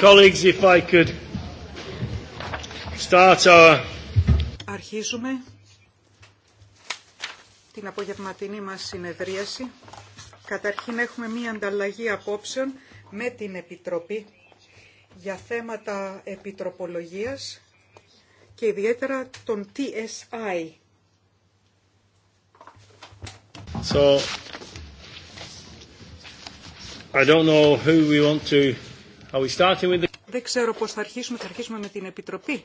Colleagues, if I could start our... Αρχίζουμε την απογευματινή μας συνεδρίαση. Καταρχήν έχουμε μία ανταλλαγή απόψεων με την Επιτροπή για θέματα επιτροπολογίας και ιδιαίτερα των TSI. So, I don't know who we want to δεν ξέρω πώς θα αρχίσουμε. Θα αρχίσουμε με την Επιτροπή.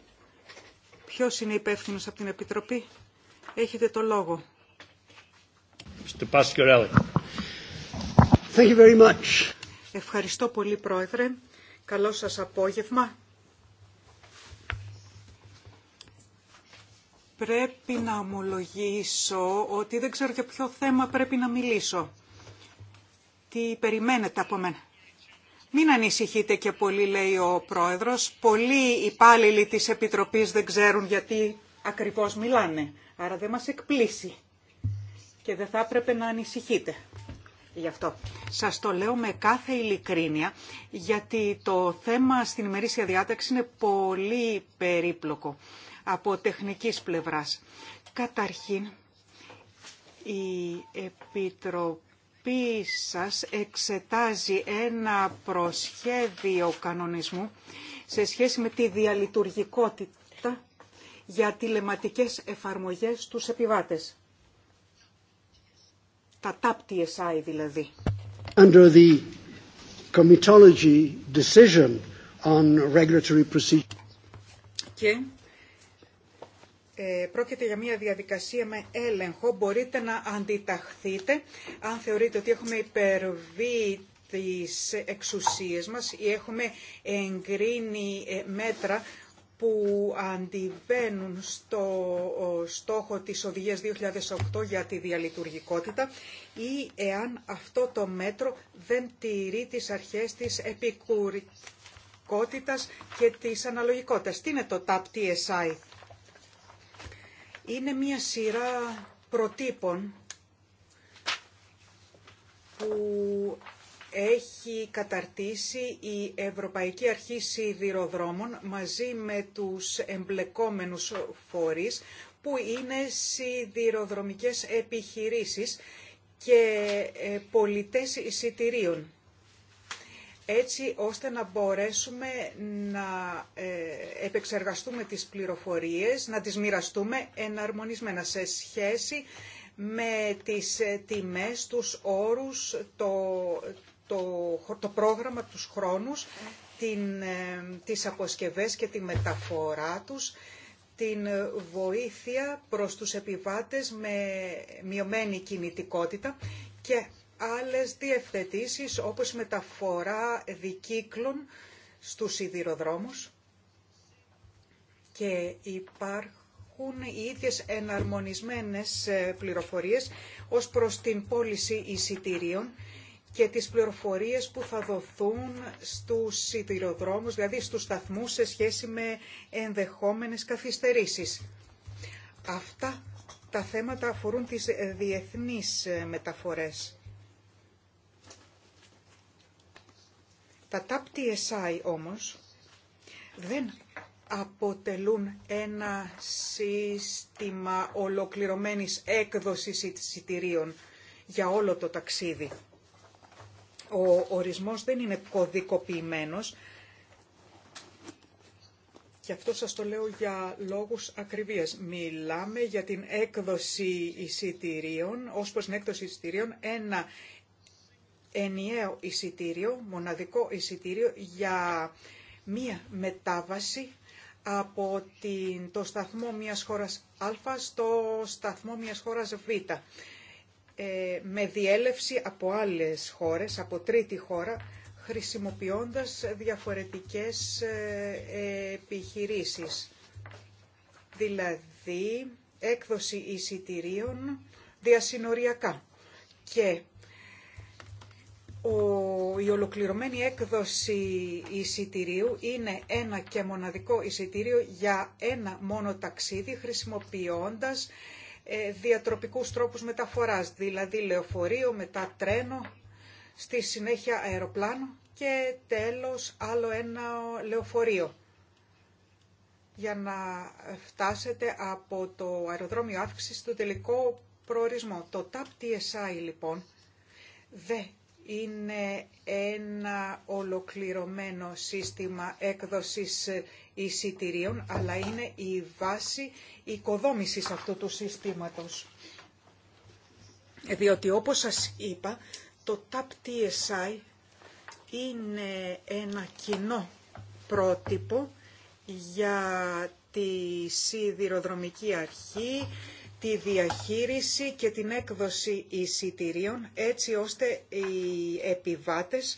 Ποιος είναι υπεύθυνος από την Επιτροπή. Έχετε το λόγο. Thank you very much. Ευχαριστώ πολύ, Πρόεδρε. Καλό σας απόγευμα. Πρέπει να ομολογήσω ότι δεν ξέρω για ποιο θέμα πρέπει να μιλήσω. Τι περιμένετε από μένα. Μην ανησυχείτε και πολύ, λέει ο Πρόεδρος. Πολλοί υπάλληλοι της Επιτροπής δεν ξέρουν γιατί ακριβώς μιλάνε. Άρα δεν μας εκπλήσει. Και δεν θα έπρεπε να ανησυχείτε γι' αυτό. Σας το λέω με κάθε ειλικρίνεια, γιατί το θέμα στην ημερήσια διάταξη είναι πολύ περίπλοκο από τεχνικής πλευράς. Καταρχήν, η Επιτροπή Επιτροπή σας εξετάζει ένα προσχέδιο κανονισμού σε σχέση με τη διαλειτουργικότητα για τηλεματικές εφαρμογές στους επιβάτες. Τα TAP TSI δηλαδή. Under the comitology decision on ε, πρόκειται για μια διαδικασία με έλεγχο. Μπορείτε να αντιταχθείτε αν θεωρείτε ότι έχουμε υπερβεί τις εξουσίες μας ή έχουμε εγκρίνει ε, μέτρα που αντιβαίνουν στο στόχο της Οδηγίας 2008 για τη διαλειτουργικότητα ή εάν αυτό το μέτρο δεν τηρεί τις αρχές της επικουρικότητας και της αναλογικότητας. Τι είναι το TAP TSI είναι μια σειρά προτύπων που έχει καταρτήσει η Ευρωπαϊκή Αρχή Σιδηροδρόμων μαζί με τους εμπλεκόμενους φορείς που είναι σιδηροδρομικές επιχειρήσεις και ε, πολιτές εισιτηρίων έτσι ώστε να μπορέσουμε να ε, επεξεργαστούμε τις πληροφορίες, να τις μοιραστούμε εναρμονισμένα σε σχέση με τις ε, τιμές, τους όρους, το, το, πρόγραμμα, τους χρόνους, την, ε, τις αποσκευές και τη μεταφορά τους, την βοήθεια προς τους επιβάτες με μειωμένη κινητικότητα και άλλες διευθετήσεις όπως μεταφορά δικύκλων στους σιδηροδρόμους και υπάρχουν οι ίδιες εναρμονισμένες ε, πληροφορίες ως προς την πώληση εισιτηρίων και τις πληροφορίες που θα δοθούν στους σιδηροδρόμους, δηλαδή στους σταθμούς σε σχέση με ενδεχόμενες καθυστερήσεις. Αυτά τα θέματα αφορούν τις διεθνείς ε, μεταφορές. Τα TAP TSI όμως δεν αποτελούν ένα σύστημα ολοκληρωμένης έκδοσης εισιτηρίων για όλο το ταξίδι. Ο ορισμός δεν είναι κωδικοποιημένος και αυτό σας το λέω για λόγους ακριβίας. Μιλάμε για την έκδοση εισιτηρίων, ως προς την έκδοση εισιτηρίων, ένα ενιαίο εισιτήριο, μοναδικό εισιτήριο για μία μετάβαση από το σταθμό μιας χώρας Α στο σταθμό μιας χώρας Β. Ε, με διέλευση από άλλες χώρες, από τρίτη χώρα, χρησιμοποιώντας διαφορετικές ε, επιχειρήσεις. Δηλαδή, έκδοση εισιτηρίων διασυνοριακά. Και ο, η ολοκληρωμένη έκδοση εισιτηρίου είναι ένα και μοναδικό εισιτήριο για ένα μόνο ταξίδι χρησιμοποιώντας ε, διατροπικούς τρόπους μεταφοράς, δηλαδή λεωφορείο, μετά τρένο, στη συνέχεια αεροπλάνο και τέλος άλλο ένα λεωφορείο για να φτάσετε από το αεροδρόμιο αύξηση στο τελικό προορισμό. Το TAP TSI λοιπόν δεν είναι ένα ολοκληρωμένο σύστημα έκδοσης εισιτηρίων, αλλά είναι η βάση οικοδόμησης αυτού του συστήματος. Διότι όπως σας είπα, το TAP-TSI είναι ένα κοινό πρότυπο για τη σιδηροδρομική αρχή, τη διαχείριση και την έκδοση εισιτηρίων έτσι ώστε οι επιβάτες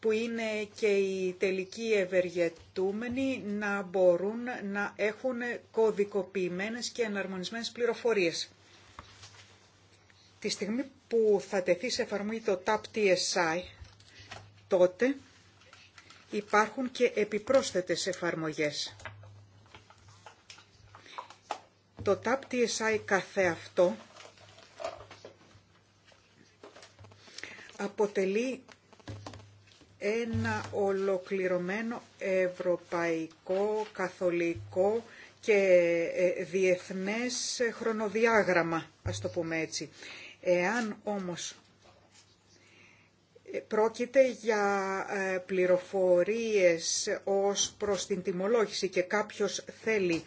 που είναι και οι τελικοί ευεργετούμενοι να μπορούν να έχουν κωδικοποιημένες και εναρμονισμένες πληροφορίες. Τη στιγμή που θα τεθεί σε εφαρμογή το TAP TSI, τότε υπάρχουν και επιπρόσθετες εφαρμογές το TAP TSI αυτό αποτελεί ένα ολοκληρωμένο ευρωπαϊκό, καθολικό και ε, διεθνές χρονοδιάγραμμα, ας το πούμε έτσι. Εάν όμως ε, πρόκειται για ε, πληροφορίες ως προς την τιμολόγηση και κάποιος θέλει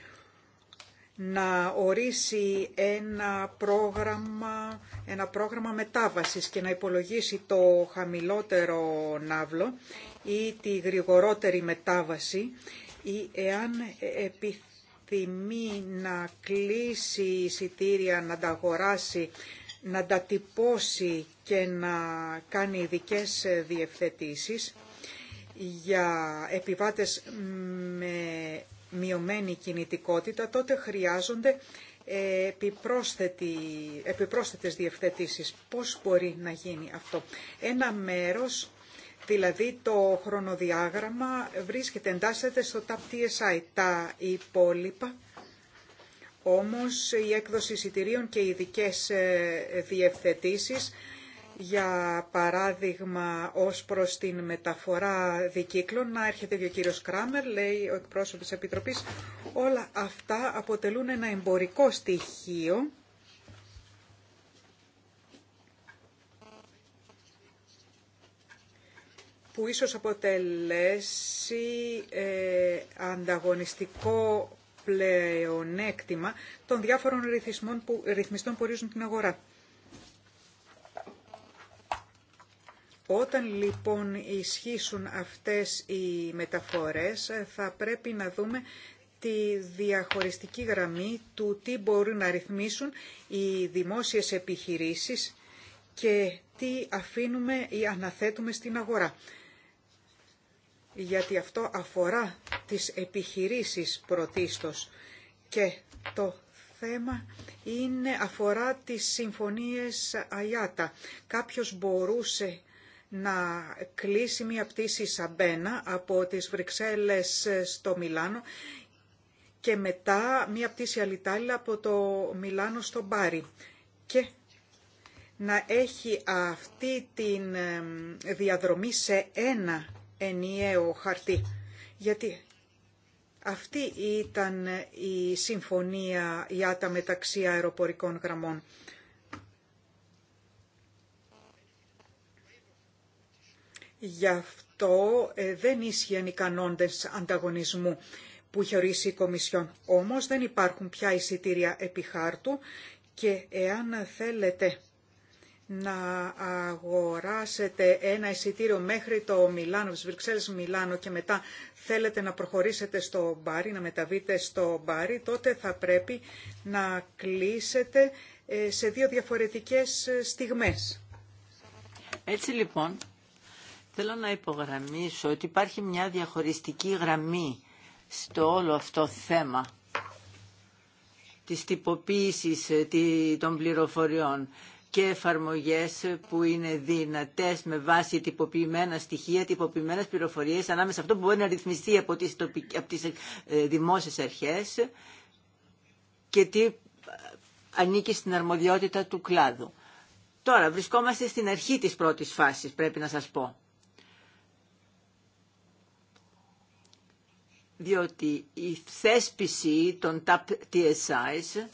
να ορίσει ένα πρόγραμμα, ένα πρόγραμμα μετάβασης και να υπολογίσει το χαμηλότερο ναύλο ή τη γρηγορότερη μετάβαση ή εάν επιθυμεί να κλείσει εισιτήρια, να τα αγοράσει, να τα τυπώσει και να κάνει ειδικέ διευθετήσεις για επιβάτες με μειωμένη κινητικότητα, τότε χρειάζονται ε, επιπρόσθετες διευθετήσεις. Πώς μπορεί να γίνει αυτό. Ένα μέρος, δηλαδή το χρονοδιάγραμμα, βρίσκεται, εντάσσεται στο TAP TSI. Τα υπόλοιπα, όμως, η έκδοση εισιτηρίων και οι ειδικέ ε, διευθετήσεις για παράδειγμα ως προς την μεταφορά δικύκλων, να έρχεται και ο κύριος Κράμερ, λέει ο εκπρόσωπος της Επιτροπής, όλα αυτά αποτελούν ένα εμπορικό στοιχείο που ίσως αποτελέσει ε, ανταγωνιστικό πλεονέκτημα των διάφορων ρυθμιστών που ορίζουν την αγορά. Όταν λοιπόν ισχύσουν αυτές οι μεταφορές ε, θα πρέπει να δούμε τη διαχωριστική γραμμή του τι μπορούν να ρυθμίσουν οι δημόσιες επιχειρήσεις και τι αφήνουμε ή αναθέτουμε στην αγορά. Γιατί αυτό αφορά τις επιχειρήσεις πρωτίστως και το θέμα είναι αφορά τις συμφωνίες ΑΙΑΤΑ. Κάποιος μπορούσε να κλείσει μια πτήση Σαμπένα από τις Βρυξέλλες στο Μιλάνο και μετά μια πτήση Αλιτάλια από το Μιλάνο στο Μπάρι. Και να έχει αυτή τη διαδρομή σε ένα ενιαίο χαρτί. Γιατί αυτή ήταν η συμφωνία ιάτα μεταξύ αεροπορικών γραμμών. Γι' αυτό ε, δεν ίσχυαν οι κανόντες ανταγωνισμού που είχε ορίσει η Κομισιόν. Όμως δεν υπάρχουν πια εισιτήρια επιχάρτου και εάν θέλετε να αγοράσετε ένα εισιτήριο μέχρι το Μιλάνο, τις Βρυξέλλες Μιλάνο και μετά θέλετε να προχωρήσετε στο μπάρι, να μεταβείτε στο μπάρι, τότε θα πρέπει να κλείσετε ε, σε δύο διαφορετικές ε, στιγμές. Έτσι λοιπόν, Θέλω να υπογραμμίσω ότι υπάρχει μια διαχωριστική γραμμή στο όλο αυτό θέμα της τυποποίησης ε, των πληροφοριών και εφαρμογές που είναι δυνατές με βάση τυποποιημένα στοιχεία, τυποποιημένες πληροφορίες ανάμεσα αυτό που μπορεί να ρυθμιστεί από τις, από τις ε, δημόσιες αρχές και τι ε, ανήκει στην αρμοδιότητα του κλάδου. Τώρα βρισκόμαστε στην αρχή της πρώτης φάσης πρέπει να σας πω. διότι η θέσπιση των TAP TSIs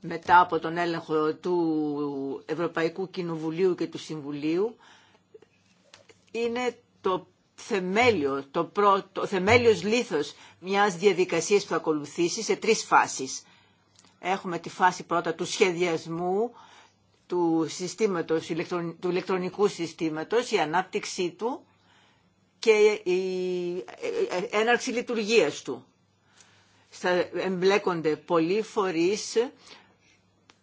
μετά από τον έλεγχο του Ευρωπαϊκού Κοινοβουλίου και του Συμβουλίου είναι το θεμέλιο, το, πρώτο, το θεμέλιος λίθος μιας διαδικασίας που θα ακολουθήσει σε τρεις φάσεις. Έχουμε τη φάση πρώτα του σχεδιασμού του, συστήματος, του ηλεκτρονικού συστήματος, η ανάπτυξή του, και η ε, ε, έναρξη λειτουργίας του. Στα εμπλέκονται πολλοί φορείς,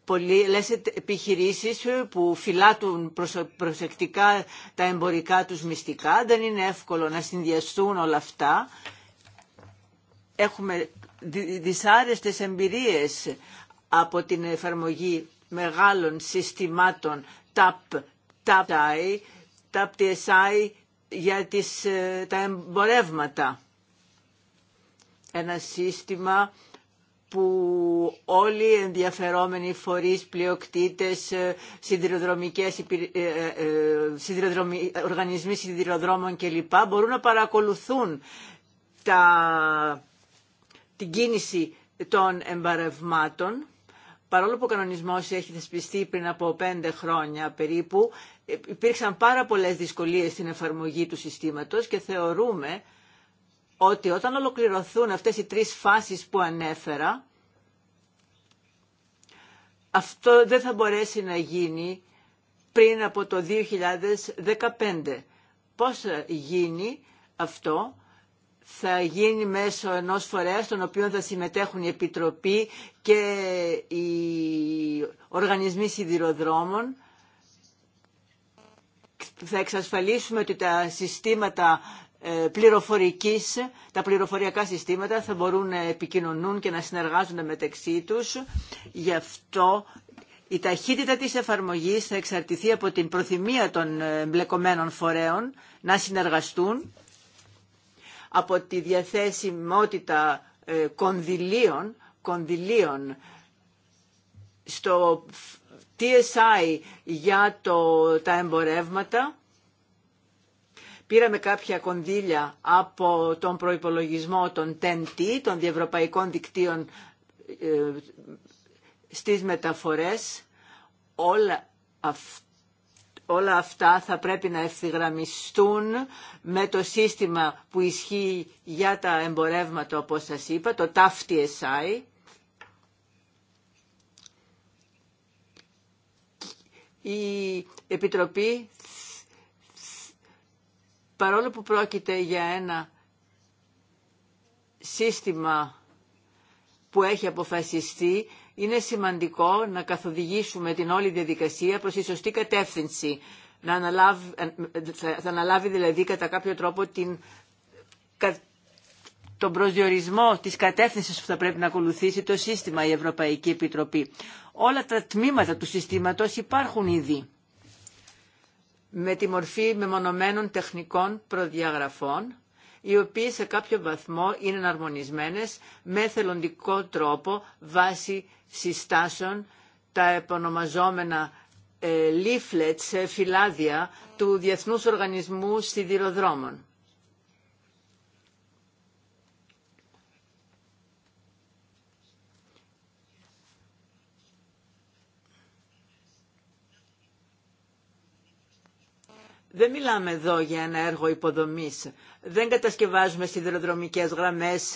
πολλές επιχειρήσεις που φυλάτουν προσεκτικά τα εμπορικά τους μυστικά. Δεν είναι εύκολο να συνδυαστούν όλα αυτά. Έχουμε δυσάρεστες εμπειρίες από την εφαρμογή μεγάλων συστημάτων TAP, TAP, TSI για τις, ε, τα εμπορεύματα. Ένα σύστημα που όλοι οι ενδιαφερόμενοι φορείς, πλειοκτήτες, ε, σιδηροδρομικές, ε, οργανισμοί σιδηροδρόμων κλπ. μπορούν να παρακολουθούν τα, την κίνηση των εμπαρευμάτων. Παρόλο που ο κανονισμός έχει θεσπιστεί πριν από πέντε χρόνια περίπου, υπήρξαν πάρα πολλές δυσκολίες στην εφαρμογή του συστήματος και θεωρούμε ότι όταν ολοκληρωθούν αυτές οι τρεις φάσεις που ανέφερα, αυτό δεν θα μπορέσει να γίνει πριν από το 2015. Πώς θα γίνει αυτό, θα γίνει μέσω ενός φορέα στον οποίο θα συμμετέχουν η Επιτροπή και οι οργανισμοί σιδηροδρόμων, θα εξασφαλίσουμε ότι τα συστήματα ε, πληροφορικής, τα πληροφοριακά συστήματα θα μπορούν να επικοινωνούν και να συνεργάζονται μεταξύ τους. Γι' αυτό η ταχύτητα της εφαρμογής θα εξαρτηθεί από την προθυμία των ε, εμπλεκομένων φορέων να συνεργαστούν, από τη διαθέσιμότητα ε, κονδυλίων, κονδυλίων στο TSI για το, τα εμπορεύματα. Πήραμε κάποια κονδύλια από τον προϋπολογισμό των TEN-T, των διευρωπαϊκών δικτύων ε, στις μεταφορές. Όλα, όλα αυτά θα πρέπει να ευθυγραμμιστούν με το σύστημα που ισχύει για τα εμπορεύματα, όπως σας είπα, το TAF-TSI η Επιτροπή παρόλο που πρόκειται για ένα σύστημα που έχει αποφασιστεί, είναι σημαντικό να καθοδηγήσουμε την όλη διαδικασία προς τη σωστή κατεύθυνση. Να αναλάβει, θα αναλάβει δηλαδή κατά κάποιο τρόπο την, τον προσδιορισμό της κατεύθυνσης που θα πρέπει να ακολουθήσει το σύστημα η Ευρωπαϊκή Επιτροπή όλα τα τμήματα του συστήματος υπάρχουν ήδη με τη μορφή μεμονωμένων τεχνικών προδιαγραφών οι οποίες σε κάποιο βαθμό είναι αρμονισμένες με θελοντικό τρόπο βάσει συστάσεων τα επωνομαζόμενα ε, leaflets, φυλάδια του Διεθνούς Οργανισμού Σιδηροδρόμων. Δεν μιλάμε εδώ για ένα έργο υποδομής. Δεν κατασκευάζουμε σιδηροδρομικές γραμμές,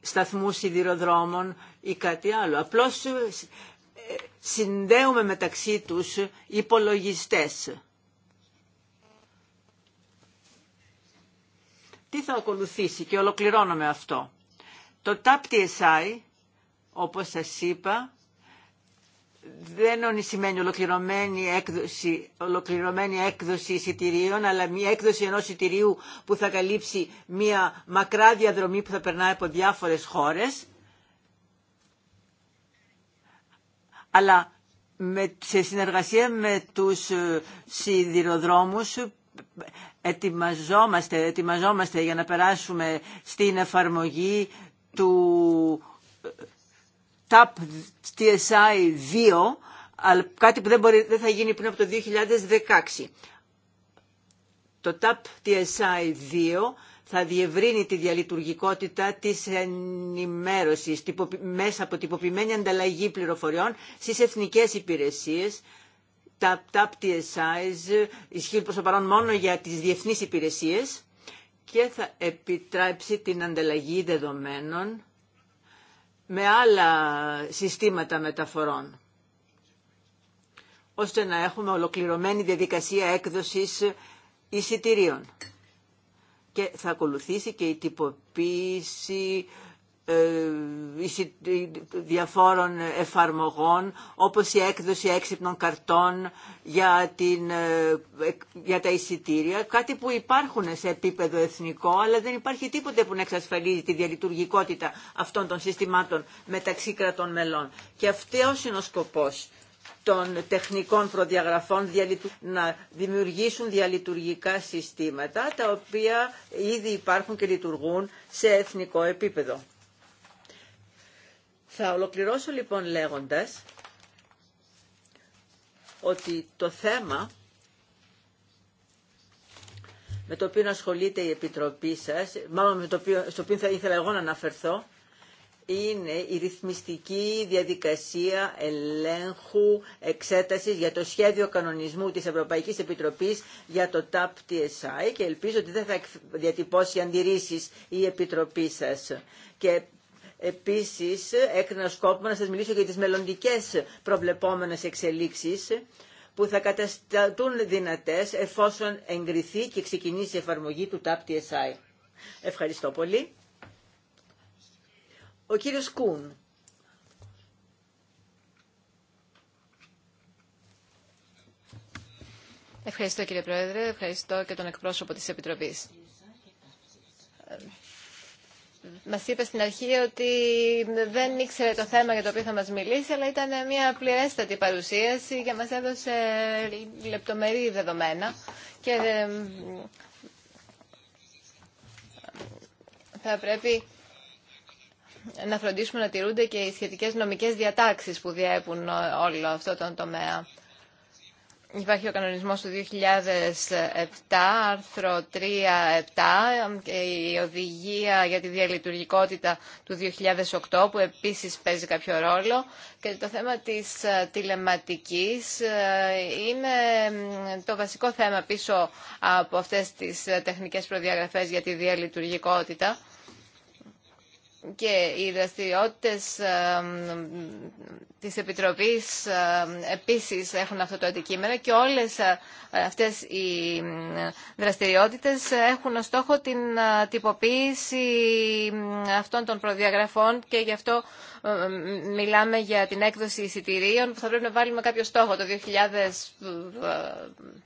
σταθμούς σιδηροδρόμων ή κάτι άλλο. Απλώς ε, συνδέουμε μεταξύ τους υπολογιστές. Τι θα ακολουθήσει και ολοκληρώνω αυτό. Το TAP TSI, όπως σας είπα, δεν σημαίνει ολοκληρωμένη έκδοση, ολοκληρωμένη έκδοση εισιτηρίων, αλλά μια έκδοση ενό εισιτηρίου που θα καλύψει μια μακρά διαδρομή που θα περνάει από διάφορε χώρες. Αλλά με, σε συνεργασία με τους ε, σιδηροδρόμους ετοιμαζόμαστε, ετοιμαζόμαστε για να περάσουμε στην εφαρμογή του ε, TAP TSI 2, αλλά κάτι που δεν, μπορεί, δεν θα γίνει πριν από το 2016. Το TAP TSI 2 θα διευρύνει τη διαλειτουργικότητα της ενημέρωσης μέσα από τυποποιημένη ανταλλαγή πληροφοριών στις εθνικές υπηρεσίες. Τα TAP tsi ισχύουν προς το παρόν μόνο για τις διεθνείς υπηρεσίες και θα επιτρέψει την ανταλλαγή δεδομένων με άλλα συστήματα μεταφορών ώστε να έχουμε ολοκληρωμένη διαδικασία έκδοσης εισιτηρίων. Και θα ακολουθήσει και η τυποποίηση ε, διαφόρων εφαρμογών όπως η έκδοση έξυπνων καρτών για, την, ε, για τα εισιτήρια κάτι που υπάρχουν σε επίπεδο εθνικό αλλά δεν υπάρχει τίποτε που να εξασφαλίζει τη διαλειτουργικότητα αυτών των συστημάτων μεταξύ κρατών μελών και αυτό είναι ο σκοπός των τεχνικών προδιαγραφών να δημιουργήσουν διαλειτουργικά συστήματα τα οποία ήδη υπάρχουν και λειτουργούν σε εθνικό επίπεδο. Θα ολοκληρώσω λοιπόν λέγοντας ότι το θέμα με το οποίο ασχολείται η Επιτροπή σας, μάλλον με το οποίο, στο οποίο θα ήθελα εγώ να αναφερθώ, είναι η ρυθμιστική διαδικασία ελέγχου εξέτασης για το σχέδιο κανονισμού της Ευρωπαϊκής Επιτροπής για το TAP-TSI και ελπίζω ότι δεν θα διατυπώσει αντιρρήσεις η Επιτροπή σας. Επίσης, έκρινα σκόπιμο να σας μιλήσω για τις μελλοντικές προβλεπόμενες εξελίξεις που θα καταστατούν δυνατές εφόσον εγκριθεί και ξεκινήσει η εφαρμογή του TAP-TSI. Ευχαριστώ πολύ. Ο κύριος Κούν. Ευχαριστώ κύριε Πρόεδρε, ευχαριστώ και τον εκπρόσωπο της Επιτροπής. Μα είπε στην αρχή ότι δεν ήξερε το θέμα για το οποίο θα μα μιλήσει, αλλά ήταν μια πληρέστατη παρουσίαση και μα έδωσε λεπτομερή δεδομένα. Και ε, θα πρέπει να φροντίσουμε να τηρούνται και οι σχετικές νομικές διατάξεις που διέπουν όλο αυτό τον τομέα. Υπάρχει ο κανονισμός του 2007, άρθρο 3.7, και η οδηγία για τη διαλειτουργικότητα του 2008, που επίσης παίζει κάποιο ρόλο. Και το θέμα της ε, τηλεματικής ε, είναι το βασικό θέμα πίσω από αυτές τις ε, τεχνικές προδιαγραφές για τη διαλειτουργικότητα και οι δραστηριότητες ε, της Επιτροπής ε, επίσης έχουν αυτό το αντικείμενο και όλες ε, αυτές οι δραστηριότητες έχουν ως στόχο την τυποποίηση αυτών των προδιαγραφών και γι' αυτό μιλάμε για την έκδοση εισιτηρίων που θα πρέπει να βάλουμε κάποιο στόχο το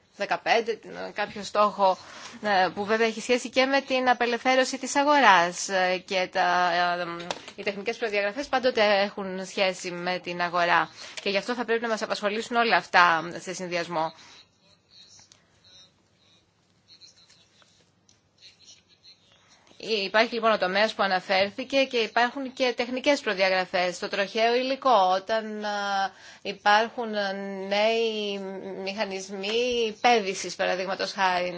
2000 15, ε, κάποιο στόχο ε, που βέβαια έχει σχέση και με την απελευθέρωση της αγοράς ε, και τα, οι τεχνικές προδιαγραφές πάντοτε έχουν σχέση με την αγορά και γι' αυτό θα πρέπει να μας απασχολήσουν όλα αυτά σε συνδυασμό. Υπάρχει λοιπόν ο τομέας που αναφέρθηκε και υπάρχουν και τεχνικές προδιαγραφές στο τροχαίο υλικό όταν υπάρχουν νέοι μηχανισμοί πέδησης παραδείγματος χάρη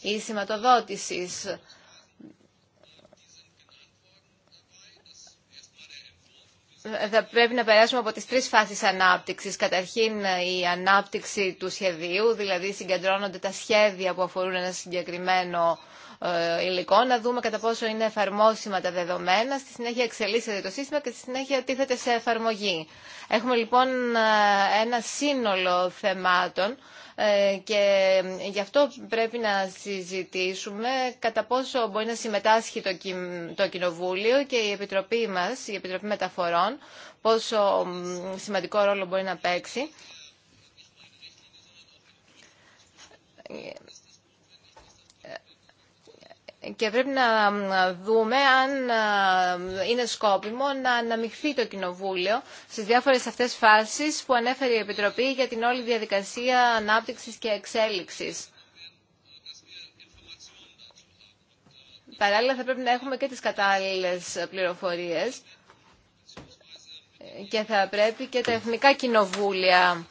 ή σηματοδότηση. θα πρέπει να περάσουμε από τις τρεις φάσεις ανάπτυξης. Καταρχήν η ανάπτυξη του σχεδίου, δηλαδή συγκεντρώνονται τα σχέδια που αφορούν ένα συγκεκριμένο ε, υλικό, να δούμε κατά πόσο είναι εφαρμόσιμα τα δεδομένα, στη συνέχεια εξελίσσεται το σύστημα και στη συνέχεια τίθεται σε εφαρμογή. Έχουμε λοιπόν ε, ένα σύνολο θεμάτων ε, και γι' αυτό πρέπει να συζητήσουμε κατά πόσο μπορεί να συμμετάσχει το, Κοινοβούλιο και η Επιτροπή μας, η Επιτροπή Μεταφορών, πόσο σημαντικό ρόλο μπορεί να παίξει και πρέπει να δούμε αν είναι σκόπιμο να αναμειχθεί το Κοινοβούλιο στις διάφορες αυτές φάσεις που ανέφερε η Επιτροπή για την όλη διαδικασία ανάπτυξης και εξέλιξης. Παράλληλα θα πρέπει να έχουμε και τις κατάλληλες πληροφορίες και θα πρέπει και τα εθνικά κοινοβούλια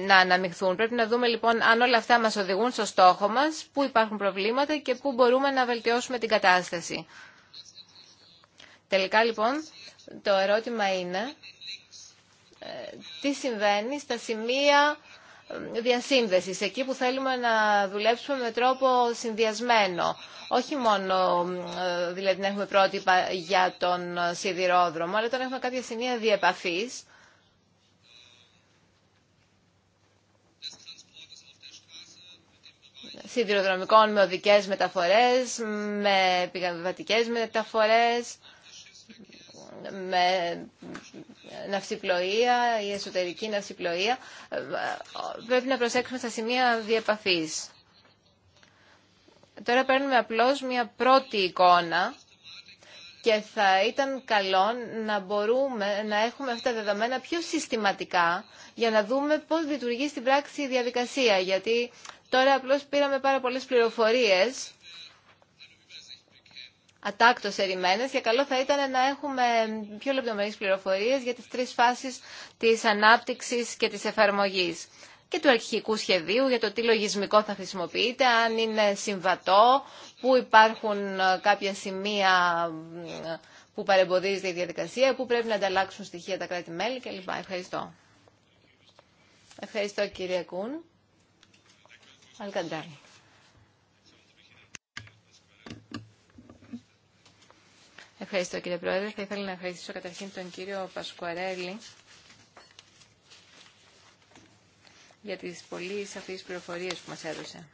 να αναμειχθούν. Πρέπει να δούμε λοιπόν αν όλα αυτά μας οδηγούν στο στόχο μας, πού υπάρχουν προβλήματα και πού μπορούμε να βελτιώσουμε την κατάσταση. Τελικά λοιπόν το ερώτημα είναι ε, τι συμβαίνει στα σημεία ε, διασύνδεσης, εκεί που θέλουμε να δουλέψουμε με τρόπο συνδυασμένο. Όχι μόνο ε, δηλαδή να έχουμε πρότυπα για τον σιδηρόδρομο, αλλά όταν έχουμε κάποια σημεία διεπαφής σιδηροδρομικών με οδικές μεταφορές, με πηγαβατικές μεταφορές, με ναυσιπλοεία ή εσωτερική ναυσιπλοεία. Πρέπει να προσέξουμε στα σημεία διεπαφή. Τώρα παίρνουμε απλώς μια πρώτη εικόνα και θα ήταν καλό να μπορούμε να έχουμε αυτά τα δεδομένα πιο συστηματικά για να δούμε πώς λειτουργεί στην πράξη η διαδικασία. Γιατί Τώρα απλώς πήραμε πάρα πολλές πληροφορίες ατάκτως ερημένες και καλό θα ήταν να έχουμε πιο λεπτομερείς πληροφορίες για τις τρεις φάσεις της ανάπτυξης και της εφαρμογής και του αρχικού σχεδίου για το τι λογισμικό θα χρησιμοποιείται, αν είναι συμβατό, που υπάρχουν κάποια σημεία που παρεμποδίζεται η διαδικασία, που πρέπει να ανταλλάξουν στοιχεία τα κράτη-μέλη κλπ. Ευχαριστώ. Ευχαριστώ κύριε Κούν. Ευχαριστώ κύριε Πρόεδρε. Θα ήθελα να ευχαριστήσω καταρχήν τον κύριο Πασκουαρέλη για τις πολύ σαφείς πληροφορίες που μας έδωσε.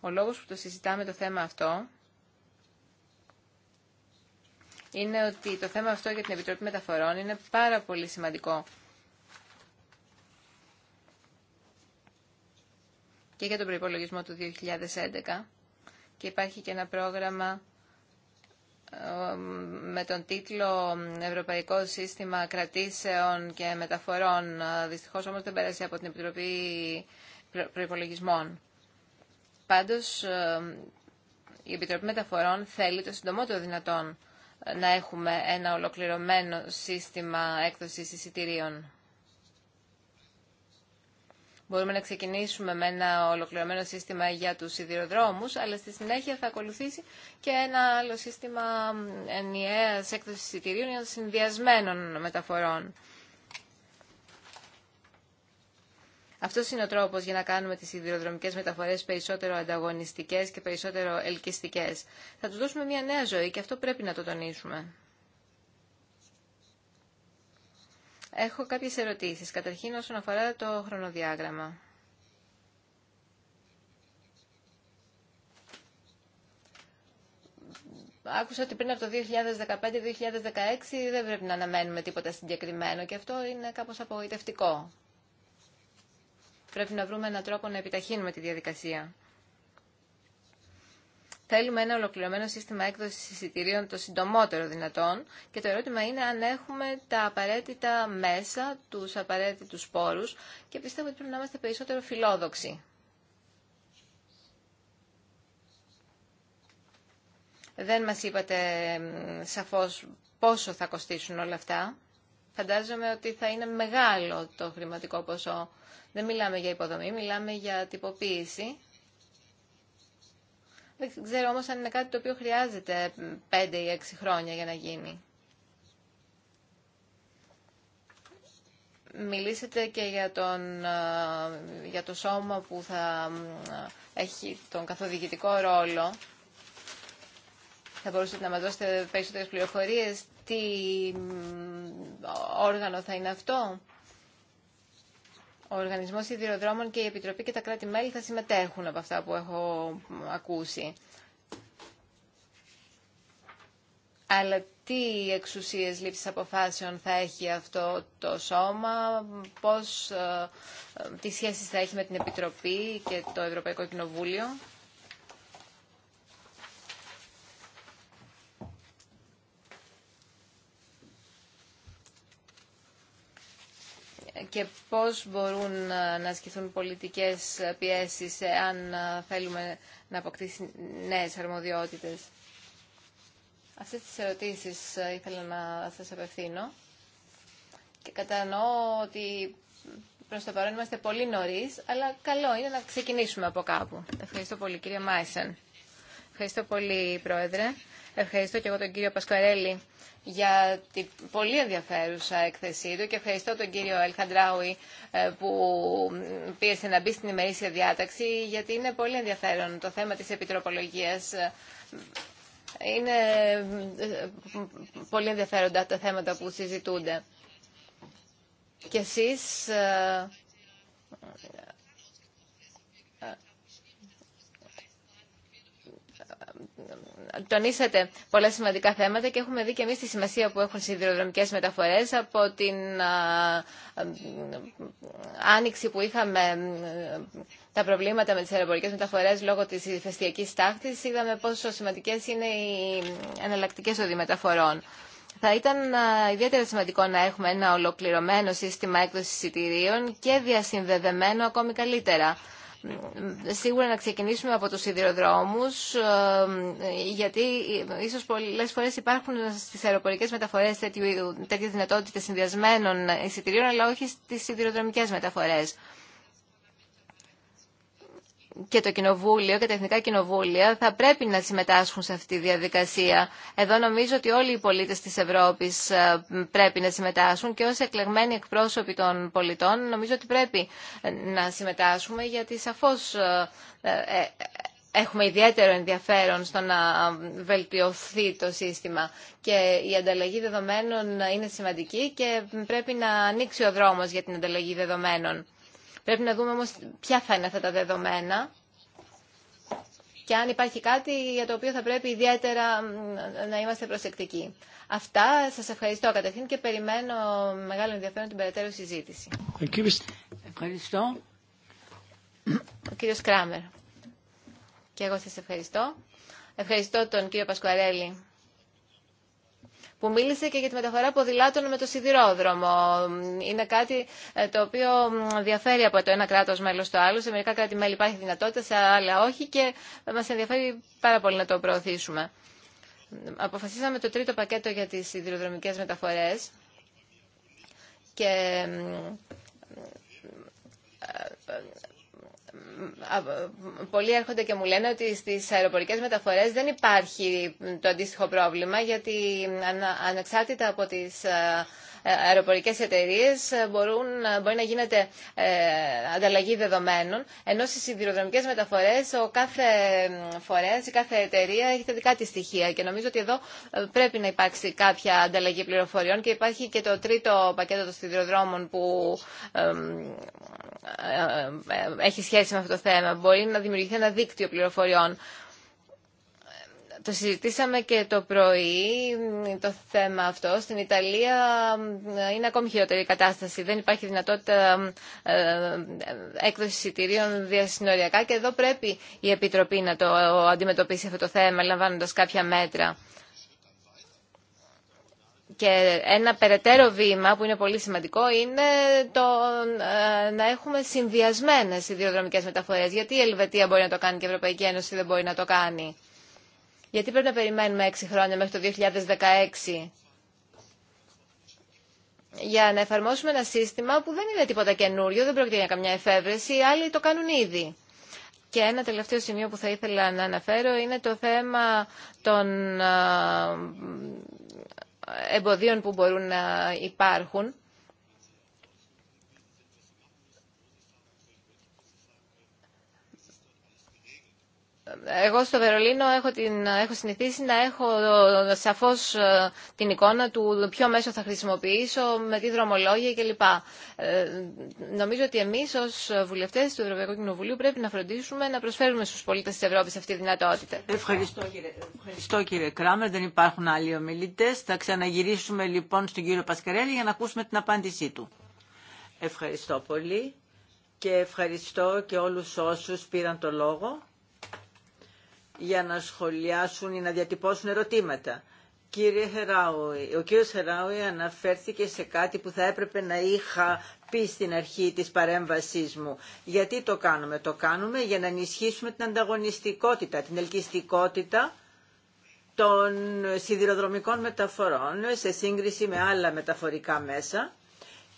Ο λόγος που το συζητάμε το θέμα αυτό είναι ότι το θέμα αυτό για την Επιτροπή Μεταφορών είναι πάρα πολύ σημαντικό. Και για τον προϋπολογισμό του 2011 και υπάρχει και ένα πρόγραμμα ε, με τον τίτλο ε, Ευρωπαϊκό Σύστημα Κρατήσεων και Μεταφορών. Ε, δυστυχώς όμως δεν πέρασε από την Επιτροπή Προϋπολογισμών. Πάντως, η Επιτροπή Μεταφορών θέλει το συντομότερο δυνατόν να έχουμε ένα ολοκληρωμένο σύστημα έκδοσης εισιτηρίων. Μπορούμε να ξεκινήσουμε με ένα ολοκληρωμένο σύστημα για τους σιδηροδρόμους, αλλά στη συνέχεια θα ακολουθήσει και ένα άλλο σύστημα ενιαίας έκδοσης εισιτηρίων για συνδυασμένων μεταφορών. Αυτό είναι ο τρόπο για να κάνουμε τι σιδηροδρομικέ μεταφορέ περισσότερο ανταγωνιστικέ και περισσότερο ελκυστικέ. Θα του δώσουμε μια νέα ζωή και αυτό πρέπει να το τονίσουμε. Έχω κάποιες ερωτήσεις. Καταρχήν όσον αφορά το χρονοδιάγραμμα. Άκουσα ότι πριν από το 2015-2016 δεν πρέπει να αναμένουμε τίποτα συγκεκριμένο και αυτό είναι κάπως απογοητευτικό. Πρέπει να βρούμε έναν τρόπο να επιταχύνουμε τη διαδικασία. Θέλουμε ένα ολοκληρωμένο σύστημα έκδοσης εισιτηρίων το συντομότερο δυνατόν και το ερώτημα είναι αν έχουμε τα απαραίτητα μέσα, του απαραίτητου πόρους και πιστεύω ότι πρέπει να είμαστε περισσότερο φιλόδοξοι. Δεν μας είπατε σαφώς πόσο θα κοστίσουν όλα αυτά. Φαντάζομαι ότι θα είναι μεγάλο το χρηματικό ποσό. Δεν μιλάμε για υποδομή, μιλάμε για τυποποίηση. Δεν ξέρω όμως αν είναι κάτι το οποίο χρειάζεται 5 ή 6 χρόνια για να γίνει. Μιλήσετε και για, τον, για το σώμα που θα έχει τον καθοδηγητικό ρόλο. Θα μπορούσατε να μας δώσετε περισσότερες πληροφορίες. Τι όργανο θα είναι αυτό. Ο Οργανισμό Σιδηροδρόμων και η Επιτροπή και τα κράτη-μέλη θα συμμετέχουν από αυτά που έχω ακούσει. Αλλά τι εξουσίες λήψης αποφάσεων θα έχει αυτό το σώμα, πώς, ε, ε, τι σχέσεις θα έχει με την Επιτροπή και το Ευρωπαϊκό Κοινοβούλιο. και πώς μπορούν να ασκηθούν πολιτικές πιέσεις αν ε, θέλουμε να αποκτήσει νέες αρμοδιότητες. Αυτές τις ερωτήσεις ε, ήθελα να σας απευθύνω και κατανοώ ότι προς το παρόν είμαστε πολύ νωρίς, αλλά καλό είναι να ξεκινήσουμε από κάπου. Ευχαριστώ πολύ κύριε Μάισεν. Ευχαριστώ πολύ Πρόεδρε. Ευχαριστώ και εγώ τον κύριο Πασκαρέλη για την πολύ ενδιαφέρουσα εκθεσή του και ευχαριστώ τον κύριο Ελχαντράουι ε, που πήρε να μπει στην ημερήσια διάταξη γιατί είναι πολύ ενδιαφέρον το θέμα της επιτροπολογίας. Είναι ε, πολύ ενδιαφέροντα τα θέματα που συζητούνται. Και εσείς ε, τονίσατε πολλά σημαντικά θέματα και έχουμε δει και εμείς τη σημασία που έχουν σιδηροδρομικές μεταφορές από την άνοιξη που είχαμε τα προβλήματα με τις αεροπορικές μεταφορές λόγω της ηφαιστειακής τάχτης. Είδαμε πόσο σημαντικές είναι οι εναλλακτικές οδοί μεταφορών. Θα ήταν ιδιαίτερα σημαντικό να έχουμε ένα ολοκληρωμένο σύστημα έκδοσης εισιτηρίων και διασυνδεδεμένο ακόμη καλύτερα σίγουρα να ξεκινήσουμε από τους σιδηροδρόμους, ε, γιατί ίσως πολλές φορές υπάρχουν στις αεροπορικές μεταφορές τέτοιες δυνατότητες συνδυασμένων εισιτηρίων, αλλά όχι στις σιδηροδρομικές μεταφορές και το Κοινοβούλιο και τα Εθνικά Κοινοβούλια θα πρέπει να συμμετάσχουν σε αυτή τη διαδικασία. Εδώ νομίζω ότι όλοι οι πολίτες της Ευρώπης ε, πρέπει να συμμετάσχουν και ως εκλεγμένοι εκπρόσωποι των πολιτών νομίζω ότι πρέπει ε, να συμμετάσχουμε γιατί σαφώς ε, έχουμε ιδιαίτερο ενδιαφέρον στο να βελτιωθεί το σύστημα και η ανταλλαγή δεδομένων είναι σημαντική και πρέπει να ανοίξει ο δρόμος για την ανταλλαγή δεδομένων. Πρέπει να δούμε όμως ποια θα είναι αυτά τα δεδομένα και αν υπάρχει κάτι για το οποίο θα πρέπει ιδιαίτερα να είμαστε προσεκτικοί. Αυτά. Σας ευχαριστώ κατευθύν και περιμένω μεγάλο ενδιαφέρον την περαιτέρω συζήτηση. Ευχαριστώ. Ο κύριος Κράμερ. Και εγώ σας ευχαριστώ. Ευχαριστώ τον κύριο Πασκουαρέλη που μίλησε και για τη μεταφορά ποδηλάτων με το σιδηρόδρομο. Είναι κάτι ε, το οποίο διαφέρει από το ένα κράτος μέλος στο άλλο. Σε μερικά κράτη-μέλη υπάρχει δυνατότητα, σε άλλα όχι και μας ενδιαφέρει πάρα πολύ να το προωθήσουμε. Αποφασίσαμε το τρίτο πακέτο για τις σιδηροδρομικές μεταφορές και ε, ε, πολλοί έρχονται και μου λένε ότι στις αεροπορικές μεταφορές δεν υπάρχει το αντίστοιχο πρόβλημα γιατί ανεξάρτητα από τις αεροπορικές εταιρείες ε, μπορούν, ε, μπορεί να γίνεται ε, ανταλλαγή δεδομένων ενώ στις σιδηροδρομικές μεταφορές ο κάθε φορέας, η κάθε εταιρεία έχει τα δικά της στοιχεία και νομίζω ότι εδώ πρέπει να υπάρξει κάποια ανταλλαγή πληροφοριών και υπάρχει και το τρίτο πακέτο των σιδηροδρόμων που ε, ε, ε, έχει σχέση με αυτό το θέμα. Μπορεί να δημιουργηθεί ένα δίκτυο πληροφοριών. Το συζητήσαμε και το πρωί το θέμα αυτό. Στην Ιταλία είναι ακόμη χειρότερη η κατάσταση. Δεν υπάρχει δυνατότητα έκδοση εισιτηρίων διασυνοριακά και εδώ πρέπει η Επιτροπή να το αντιμετωπίσει αυτό το θέμα, λαμβάνοντας κάποια μέτρα. Και ένα περαιτέρω βήμα που είναι πολύ σημαντικό είναι το ε, να έχουμε συνδυασμένε ιδιοδρομικέ μεταφορέ. Γιατί η Ελβετία μπορεί να το κάνει και η Ευρωπαϊκή Ένωση δεν μπορεί να το κάνει. Γιατί πρέπει να περιμένουμε έξι χρόνια μέχρι το 2016 για να εφαρμόσουμε ένα σύστημα που δεν είναι τίποτα καινούριο, δεν πρόκειται για καμιά εφεύρεση, άλλοι το κάνουν ήδη. Και ένα τελευταίο σημείο που θα ήθελα να αναφέρω είναι το θέμα των ε, εμποδίων που μπορούν να υπάρχουν εγώ στο Βερολίνο έχω, την, έχω συνηθίσει να έχω ε, σαφώς ε, την εικόνα του ποιο μέσο θα χρησιμοποιήσω, με τι δρομολόγια κλπ. Ε, νομίζω ότι εμείς ως βουλευτές του Ευρωπαϊκού Κοινοβουλίου πρέπει να φροντίσουμε να προσφέρουμε στους πολίτες της Ευρώπης αυτή τη δυνατότητα. Ευχαριστώ κύριε, Ευχαριστώ, κύριε Κράμερ, δεν υπάρχουν άλλοι ομιλητές. Θα ξαναγυρίσουμε λοιπόν στον κύριο Πασκαρέλη για να ακούσουμε την απάντησή του. Ευχαριστώ πολύ και ευχαριστώ και όλους όσους πήραν το λόγο για να σχολιάσουν ή να διατυπώσουν ερωτήματα. Κύριε Χεράουη, ο κύριος Χεράουι αναφέρθηκε σε κάτι που θα έπρεπε να είχα πει στην αρχή της παρέμβασής μου. Γιατί το κάνουμε. Το κάνουμε για να ενισχύσουμε την ανταγωνιστικότητα, την ελκυστικότητα των σιδηροδρομικών μεταφορών σε σύγκριση με άλλα μεταφορικά μέσα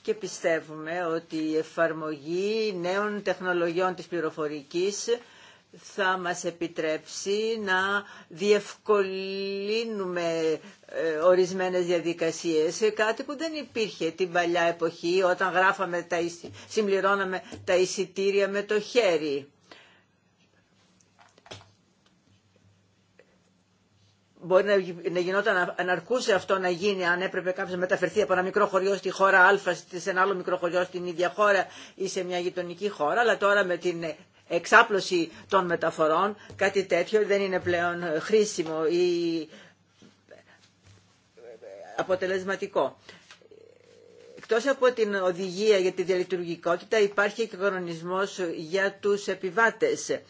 και πιστεύουμε ότι η εφαρμογή νέων τεχνολογιών της πληροφορικής θα μας επιτρέψει να διευκολύνουμε ε, ορισμένες διαδικασίες, ε, κάτι που δεν υπήρχε την παλιά εποχή όταν γράφαμε τα, συμπληρώναμε τα εισιτήρια με το χέρι. Μπορεί να γινόταν, να αρκούσε αυτό να γίνει αν έπρεπε κάποιος να μεταφερθεί από ένα μικρό χωριό στη χώρα Α, σε ένα άλλο μικρό χωριό στην ίδια χώρα ή σε μια γειτονική χώρα. Αλλά τώρα με την εξάπλωση των μεταφορών, κάτι τέτοιο δεν είναι πλέον ε, χρήσιμο ή ε, αποτελεσματικό. Εκτός από την οδηγία για τη διαλειτουργικότητα υπάρχει και κανονισμός για τους επιβάτες.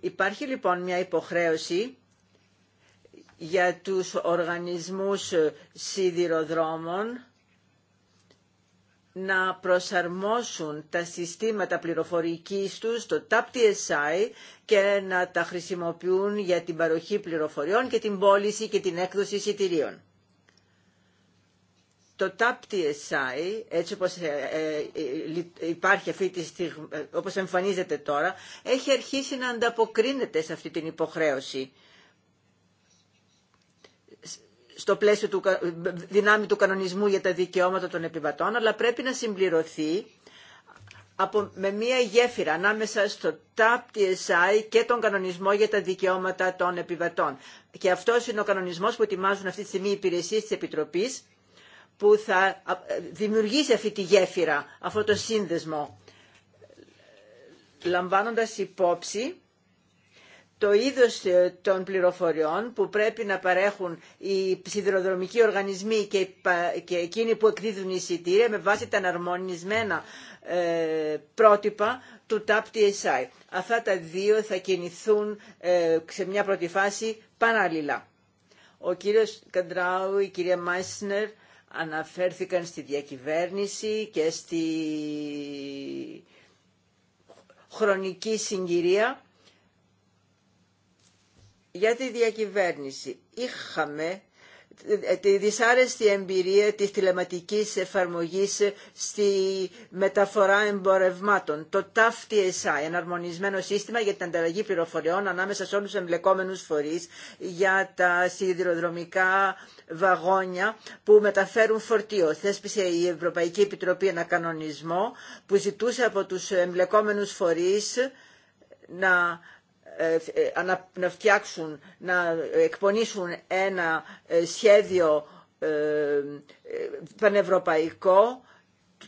Υπάρχει λοιπόν μια υποχρέωση για τους οργανισμούς ε, σιδηροδρόμων να προσαρμόσουν τα συστήματα πληροφορικής τους το TAP-TSI και να τα χρησιμοποιούν για την παροχή πληροφοριών και την πώληση και την έκδοση εισιτηρίων. Το TAP-TSI, έτσι όπως ε, ε, ε, υπάρχει αυτή όπως εμφανίζεται τώρα, έχει αρχίσει να ανταποκρίνεται σε αυτή την υποχρέωση στο πλαίσιο του, δυνάμει του κανονισμού για τα δικαιώματα των επιβατών, αλλά πρέπει να συμπληρωθεί από, με μία γέφυρα ανάμεσα στο TAP TSI και τον κανονισμό για τα δικαιώματα των επιβατών. Και αυτό είναι ο κανονισμός που ετοιμάζουν αυτή τη στιγμή οι υπηρεσίες της Επιτροπής, που θα δημιουργήσει αυτή τη γέφυρα, αυτό το σύνδεσμο, λαμβάνοντας υπόψη το είδος ε, των πληροφοριών που πρέπει να παρέχουν οι σιδηροδρομικοί οργανισμοί και εκείνοι που εκδίδουν εισιτήρια με βάση τα αναρμονισμένα ε, πρότυπα του TAP-TSI. Αυτά τα δύο θα κινηθούν ε, σε μια πρώτη φάση παράλληλα. Ο κύριος Καντράου, η κυρία Μάισνερ αναφέρθηκαν στη διακυβέρνηση και στη χρονική συγκυρία για τη διακυβέρνηση είχαμε ε, τη δυσάρεστη εμπειρία της τηλεματικής εφαρμογής στη μεταφορά εμπορευμάτων. Το taf ένα αρμονισμένο σύστημα για την ανταλλαγή πληροφοριών ανάμεσα σε όλους τους εμπλεκόμενους φορείς για τα σιδηροδρομικά βαγόνια που μεταφέρουν φορτίο. Θέσπισε η Ευρωπαϊκή Επιτροπή ένα κανονισμό που ζητούσε από τους εμπλεκόμενους φορείς να ε, ε, να φτιάξουν, να εκπονήσουν ένα ε, σχέδιο πανευρωπαϊκό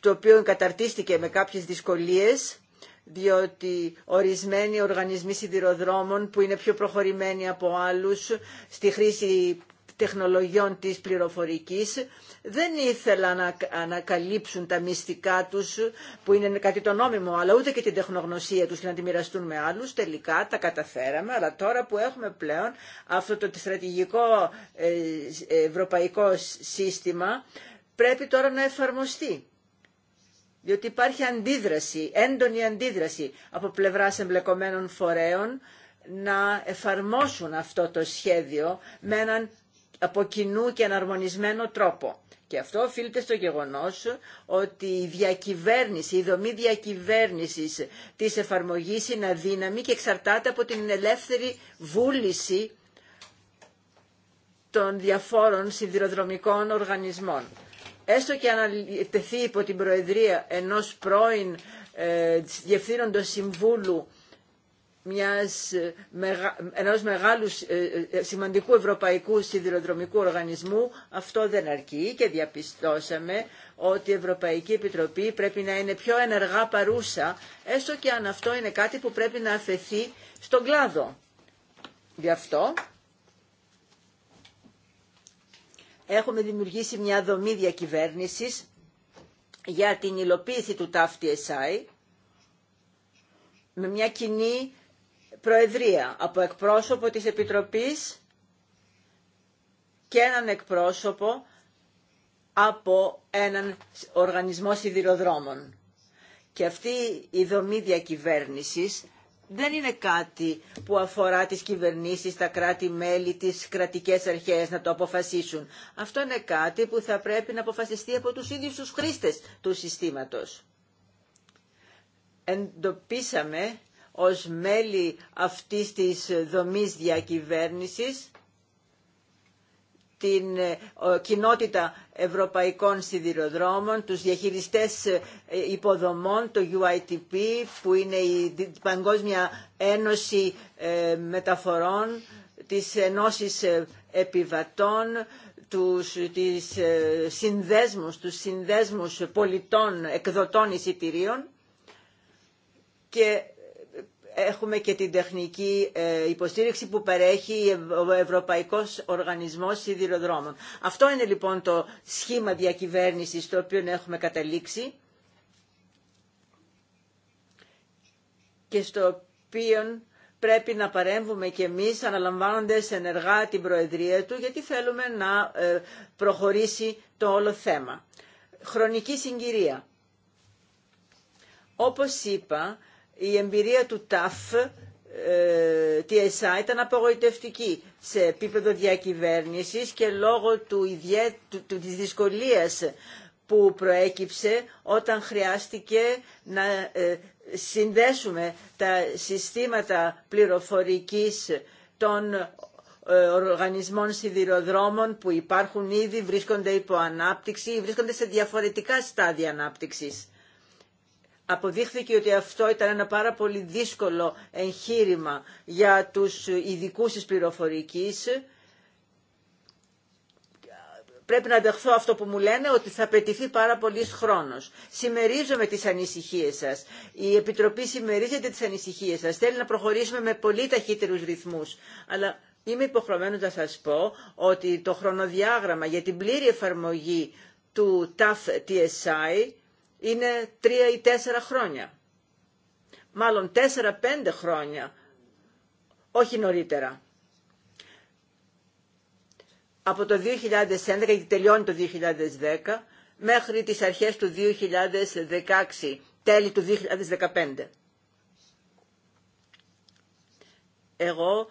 το οποίο καταρτίστηκε με κάποιες δυσκολίες διότι ορισμένοι οργανισμοί σιδηροδρόμων που είναι πιο προχωρημένοι από άλλους στη χρήση τεχνολογιών της πληροφορικής δεν ήθελαν να ανακαλύψουν τα μυστικά τους που είναι κάτι το νόμιμο αλλά ούτε και την τεχνογνωσία τους να τη μοιραστούν με άλλους τελικά τα καταφέραμε αλλά τώρα που έχουμε πλέον αυτό το στρατηγικό ε, ε, ευρωπαϊκό σύστημα πρέπει τώρα να εφαρμοστεί διότι υπάρχει αντίδραση, έντονη αντίδραση από πλευράς εμπλεκομένων φορέων να εφαρμόσουν αυτό το σχέδιο με έναν από κοινού και αναρμονισμένο τρόπο. Και αυτό οφείλεται στο γεγονός ότι η διακυβέρνηση, η δομή διακυβέρνησης της εφαρμογής είναι αδύναμη και εξαρτάται από την ελεύθερη βούληση των διαφόρων σιδηροδρομικών οργανισμών. Έστω και αν τεθεί υπό την προεδρία ενός πρώην ε, διευθύνοντος συμβούλου μιας, ε, ενός μεγάλου ε, ε, σημαντικού ευρωπαϊκού σιδηροδρομικού οργανισμού αυτό δεν αρκεί και διαπιστώσαμε ότι η Ευρωπαϊκή Επιτροπή πρέπει να είναι πιο ενεργά παρούσα έστω και αν αυτό είναι κάτι που πρέπει να αφαιθεί στον κλάδο. Γι' αυτό έχουμε δημιουργήσει μια δομή διακυβέρνησης για την υλοποίηση του TAFTSI με μια κοινή Προεδρία από εκπρόσωπο της Επιτροπής και έναν εκπρόσωπο από έναν οργανισμό σιδηροδρόμων. Και αυτή η δομή διακυβέρνησης δεν είναι κάτι που αφορά τις κυβερνήσεις, τα κράτη-μέλη, τις κρατικές αρχές να το αποφασίσουν. Αυτό είναι κάτι που θα πρέπει να αποφασιστεί από τους ίδιους τους χρήστες του συστήματος. Εντοπίσαμε ως μέλη αυτής της δομής διακυβέρνησης την ε, κοινότητα ευρωπαϊκών σιδηροδρόμων, τους διαχειριστές ε, υποδομών, το UITP που είναι η Παγκόσμια Ένωση ε, Μεταφορών, της ενώσεις επιβατών, τους, τις συνδέσμους, τους συνδέσμους πολιτών εκδοτών εισιτηρίων και έχουμε και την τεχνική ε, υποστήριξη που παρέχει ο Ευρωπαϊκός Οργανισμός Σιδηροδρόμων. Αυτό είναι λοιπόν το σχήμα διακυβέρνησης το οποίο έχουμε καταλήξει και στο οποίο πρέπει να παρέμβουμε και εμείς αναλαμβάνοντας ενεργά την Προεδρία του γιατί θέλουμε να ε, προχωρήσει το όλο θέμα. Χρονική συγκυρία. Όπως είπα, η εμπειρία του ΤΑΦ ε, TSA, ήταν απογοητευτική σε επίπεδο διακυβέρνησης και λόγω του ιδιαί... του, της δυσκολίας που προέκυψε όταν χρειάστηκε να ε, συνδέσουμε τα συστήματα πληροφορικής των ε, οργανισμών σιδηροδρόμων που υπάρχουν ήδη, βρίσκονται υπό ανάπτυξη ή βρίσκονται σε διαφορετικά στάδια ανάπτυξης αποδείχθηκε ότι αυτό ήταν ένα πάρα πολύ δύσκολο εγχείρημα για τους ειδικού της πληροφορικής. Πρέπει να δεχθώ αυτό που μου λένε ότι θα πετηθεί πάρα πολύ χρόνος. Συμμερίζομαι τις ανησυχίες σας. Η Επιτροπή συμμερίζεται τις ανησυχίες σας. Θέλει να προχωρήσουμε με πολύ ταχύτερους ρυθμούς. Αλλά είμαι υποχρεωμένο να σας πω ότι το χρονοδιάγραμμα για την πλήρη εφαρμογή του TAF TSI είναι τρία ή τέσσερα χρόνια. Μάλλον τέσσερα-πέντε χρόνια, όχι νωρίτερα. Από το 2011 γιατί τελειώνει το 2010 μέχρι τις αρχές του 2016, τέλη του 2015. Εγώ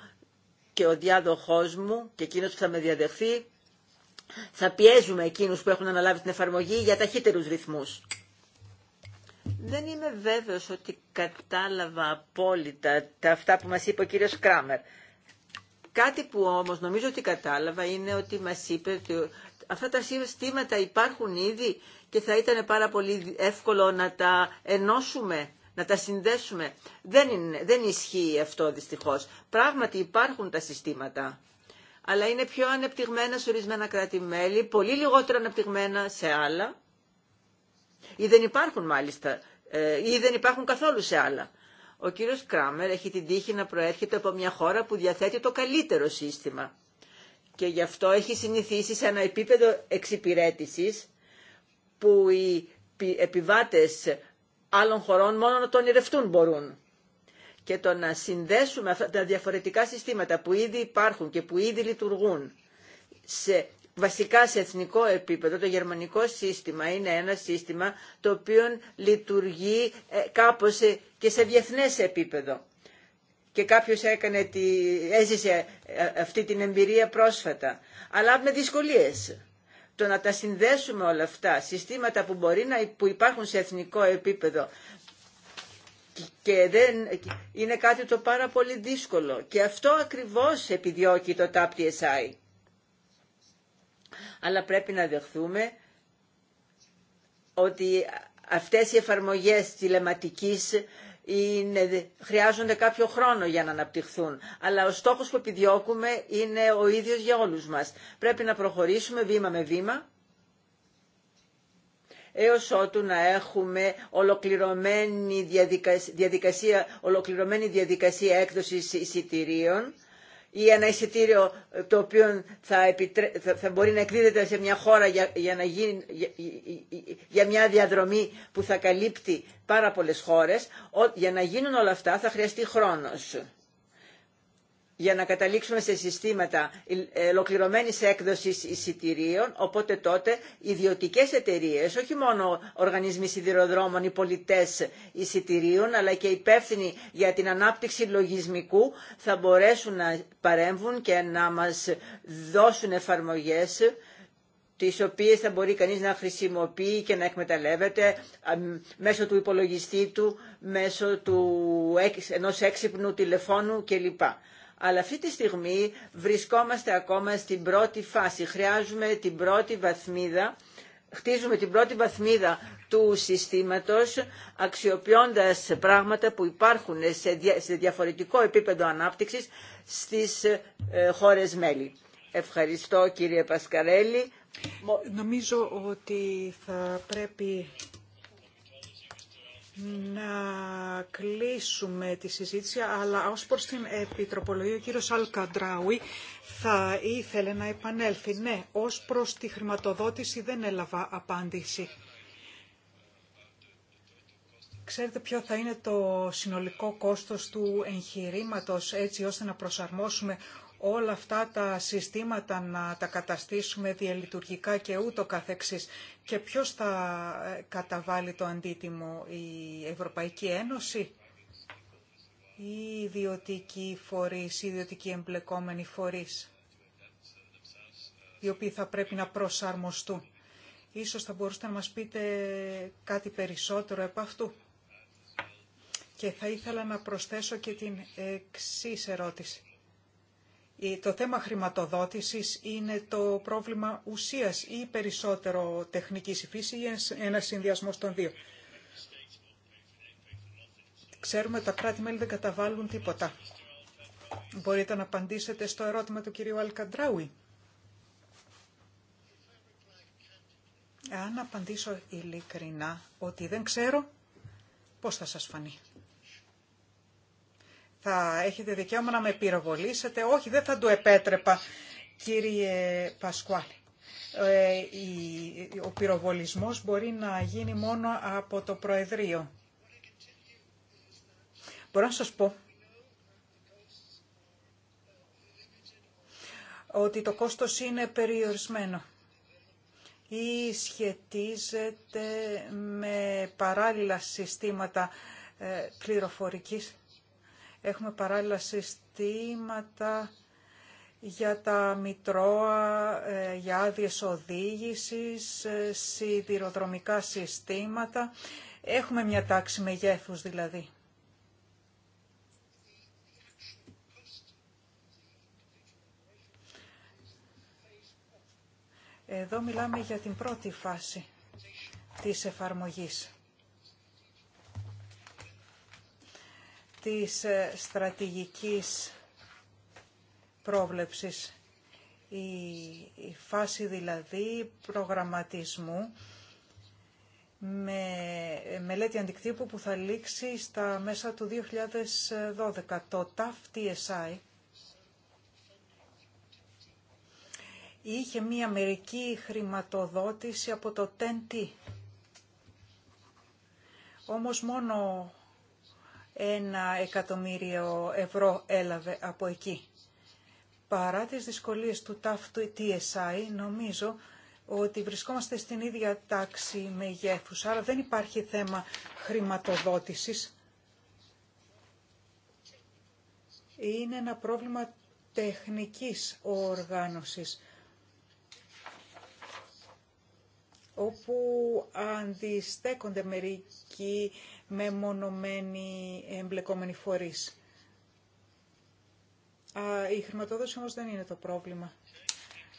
και ο διάδοχός μου και εκείνος που θα με διαδεχθεί θα πιέζουμε εκείνους που έχουν αναλάβει την εφαρμογή για ταχύτερους ρυθμούς. Δεν είμαι βέβαιος ότι κατάλαβα απόλυτα τα αυτά που μας είπε ο κύριος Κράμερ. Κάτι που όμως νομίζω ότι κατάλαβα είναι ότι μας είπε ότι αυτά τα συστήματα υπάρχουν ήδη και θα ήταν πάρα πολύ εύκολο να τα ενώσουμε, να τα συνδέσουμε. Δεν, είναι, δεν ισχύει αυτό δυστυχώς. Πράγματι υπάρχουν τα συστήματα, αλλά είναι πιο ανεπτυγμένα σε ορισμένα κράτη-μέλη, πολύ λιγότερο ανεπτυγμένα σε άλλα ή δεν υπάρχουν μάλιστα ε, ή δεν υπάρχουν καθόλου σε άλλα. Ο κύριος Κράμερ έχει την τύχη να προέρχεται από μια χώρα που διαθέτει το καλύτερο σύστημα και γι' αυτό έχει συνηθίσει σε ένα επίπεδο εξυπηρέτησης που οι επιβάτες άλλων χωρών μόνο να τον ηρευτούν μπορούν. Και το να συνδέσουμε αυτά τα διαφορετικά συστήματα που ήδη υπάρχουν και που ήδη λειτουργούν σε βασικά σε εθνικό επίπεδο το γερμανικό σύστημα είναι ένα σύστημα το οποίο λειτουργεί ε, κάπως και σε διεθνές επίπεδο. Και κάποιος έκανε τη, έζησε ε, αυτή την εμπειρία πρόσφατα. Αλλά με δυσκολίες. Το να τα συνδέσουμε όλα αυτά, συστήματα που, μπορεί να, που υπάρχουν σε εθνικό επίπεδο και δεν, είναι κάτι το πάρα πολύ δύσκολο. Και αυτό ακριβώς επιδιώκει το TAPTSI αλλά πρέπει να δεχθούμε ότι αυτές οι εφαρμογές τηλεματικής είναι, χρειάζονται κάποιο χρόνο για να αναπτυχθούν. Αλλά ο στόχος που επιδιώκουμε είναι ο ίδιος για όλους μας. Πρέπει να προχωρήσουμε βήμα με βήμα έως ότου να έχουμε ολοκληρωμένη διαδικασία, διαδικασία, ολοκληρωμένη διαδικασία έκδοσης εισιτηρίων ή ένα εισιτήριο ε, το οποίο θα, θα μπορεί να εκδίδεται σε μια χώρα για, για, να γίνει... για μια διαδρομή που θα καλύπτει πάρα πολλές χώρες, για να γίνουν όλα αυτά θα χρειαστεί χρόνος για να καταλήξουμε σε συστήματα ολοκληρωμένη έκδοσης εισιτηρίων, οπότε τότε ιδιωτικέ εταιρείες, όχι μόνο οργανισμοί σιδηροδρόμων ή πολιτέ εισιτηρίων, αλλά και υπεύθυνοι για την ανάπτυξη λογισμικού θα μπορέσουν να παρέμβουν και να μας δώσουν εφαρμογές τις οποίες θα μπορεί κανείς να χρησιμοποιεί και να εκμεταλλεύεται μέσω του υπολογιστή του, μέσω του, ενός έξυπνου τηλεφώνου κλπ. Αλλά αυτή τη στιγμή βρισκόμαστε ακόμα στην πρώτη φάση. Χρειάζουμε την πρώτη βαθμίδα χτίζουμε την πρώτη βαθμίδα του συστήματος αξιοποιώντας πράγματα που υπάρχουν σε διαφορετικό επίπεδο ανάπτυξης στις ε, χώρες μέλη. Ευχαριστώ κύριε Πασκαρέλη. Νομίζω ότι θα πρέπει να κλείσουμε τη συζήτηση, αλλά ως προς την Επιτροπολογία, ο κύριος Αλκαντράουι θα ήθελε να επανέλθει. Ναι, ως προς τη χρηματοδότηση δεν έλαβα απάντηση. Ξέρετε ποιο θα είναι το συνολικό κόστος του εγχειρήματος έτσι ώστε να προσαρμόσουμε όλα αυτά τα συστήματα να τα καταστήσουμε διαλειτουργικά και ούτω καθεξής. Και ποιος θα ε, καταβάλει το αντίτιμο, η Ευρωπαϊκή Ένωση ή ιδιωτικοί φορείς, ιδιωτικοί εμπλεκόμενοι φορείς, οι οποίοι θα πρέπει να προσαρμοστούν. Ίσως θα μπορούσατε να μας πείτε κάτι περισσότερο επ' αυτού. Και θα ήθελα να προσθέσω και την εξή ερώτηση. Το θέμα χρηματοδότησης είναι το πρόβλημα ουσίας ή περισσότερο τεχνικής υφής ή ένας συνδυασμός των δύο. Ξέρουμε ότι τα κράτη-μέλη δεν καταβάλουν τίποτα. Μπορείτε να απαντήσετε στο ερώτημα του κυρίου Αλκαντράουι. Αν απαντήσω ειλικρινά ότι δεν ξέρω, πώς θα σας φανεί θα έχετε δικαίωμα να με πυροβολήσετε. Όχι, δεν θα του επέτρεπα, κύριε Πασκουάλη. Ε, ο πυροβολισμός μπορεί να γίνει μόνο από το Προεδρείο. Μπορώ να σας πω ότι το κόστος είναι περιορισμένο ή σχετίζεται με παράλληλα συστήματα ε, πληροφορικής Έχουμε παράλληλα συστήματα για τα μητρώα, ε, για άδειε οδήγησης, ε, σιδηροδρομικά συστήματα. Έχουμε μια τάξη μεγέθους δηλαδή. Εδώ μιλάμε για την πρώτη φάση της εφαρμογής. της ε, στρατηγικής πρόβλεψης. Η φάση δηλαδή προγραμματισμού με ε, μελέτη αντικτύπου που θα λήξει στα μέσα του 2012. Το TAF-TSI είχε μία μερική χρηματοδότηση από το ten Όμως μόνο ένα εκατομμύριο ευρώ έλαβε από εκεί. Παρά τις δυσκολίες του τάφτου TSI, νομίζω ότι βρισκόμαστε στην ίδια τάξη με γέφους άρα δεν υπάρχει θέμα χρηματοδότησης. Είναι ένα πρόβλημα τεχνικής οργάνωσης, όπου αντιστέκονται μερικοί με μονομένη εμπλεκόμενη φορείς. Η χρηματοδότηση όμως δεν είναι το πρόβλημα.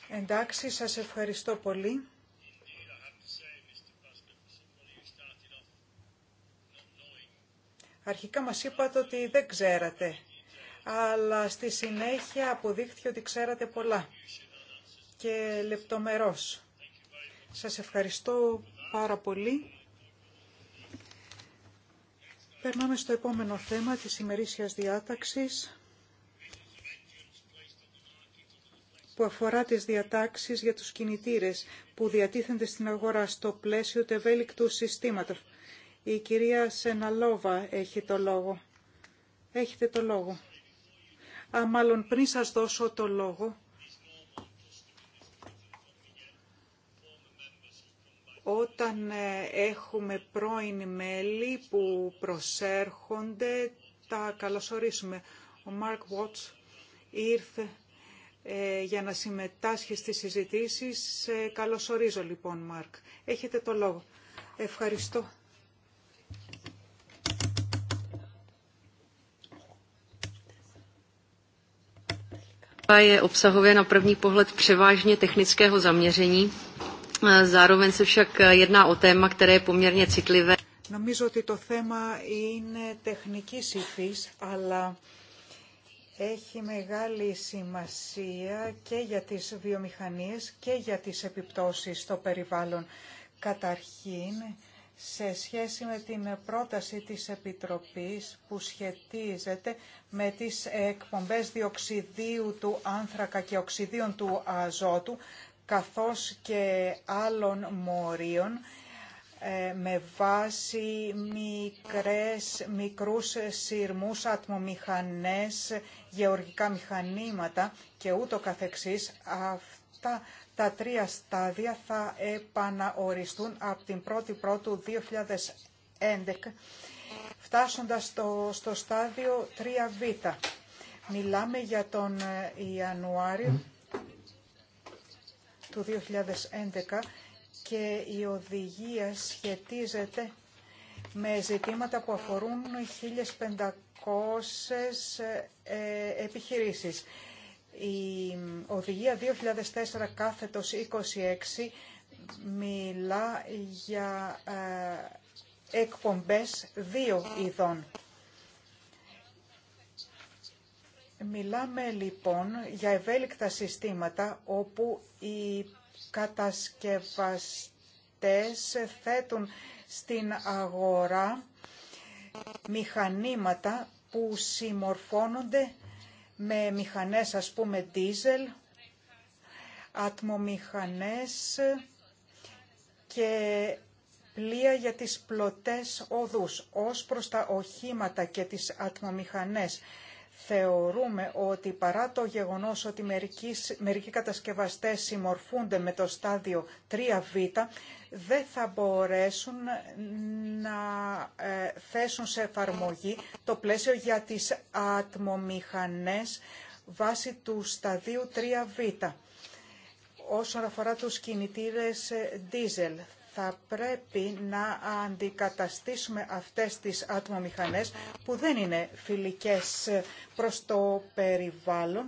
Εντάξει, σας ευχαριστώ πολύ. Αρχικά μας είπατε ότι δεν ξέρατε, αλλά στη συνέχεια αποδείχθηκε ότι ξέρατε πολλά και λεπτομερώς. Σας ευχαριστώ πάρα πολύ Περνάμε στο επόμενο θέμα της ημερήσιας διάταξης που αφορά τις διατάξεις για τους κινητήρες που διατίθενται στην αγορά στο πλαίσιο του ευέλικτου συστήματος. Η κυρία Σεναλόβα έχει το λόγο. Έχετε το λόγο. Α, μάλλον πριν σας δώσω το λόγο, όταν ε, έχουμε πρώην μέλη που προσέρχονται, τα καλωσορίσουμε. Ο Μάρκ Βότς ήρθε ε, για να συμμετάσχει στις συζητήσεις. Ε, καλωσορίζω λοιπόν, Μάρκ. Έχετε το λόγο. Ευχαριστώ. je obsahově na první pohled převážně technického Eh, zároveň se však eh, jedná o téma, které Νομίζω ότι το θέμα είναι τεχνική υφή, αλλά έχει μεγάλη σημασία και για τις βιομηχανίες και για τις επιπτώσεις στο περιβάλλον. Καταρχήν, σε σχέση με την πρόταση της Επιτροπής που σχετίζεται με τις εκπομπές διοξιδίου του άνθρακα και οξυδίων του αζότου, καθώς και άλλων μορίων ε, με βάση μικρές, μικρούς σειρμούς, ατμομηχανές, γεωργικά μηχανήματα και ούτω καθεξής. Αυτά τα τρία στάδια θα επαναοριστούν από την 1η Πρώτου 2011, φτάσοντας στο, στο στάδιο 3β. Μιλάμε για τον ε, Ιανουάριο του 2011 και η οδηγία σχετίζεται με ζητήματα που αφορούν 1.500 ε, επιχειρήσεις. Η οδηγία 2004 κάθετος 26 μιλά για ε, εκπομπές δύο ειδών. Μιλάμε λοιπόν για ευέλικτα συστήματα όπου οι κατασκευαστές θέτουν στην αγορά μηχανήματα που συμμορφώνονται με μηχανές ας πούμε diesel, ατμομηχανές και πλοία για τις πλωτές οδούς ως προς τα οχήματα και τις ατμομηχανές Θεωρούμε ότι παρά το γεγονός ότι μερικοί, μερικοί κατασκευαστές συμμορφούνται με το στάδιο 3β, δεν θα μπορέσουν να ε, θέσουν σε εφαρμογή το πλαίσιο για τις ατμομηχανές βάσει του σταδίου 3β όσον αφορά τους κινητήρες diesel. Ε, θα πρέπει να αντικαταστήσουμε αυτές τις ατμομηχανές που δεν είναι φιλικές προς το περιβάλλον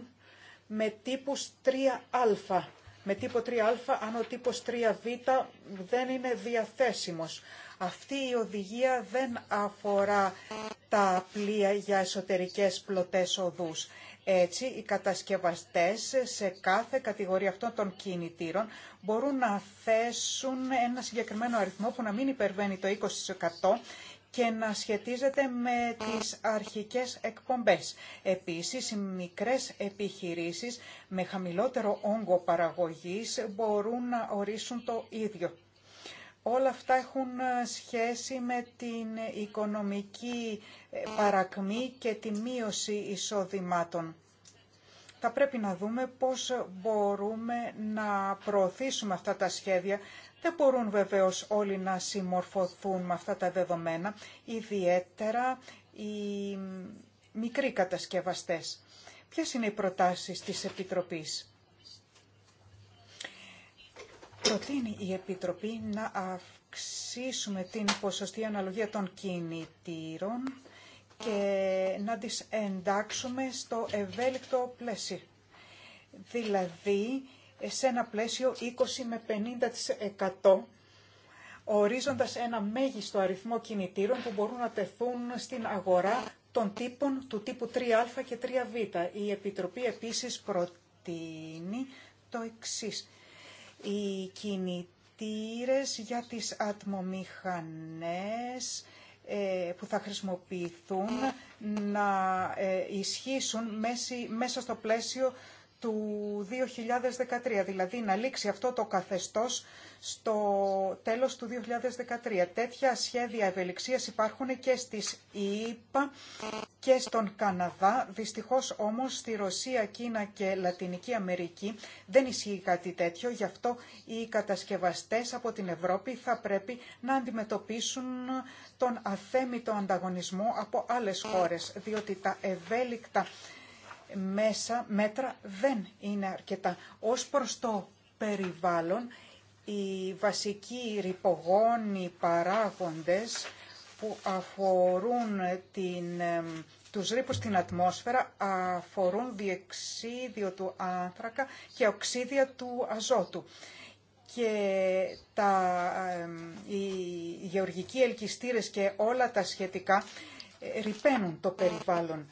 με τύπους 3α. Με τύπο 3α, αν ο τύπος 3β δεν είναι διαθέσιμος. Αυτή η οδηγία δεν αφορά τα πλοία για εσωτερικές πλωτές οδούς. Έτσι, οι κατασκευαστές σε κάθε κατηγορία αυτών των κινητήρων μπορούν να θέσουν ένα συγκεκριμένο αριθμό που να μην υπερβαίνει το 20% και να σχετίζεται με τις αρχικές εκπομπές. Επίσης, οι μικρές επιχειρήσεις με χαμηλότερο όγκο παραγωγής μπορούν να ορίσουν το ίδιο Όλα αυτά έχουν ε, σχέση με την οικονομική ε, παρακμή και τη μείωση εισοδημάτων. Θα πρέπει να δούμε πώς μπορούμε να προωθήσουμε αυτά τα σχέδια. Δεν μπορούν βεβαίως όλοι να συμμορφωθούν με αυτά τα δεδομένα, ιδιαίτερα οι μικροί κατασκευαστές. Ποιες είναι οι προτάσεις της Επιτροπής. Προτείνει η Επιτροπή να αυξήσουμε την ποσοστή αναλογία των κινητήρων και να τις εντάξουμε στο ευέλικτο πλαίσιο. Δηλαδή, σε ένα πλαίσιο 20 με 50% ορίζοντας ένα μέγιστο αριθμό κινητήρων που μπορούν να τεθούν στην αγορά των τύπων του τύπου 3α και 3β. Η Επιτροπή επίσης προτείνει το εξής οι κινητήρες για τις ατμομηχανές ε, που θα χρησιμοποιηθούν να ε, ισχύσουν μέσα στο πλαίσιο του 2013, δηλαδή να λήξει αυτό το καθεστώς στο τέλος του 2013. Τέτοια σχέδια ευελιξίας υπάρχουν και στις ΗΠΑ και στον Καναδά. Δυστυχώς όμως στη Ρωσία, Κίνα και Λατινική Αμερική δεν ισχύει κάτι τέτοιο. Γι' αυτό οι κατασκευαστές από την Ευρώπη θα πρέπει να αντιμετωπίσουν τον αθέμητο ανταγωνισμό από άλλες χώρες, διότι τα ευέλικτα μέσα, μέτρα δεν είναι αρκετά. Ως προς το περιβάλλον, οι βασικοί ρηπογόνοι παράγοντες που αφορούν την, τους ρήπους στην ατμόσφαιρα αφορούν διεξίδιο του άνθρακα και οξίδια του αζότου. Και τα, οι γεωργικοί ελκυστήρες και όλα τα σχετικά ε, ρηπαίνουν το περιβάλλον.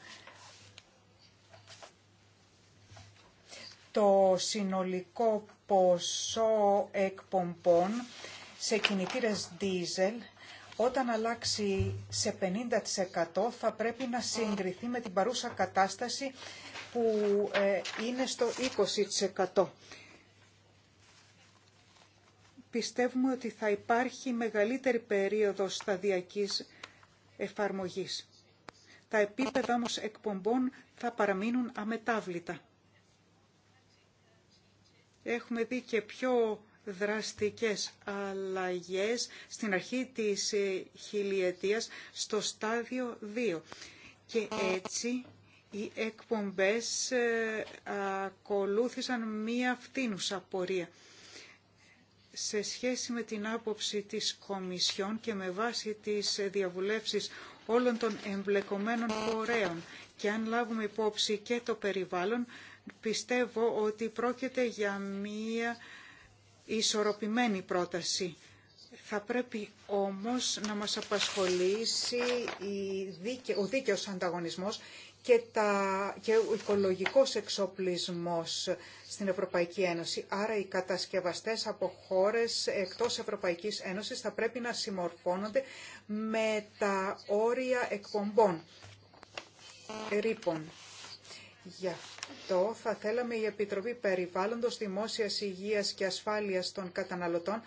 το συνολικό ποσό εκπομπών σε κινητήρες δίζελ όταν αλλάξει σε 50% θα πρέπει να συγκριθεί με την παρούσα κατάσταση που ε, είναι στο 20%. Πιστεύουμε ότι θα υπάρχει μεγαλύτερη περίοδος σταδιακής εφαρμογής. Τα επίπεδα όμως εκπομπών θα παραμείνουν αμετάβλητα έχουμε δει και πιο δραστικές αλλαγές στην αρχή της ε, χιλιετίας στο στάδιο 2. Και έτσι οι εκπομπές ε, ακολούθησαν μία φτύνουσα πορεία. Σε σχέση με την άποψη της Κομισιόν και με βάση τις διαβουλεύσεις όλων των εμπλεκομένων φορέων και αν λάβουμε υπόψη και το περιβάλλον, Πιστεύω ότι πρόκειται για μία ισορροπημένη πρόταση. Θα πρέπει όμως να μας απασχολήσει ο δίκαιος ανταγωνισμός και, τα, και ο οικολογικός εξοπλισμός στην Ευρωπαϊκή Ένωση. Άρα οι κατασκευαστές από χώρες εκτός Ευρωπαϊκής Ένωσης θα πρέπει να συμμορφώνονται με τα όρια εκπομπών αυτό θα θέλαμε η Επιτροπή Περιβάλλοντος, Δημόσιας Υγείας και Ασφάλειας των Καταναλωτών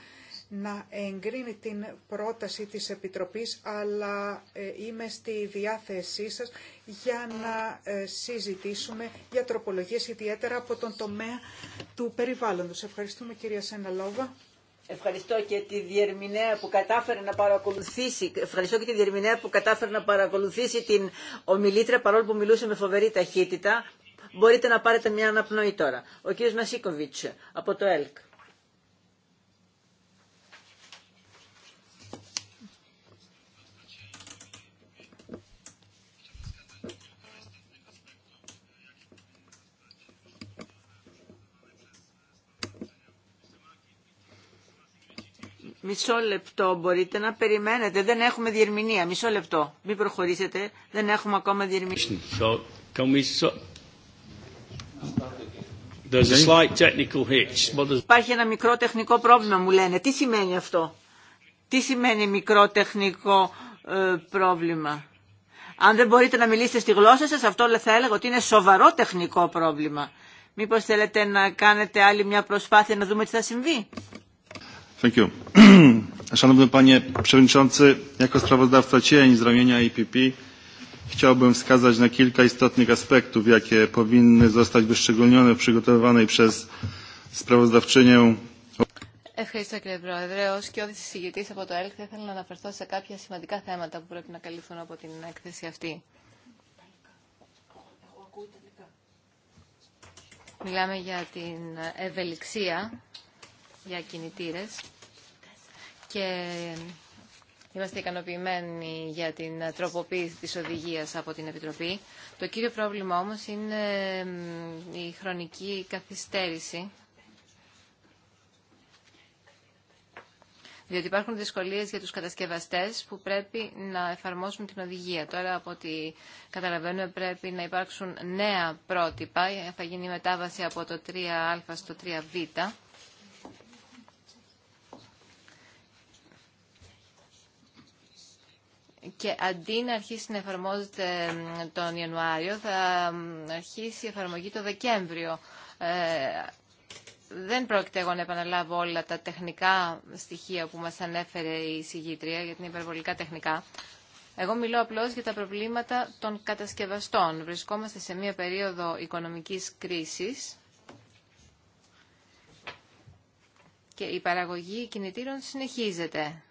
να εγκρίνει την πρόταση της Επιτροπής, αλλά ε, είμαι στη διάθεσή σας για να ε, συζητήσουμε για τροπολογίες ιδιαίτερα από τον τομέα του περιβάλλοντος. Ευχαριστούμε κυρία Σεναλόβα. Ευχαριστώ και τη διερμηνέα που κατάφερε να παρακολουθήσει, ευχαριστώ και τη διερμηνέα που κατάφερε να παρακολουθήσει την ομιλήτρια παρόλο που μιλούσε με φοβερή ταχύτητα. Μπορείτε να πάρετε μια αναπνοή τώρα. Ο κ. Νασίκοβιτς από το ΕΛΚ. Μισό λεπτό μπορείτε να περιμένετε. Δεν έχουμε διερμηνία. Μισό λεπτό. Μην προχωρήσετε. Δεν έχουμε ακόμα διερμηνία. Υπάρχει ένα μικρό τεχνικό πρόβλημα μου λένε. Τι σημαίνει αυτό. Τι σημαίνει μικρό τεχνικό ε, πρόβλημα. Αν δεν μπορείτε να μιλήσετε στη γλώσσα σας αυτό θα έλεγα ότι είναι σοβαρό τεχνικό πρόβλημα. Μήπως θέλετε να κάνετε άλλη μια προσπάθεια να δούμε τι θα συμβεί. Thank you. Szanowny Panie Przewodniczący, chciałbym wskazać na kilka istotnych aspektów, jakie powinny zostać wyszczególnione w przygotowanej przez sprawozdawczynię. Ευχαριστώ κύριε Πρόεδρε. Ω και όδηση συζητητή από το ΕΛΚ, θα ήθελα να αναφερθώ σε κάποια σημαντικά θέματα που πρέπει να καλυφθούν από την έκθεση αυτή. Μιλάμε για την ευελιξία για κινητήρες και Είμαστε ικανοποιημένοι για την τροποποίηση της οδηγίας από την Επιτροπή. Το κύριο πρόβλημα όμως είναι η χρονική καθυστέρηση διότι υπάρχουν δυσκολίες για τους κατασκευαστές που πρέπει να εφαρμόσουν την οδηγία. Τώρα από ό,τι καταλαβαίνουμε πρέπει να υπάρξουν νέα πρότυπα, θα γίνει η μετάβαση από το 3α στο 3β και αντί να αρχίσει να εφαρμόζεται τον Ιανουάριο, θα αρχίσει η εφαρμογή το Δεκέμβριο. Ε, δεν πρόκειται εγώ να επαναλάβω όλα τα τεχνικά στοιχεία που μας ανέφερε η συγγήτρια, γιατί είναι υπερβολικά τεχνικά. Εγώ μιλώ απλώς για τα προβλήματα των κατασκευαστών. Βρισκόμαστε σε μια περίοδο οικονομικής κρίσης και η παραγωγή κινητήρων συνεχίζεται.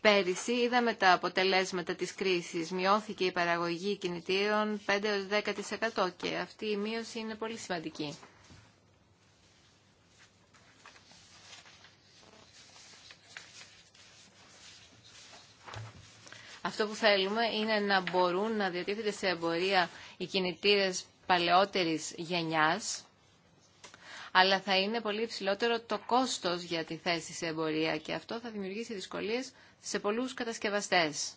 Πέρυσι είδαμε τα αποτελέσματα της κρίσης. Μειώθηκε η παραγωγή κινητήρων 5-10% και αυτή η μείωση είναι πολύ σημαντική. Αυτό που θέλουμε είναι να μπορούν να διατίθεται σε εμπορία οι κινητήρες παλαιότερης γενιάς, αλλά θα είναι πολύ υψηλότερο το κόστος για τη θέση σε εμπορία και αυτό θα δημιουργήσει δυσκολίες σε πολλούς κατασκευαστές.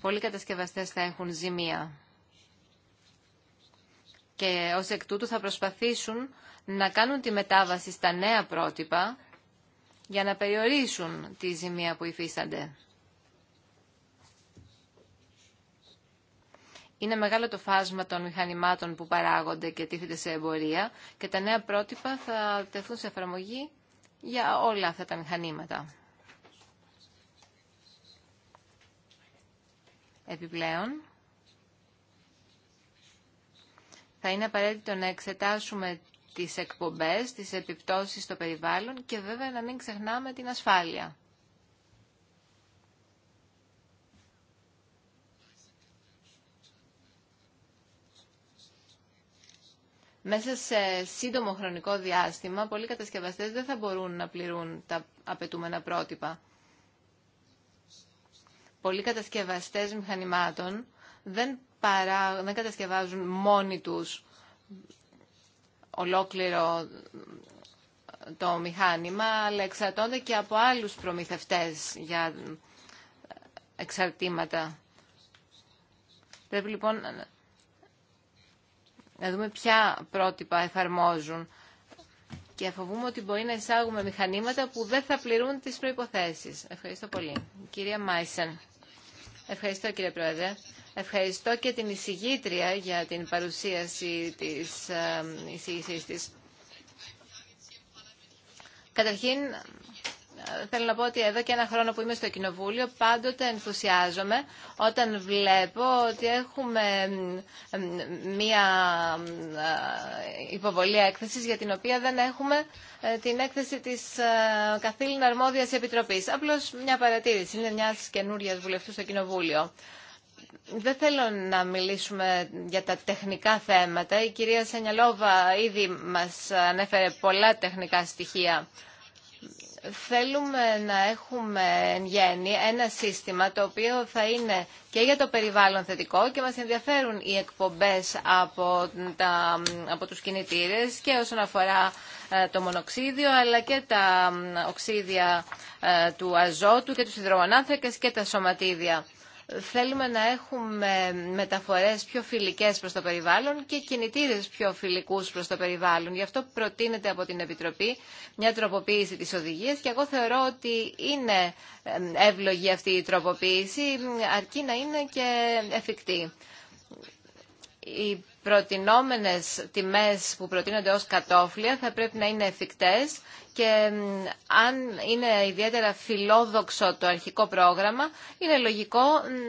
Πολλοί κατασκευαστές θα έχουν ζημία. Και ως εκ τούτου θα προσπαθήσουν να κάνουν τη μετάβαση στα νέα πρότυπα για να περιορίσουν τη ζημία που υφίστανται. Είναι μεγάλο το φάσμα των μηχανημάτων που παράγονται και τίθεται σε εμπορία και τα νέα πρότυπα θα τεθούν σε εφαρμογή για όλα αυτά τα μηχανήματα. Επιπλέον, θα είναι απαραίτητο να εξετάσουμε τις εκπομπές, τις επιπτώσεις στο περιβάλλον και βέβαια να μην ξεχνάμε την ασφάλεια. Μέσα σε σύντομο χρονικό διάστημα, πολλοί κατασκευαστές δεν θα μπορούν να πληρούν τα απαιτούμενα πρότυπα. Πολλοί κατασκευαστές μηχανημάτων δεν, παρά, δεν κατασκευάζουν μόνοι τους ολόκληρο το μηχάνημα, αλλά εξαρτώνται και από άλλους προμηθευτές για εξαρτήματα. Πρέπει λοιπόν να δούμε ποια πρότυπα εφαρμόζουν και φοβούμαι ότι μπορεί να εισάγουμε μηχανήματα που δεν θα πληρούν τις προϋποθέσεις. Ευχαριστώ πολύ. Κυρία Μάισεν. Ευχαριστώ κύριε Πρόεδρε. Ευχαριστώ και την εισηγήτρια για την παρουσίαση της ε, εισηγήσής της. Καταρχήν, θέλω να πω ότι εδώ και ένα χρόνο που είμαι στο Κοινοβούλιο πάντοτε ενθουσιάζομαι όταν βλέπω ότι έχουμε μία ε, υποβολή έκθεσης για την οποία δεν έχουμε ε, την έκθεση της ε, καθήλυνα αρμόδιας επιτροπής. Απλώς μια παρατήρηση, είναι μια καινούρια βουλευτού στο Κοινοβούλιο. Δεν θέλω να μιλήσουμε για τα τεχνικά θέματα. Η κυρία Σανιαλόβα ήδη μας ανέφερε πολλά τεχνικά στοιχεία. Θέλουμε να έχουμε εν γέννη ένα σύστημα το οποίο θα είναι και για το περιβάλλον θετικό και μας ενδιαφέρουν οι εκπομπές από, τα, από τους κινητήρες και όσον αφορά ε, το μονοξίδιο αλλά και τα ε, οξίδια ε, του αζότου και τους υδρογονάνθρακες και τα σωματίδια. Θέλουμε να έχουμε μεταφορές πιο φιλικές προς το περιβάλλον και κινητήρες πιο φιλικούς προς το περιβάλλον. Γι' αυτό προτείνεται από την Επιτροπή μια τροποποίηση της οδηγίας και εγώ θεωρώ ότι είναι εύλογη αυτή η τροποποίηση αρκεί να είναι και εφικτή οι προτινόμενες τιμές που προτείνονται ως κατόφλια θα πρέπει να είναι εφικτές και αν είναι ιδιαίτερα φιλόδοξο το αρχικό πρόγραμμα, είναι λογικό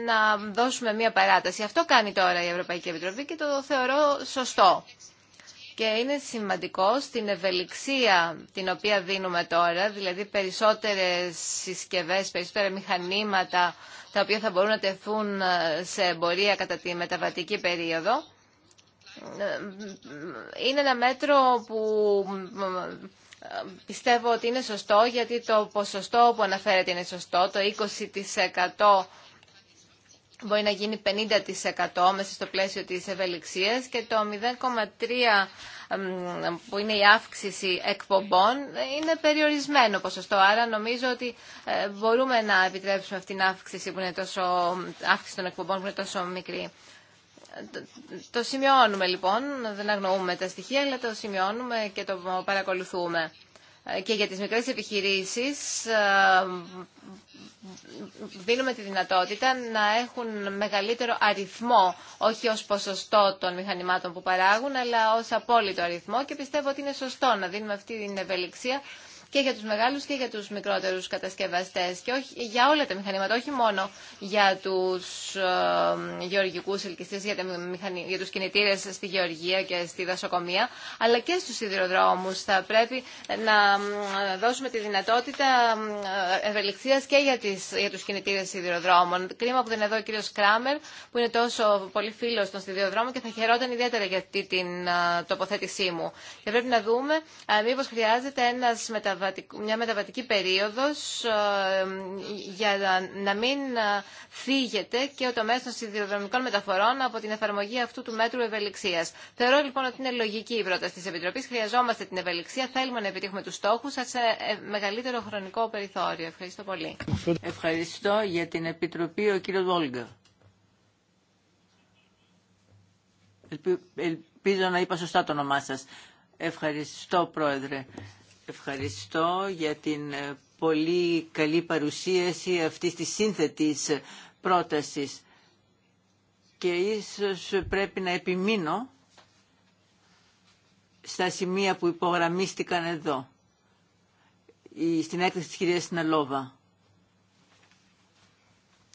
να δώσουμε μια παράταση. Αυτό κάνει τώρα η Ευρωπαϊκή Επιτροπή και το θεωρώ σωστό. Και είναι σημαντικό στην ευελιξία την οποία δίνουμε τώρα, δηλαδή περισσότερες συσκευές, περισσότερα μηχανήματα, τα οποία θα μπορούν να τεθούν ε, σε εμπορία κατά τη μεταβατική περίοδο. Ε, είναι ένα μέτρο που ε, πιστεύω ότι είναι σωστό γιατί το ποσοστό που αναφέρεται είναι σωστό, το 20% μπορεί να γίνει 50% μέσα στο πλαίσιο της ευελιξίας και το 0,3% που είναι η αύξηση εκπομπών είναι περιορισμένο ποσοστό. Άρα νομίζω ότι ε, μπορούμε να επιτρέψουμε αυτήν την αύξηση, που είναι τόσο, αύξηση των εκπομπών που είναι τόσο μικρή. Το σημειώνουμε λοιπόν, δεν αγνοούμε τα στοιχεία, αλλά το σημειώνουμε και το παρακολουθούμε. Ε, και για τις μικρές επιχειρήσεις ε, δίνουμε τη δυνατότητα να έχουν μεγαλύτερο αριθμό, όχι ως ποσοστό των μηχανημάτων που παράγουν, αλλά ως απόλυτο αριθμό και πιστεύω ότι είναι σωστό να δίνουμε αυτή την ευελιξία και για τους μεγάλους και για τους μικρότερους κατασκευαστές και όχι, για όλα τα μηχανήματα, όχι μόνο για τους ε, γεωργικούς ελκυστές, για, τα μηχανή, για τους κινητήρες στη γεωργία και στη δασοκομεία, αλλά και στους σιδηροδρόμους. Θα πρέπει να δώσουμε τη δυνατότητα ευελιξίας και για, τις, για τους κινητήρες σιδηροδρόμων. Κρίμα που δεν είναι εδώ ο κύριος Κράμερ, που είναι τόσο πολύ φίλος των σιδηροδρόμων και θα χαιρόταν ιδιαίτερα για αυτή την ε, τοποθέτησή μου. Και πρέπει να δούμε ε, μήπως χρειάζεται ένας μετα μια μεταβατική περίοδος ε, για να μην ε, φύγεται και ο τομέας των σιδηροδρομικών μεταφορών από την εφαρμογή αυτού του μέτρου ευελιξίας. Θεωρώ λοιπόν ότι είναι λογική η πρόταση της Επιτροπής. Χρειαζόμαστε την ευελιξία. Θέλουμε να επιτύχουμε τους στόχους σε ε, μεγαλύτερο χρονικό περιθώριο. Ευχαριστώ πολύ. Ευχαριστώ για την Επιτροπή ο κύριος Βόλγκα. Ελπίζω να είπα σωστά το όνομά σας. Ευχαριστώ, Πρόεδρε. Ευχαριστώ για την ε, πολύ καλή παρουσίαση αυτής της σύνθετης πρότασης και ίσως πρέπει να επιμείνω στα σημεία που υπογραμμίστηκαν εδώ, στην έκθεση της κυρίας Σναλόβα.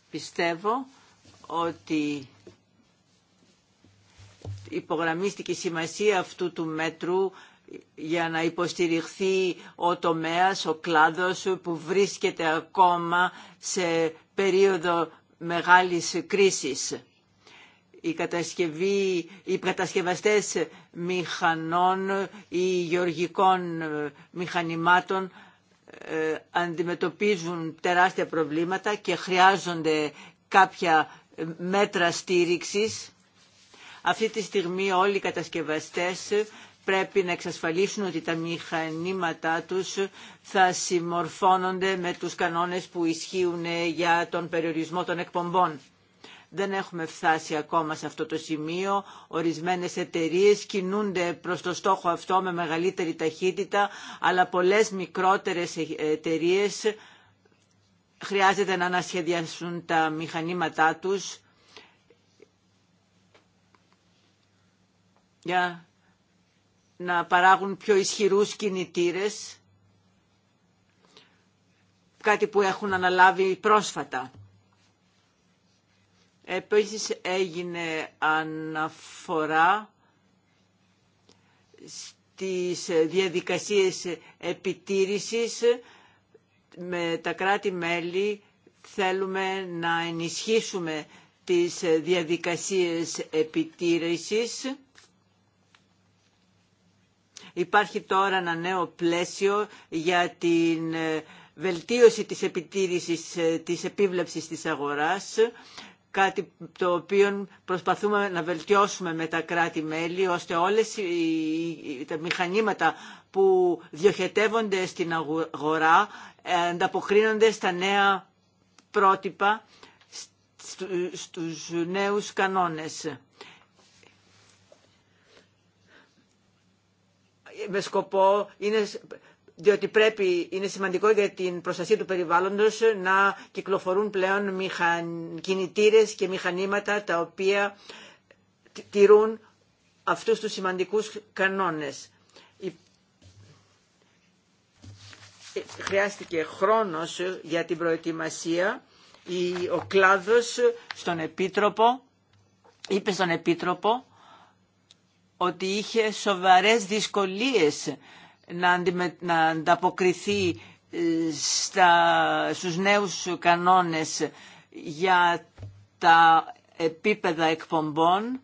Πιστεύω ότι υπογραμμίστηκε η σημασία αυτού του μέτρου για να υποστηριχθεί ο τομέας, ο κλάδος που βρίσκεται ακόμα σε περίοδο μεγάλης κρίσης. Η κατασκευή, οι κατασκευαστές μηχανών ή γεωργικών μηχανημάτων ε, αντιμετωπίζουν τεράστια προβλήματα και χρειάζονται κάποια μέτρα στήριξης. Αυτή τη στιγμή όλοι οι κατασκευαστές πρέπει να εξασφαλίσουν ότι τα μηχανήματά τους θα συμμορφώνονται με τους κανόνες που ισχύουν για τον περιορισμό των εκπομπών. Δεν έχουμε φτάσει ακόμα σε αυτό το σημείο. Ορισμένες εταιρείες κινούνται προς το στόχο αυτό με μεγαλύτερη ταχύτητα, αλλά πολλές μικρότερες εταιρείες χρειάζεται να ανασχεδιάσουν τα μηχανήματά τους για να παράγουν πιο ισχυρούς κινητήρες, κάτι που έχουν αναλάβει πρόσφατα. Επίσης έγινε αναφορά στις διαδικασίες επιτήρησης με τα κράτη-μέλη θέλουμε να ενισχύσουμε τις διαδικασίες επιτήρησης Υπάρχει τώρα ένα νέο πλαίσιο για την ε, βελτίωση της επιτήρησης ε, της επίβλεψης της αγοράς κάτι το οποίο προσπαθούμε να βελτιώσουμε με τα κράτη-μέλη, ώστε όλες οι, τα μηχανήματα που διοχετεύονται στην αγορά ε, ανταποκρίνονται στα νέα πρότυπα, στους νέους κανόνες. με σκοπό είναι διότι πρέπει, είναι σημαντικό για την προστασία του περιβάλλοντος να κυκλοφορούν πλέον μηχαν, κινητήρες και μηχανήματα τα οποία τηρούν αυτούς τους σημαντικούς κανόνες. Ε, χρειάστηκε χρόνος για την προετοιμασία. Ο κλάδος στον Επίτροπο είπε στον Επίτροπο ότι είχε σοβαρές δυσκολίες να, να ανταποκριθεί ε, στα... στους νέους κανόνες για τα επίπεδα εκπομπών.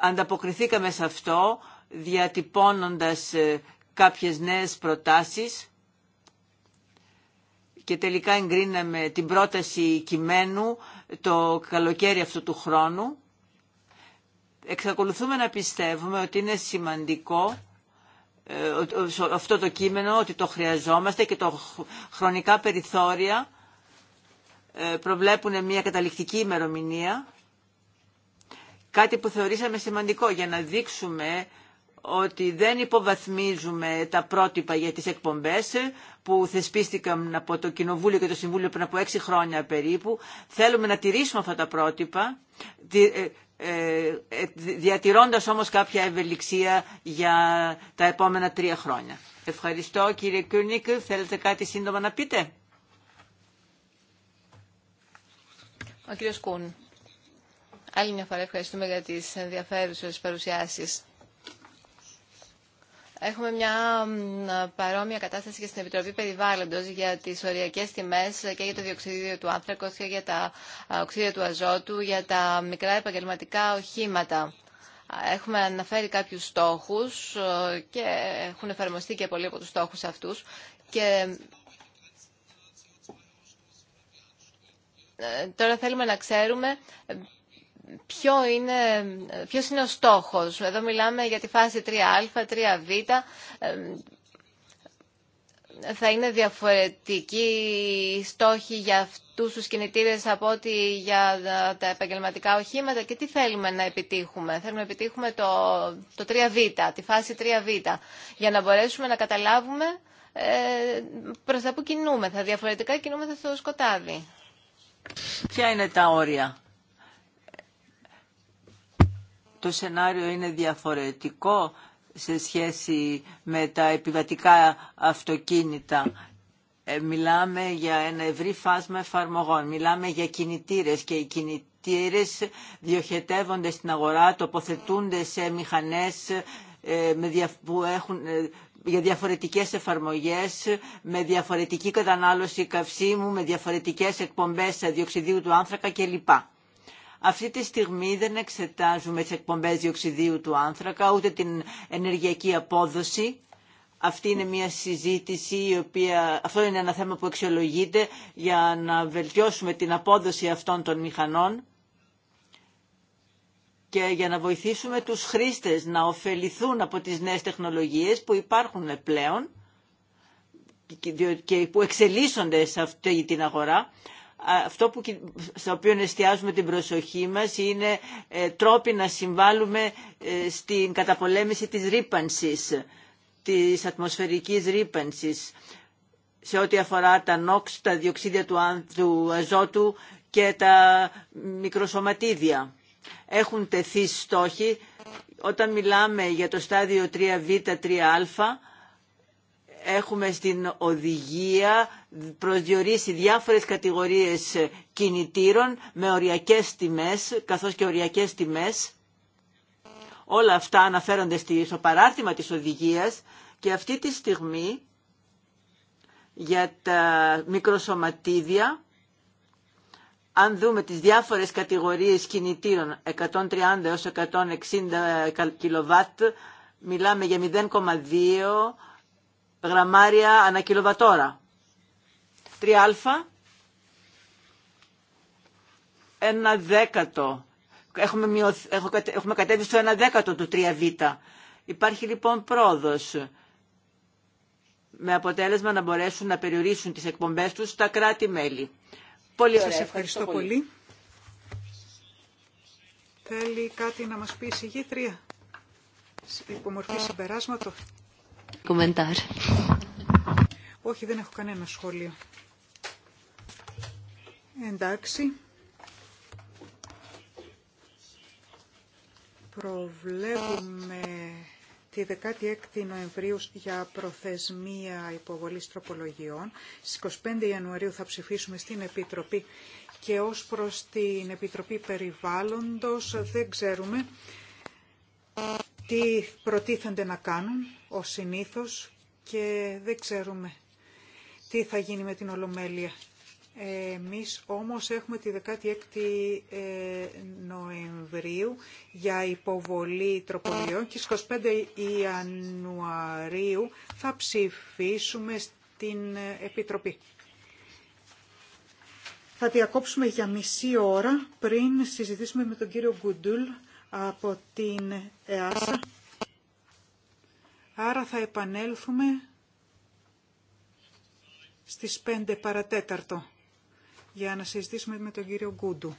Ανταποκριθήκαμε σε αυτό διατυπώνοντας ε, κάποιες νέες προτάσεις και τελικά εγκρίναμε την πρόταση κειμένου το καλοκαίρι αυτού του χρόνου εξακολουθούμε να πιστεύουμε ότι είναι σημαντικό ε, αυτό το κείμενο, ότι το χρειαζόμαστε και το χρονικά περιθώρια ε, προβλέπουν μια καταληκτική ημερομηνία, κάτι που θεωρήσαμε σημαντικό για να δείξουμε ότι δεν υποβαθμίζουμε τα πρότυπα για τις εκπομπές που θεσπίστηκαν από το Κοινοβούλιο και το Συμβούλιο πριν από έξι χρόνια περίπου. Θέλουμε να τηρήσουμε αυτά τα πρότυπα, ε, ε, ε, διατηρώντας όμως κάποια ευελιξία για τα επόμενα τρία χρόνια. Ευχαριστώ κύριε Κούρνικ. Θέλετε κάτι σύντομα να πείτε. Ο κύριος Κούν. Άλλη μια φορά ευχαριστούμε για τις ενδιαφέρουσες παρουσιάσεις. Έχουμε μια παρόμοια κατάσταση και στην Επιτροπή Περιβάλλοντος για τις οριακές τιμές και για το διοξίδιο του άνθρακος και για τα οξύδια του αζότου, για τα μικρά επαγγελματικά οχήματα. Έχουμε αναφέρει κάποιους στόχους ε, και έχουν εφαρμοστεί και πολλοί από τους στόχους αυτούς και ε, τώρα θέλουμε να ξέρουμε ποιο είναι, ποιος είναι ο στόχος. Εδώ μιλάμε για τη φάση 3α, 3β. Θα είναι διαφορετική η για αυτούς τους κινητήρες από ότι για τα επαγγελματικά οχήματα και τι θέλουμε να επιτύχουμε. Θέλουμε να επιτύχουμε το, το 3β, τη φάση 3β, για να μπορέσουμε να καταλάβουμε ε, προς τα που κινούμεθα. Διαφορετικά κινούμεθα στο σκοτάδι. Ποια είναι τα όρια το σενάριο είναι διαφορετικό σε σχέση με τα επιβατικά αυτοκίνητα. Ε, μιλάμε για ένα ευρύ φάσμα εφαρμογών. Μιλάμε για κινητήρες και οι κινητήρες διοχετεύονται στην αγορά, τοποθετούνται σε μηχανές ε, ε, για διαφορετικές εφαρμογές, με διαφορετική κατανάλωση καυσίμου, με διαφορετικές εκπομπές διοξιδίου του άνθρακα κλπ. Αυτή τη στιγμή δεν εξετάζουμε τις εκπομπές διοξιδίου του άνθρακα, ούτε την ενεργειακή απόδοση. Αυτή είναι μια συζήτηση, η οποία, αυτό είναι ένα θέμα που αξιολογείται για να βελτιώσουμε την απόδοση αυτών των μηχανών και για να βοηθήσουμε τους χρήστες να ωφεληθούν από τις νέες τεχνολογίες που υπάρχουν πλέον και που εξελίσσονται σε αυτή την αγορά αυτό που, στο οποίο εστιάζουμε την προσοχή μας είναι ε, τρόποι να συμβάλλουμε ε, στην καταπολέμηση της ρήπανσης, της ατμοσφαιρικής ρήπανσης σε ό,τι αφορά τα νόξ, τα διοξίδια του, του αζότου και τα μικροσωματίδια. Έχουν τεθεί στόχοι. Όταν μιλάμε για το στάδιο 3β, 3α, έχουμε στην οδηγία προσδιορίσει διάφορες κατηγορίες κινητήρων με οριακές τιμές, καθώς και οριακές τιμές. Όλα αυτά αναφέρονται στο παράρτημα της οδηγίας και αυτή τη στιγμή για τα μικροσωματίδια, αν δούμε τις διάφορες κατηγορίες κινητήρων 130 έως 160 κιλοβάτ, μιλάμε για 0,2 γραμμάρια ανά κιλοβατόρα. 3α, ένα δέκατο. Έχουμε, έχω, έχουμε κατέβει στο ένα δέκατο του 3β. Υπάρχει λοιπόν πρόοδος με αποτέλεσμα να μπορέσουν να περιορίσουν τις εκπομπές τους τα κράτη-μέλη. Πολύ ωραία. Σας ευχαριστώ, πολύ. Θέλει κάτι να μας πει η συγγήτρια, υπομορφή ε, συμπεράσματο. Όχι, δεν έχω κανένα σχόλιο. Εντάξει. Προβλέπουμε τη 16η Νοεμβρίου για προθεσμία υποβολής τροπολογιών. Στις 25 Ιανουαρίου θα ψηφίσουμε στην Επιτροπή και ως προς την Επιτροπή Περιβάλλοντος δεν ξέρουμε τι προτίθενται να κάνουν ο συνήθως και δεν ξέρουμε τι θα γίνει με την Ολομέλεια. Εμείς όμως έχουμε τη 16η ε, Νοεμβρίου για υποβολή τροπολιών και στις 25 Ιανουαρίου θα ψηφίσουμε στην ε, Επιτροπή. Θα διακόψουμε για μισή ώρα πριν συζητήσουμε με τον κύριο Γκουντούλ από την ΕΑΣΑ. Άρα θα επανέλθουμε στις 5 παρατέταρτο για να συζητήσουμε με τον κύριο Γκούντου.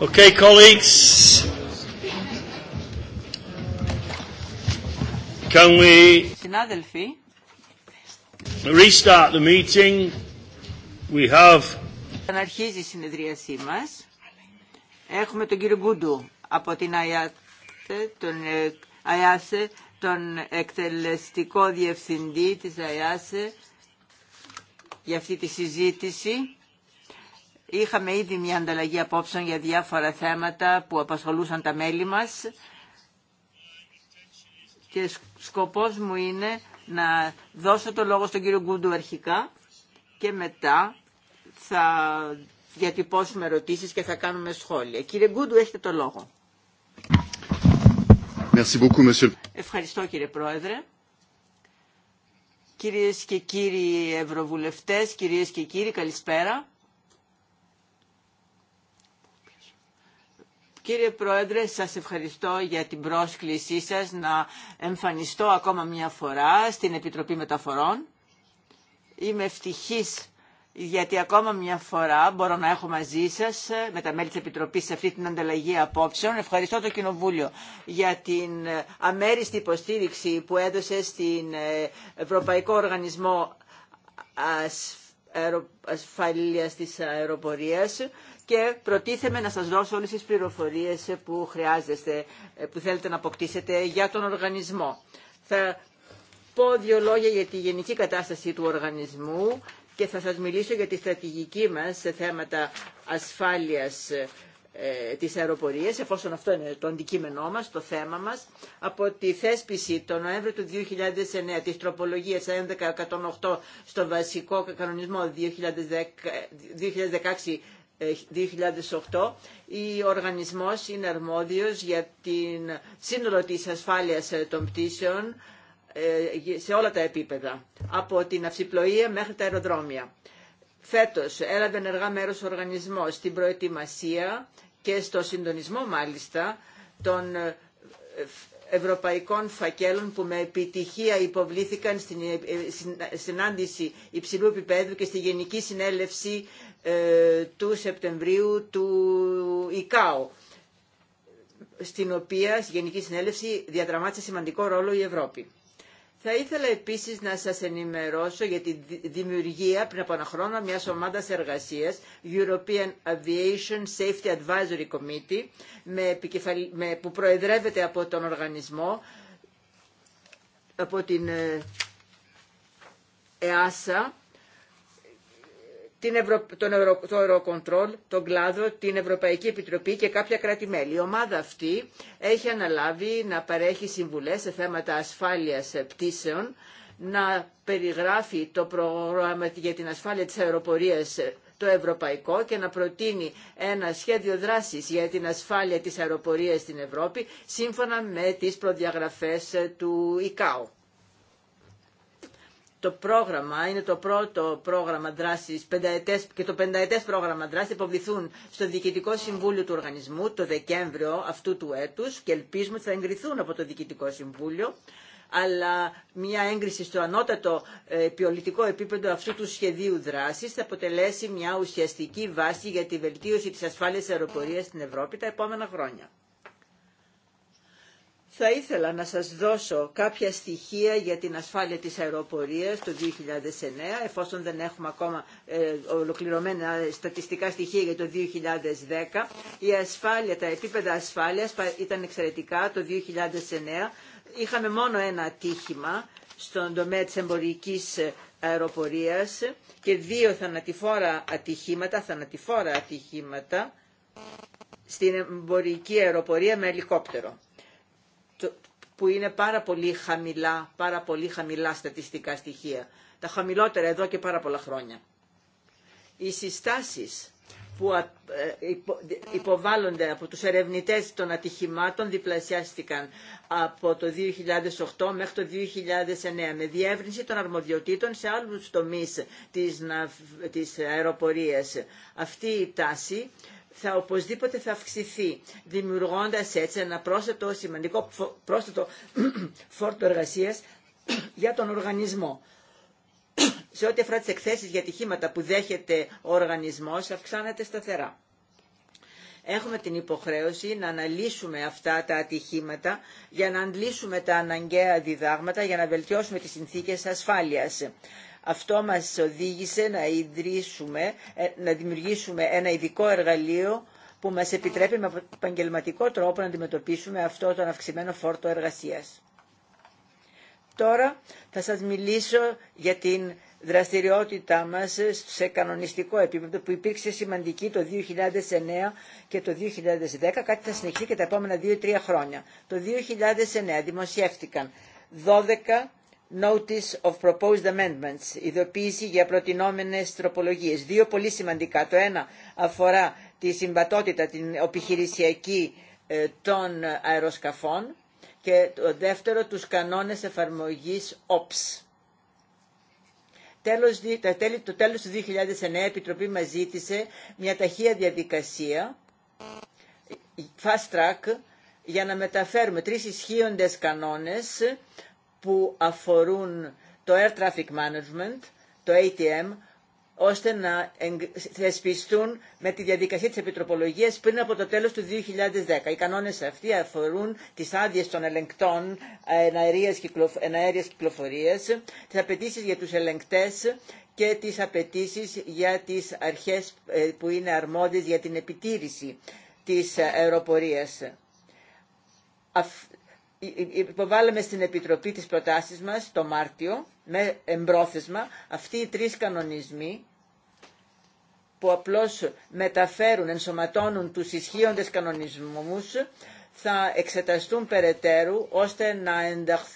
Okay, colleagues. Can we Συνάδελφοι. restart the meeting? We have. η συνεδρίασή μας. Έχουμε τον κύριο Γκούντου από την ΑΙΑΣΕ, τον ε, ΑΙΑΣΕ, τον εκτελεστικό διευθυντή της ΑΙΑΣΕ για αυτή τη συζήτηση Είχαμε ήδη μια ανταλλαγή απόψεων για διάφορα θέματα που απασχολούσαν τα μέλη μας και σκοπός μου είναι να δώσω το λόγο στον κύριο Γκούντου αρχικά και μετά θα διατυπώσουμε ερωτήσεις και θα κάνουμε σχόλια. Κύριε Γκούντου, έχετε το λόγο. Ευχαριστώ κύριε Πρόεδρε. Κυρίες και κύριοι Ευρωβουλευτές, κυρίες και κύριοι, καλησπέρα. Κύριε Πρόεδρε, σας ευχαριστώ για την πρόσκλησή σας να εμφανιστώ ακόμα μια φορά στην Επιτροπή Μεταφορών. Είμαι ευτυχής γιατί ακόμα μια φορά μπορώ να έχω μαζί σας ε, με τα μέλη της Επιτροπής σε αυτή την ανταλλαγή απόψεων. Ευχαριστώ το Κοινοβούλιο για την ε, αμέριστη υποστήριξη που έδωσε στην ε, Ευρωπαϊκό Οργανισμό ασφάλειας της αεροπορίας και προτίθεμαι να σας δώσω όλες τις πληροφορίες που χρειάζεστε, ε, που θέλετε να αποκτήσετε για τον οργανισμό. Θα πω δύο λόγια για τη γενική κατάσταση του οργανισμού και θα σας μιλήσω για τη στρατηγική μας σε θέματα ασφάλειας ε, τις αεροπορίες, εφόσον αυτό είναι το αντικείμενό μας, το θέμα μας, από τη θέσπιση το Νοέμβριο του 2009 της τροπολογίας 1108 στο βασικό κανονισμό 2016 2008 ο οργανισμός είναι αρμόδιος για την σύνολο της ασφάλειας ε, των πτήσεων ε, σε όλα τα επίπεδα, από την αυσιπλοεία μέχρι τα αεροδρόμια. Φέτος έλαβε ενεργά μέρος ο οργανισμός στην προετοιμασία και στο συντονισμό μάλιστα των ε, ε, ευρωπαϊκών φακέλων που με επιτυχία υποβλήθηκαν στην ε, συνάντηση υψηλού επίπεδου και στη Γενική Συνέλευση του Σεπτεμβρίου του ΙΚΑΟ στην οποία στη Γενική Συνέλευση διαδραμάτισε σημαντικό ρόλο η Ευρώπη. Θα ήθελα επίσης να σας ενημερώσω για τη δημιουργία πριν από ένα χρόνο μιας ομάδας εργασίας European Aviation Safety Advisory Committee με, που προεδρεύεται από τον οργανισμό από την ε, ΕΑΣΑ τον Ευρω... το τον κλάδο, την Ευρωπαϊκή Επιτροπή και κάποια κράτη-μέλη. Η ομάδα αυτή έχει αναλάβει να παρέχει συμβουλές σε θέματα ασφάλειας πτήσεων, να περιγράφει το πρόγραμμα για την ασφάλεια της αεροπορίας το ευρωπαϊκό και να προτείνει ένα σχέδιο δράσης για την ασφάλεια της αεροπορίας στην Ευρώπη σύμφωνα με τις προδιαγραφές του ΙΚΑΟ το πρόγραμμα, είναι το πρώτο πρόγραμμα δράση και το πενταετέ πρόγραμμα δράση υποβληθούν στο Διοικητικό Συμβούλιο του Οργανισμού το Δεκέμβριο αυτού του έτου, και ελπίζουμε ότι θα εγκριθούν από το Διοικητικό Συμβούλιο αλλά μια έγκριση στο ανώτατο ε, ποιολητικό επίπεδο αυτού του σχεδίου δράση θα αποτελέσει μια ουσιαστική βάση για τη βελτίωση τη ασφάλεια αεροπορία στην Ευρώπη τα επόμενα χρόνια. Θα ήθελα να σας δώσω κάποια στοιχεία για την ασφάλεια της αεροπορίας το 2009, εφόσον δεν έχουμε ακόμα ε, ολοκληρωμένα στατιστικά στοιχεία για το 2010. Η ασφάλεια, τα επίπεδα ασφάλειας ήταν εξαιρετικά το 2009. Είχαμε μόνο ένα ατύχημα στον τομέα της εμπορικής ε, αεροπορίας και δύο θανατηφόρα ατυχήματα, θανατηφόρα ατυχήματα στην εμπορική αεροπορία με ελικόπτερο που είναι πάρα πολύ χαμηλά, πάρα πολύ χαμηλά στατιστικά στοιχεία. Τα χαμηλότερα εδώ και πάρα πολλά χρόνια. Οι συστάσεις που ε, υποβάλλονται από τους ερευνητές των ατυχημάτων διπλασιάστηκαν από το 2008 μέχρι το 2009 με διεύρυνση των αρμοδιοτήτων σε άλλους τομείς της αεροπορίας. Αυτή η τάση θα οπωσδήποτε θα αυξηθεί, δημιουργώντας έτσι ένα πρόσθετο, σημαντικό πρόσθετο φόρτο εργασίας για τον οργανισμό. Σε ό,τι αφορά τι εκθέσεις για τυχήματα που δέχεται ο οργανισμός, αυξάνεται σταθερά. Έχουμε την υποχρέωση να αναλύσουμε αυτά τα ατυχήματα για να αντλήσουμε τα αναγκαία διδάγματα για να βελτιώσουμε τις συνθήκες ασφάλειας. Αυτό μας οδήγησε να, ιδρύσουμε, ε, να δημιουργήσουμε ένα ειδικό εργαλείο που μας επιτρέπει με επαγγελματικό τρόπο να αντιμετωπίσουμε αυτό τον αυξημένο φόρτο εργασίας. Τώρα θα σας μιλήσω για την δραστηριότητά μας σε κανονιστικό επίπεδο που υπήρξε σημαντική το 2009 και το 2010, κάτι θα συνεχίσει και τα επόμενα 2-3 χρόνια. Το 2009 δημοσιεύτηκαν 12 notice of proposed amendments, ειδοποίηση για προτινόμενες τροπολογίες. Δύο πολύ σημαντικά. Το ένα αφορά τη συμβατότητα, την επιχειρησιακή ε, των αεροσκαφών και το δεύτερο τους κανόνες εφαρμογής OPS. το τέλος του 2009 η Επιτροπή μας ζήτησε μια ταχεία διαδικασία, fast track, για να μεταφέρουμε τρεις ισχύοντες κανόνες που αφορούν το Air Traffic Management, το ATM, ώστε να θεσπιστούν με τη διαδικασία της επιτροπολογίας πριν από το τέλος του 2010. Οι κανόνες αυτοί αφορούν τις άδειε των ελεγκτών εναέριας κυκλοφορίας, τις απαιτήσει για τους ελεγκτές και τις απαιτήσει για τις αρχές ε, που είναι αρμόδιες για την επιτήρηση της ε, αεροπορίας υποβάλαμε στην Επιτροπή τις προτάσεις μας το Μάρτιο με εμπρόθεσμα αυτοί οι τρεις κανονισμοί που απλώς μεταφέρουν, ενσωματώνουν τους ισχύοντες κανονισμούς θα εξεταστούν περαιτέρου ώστε να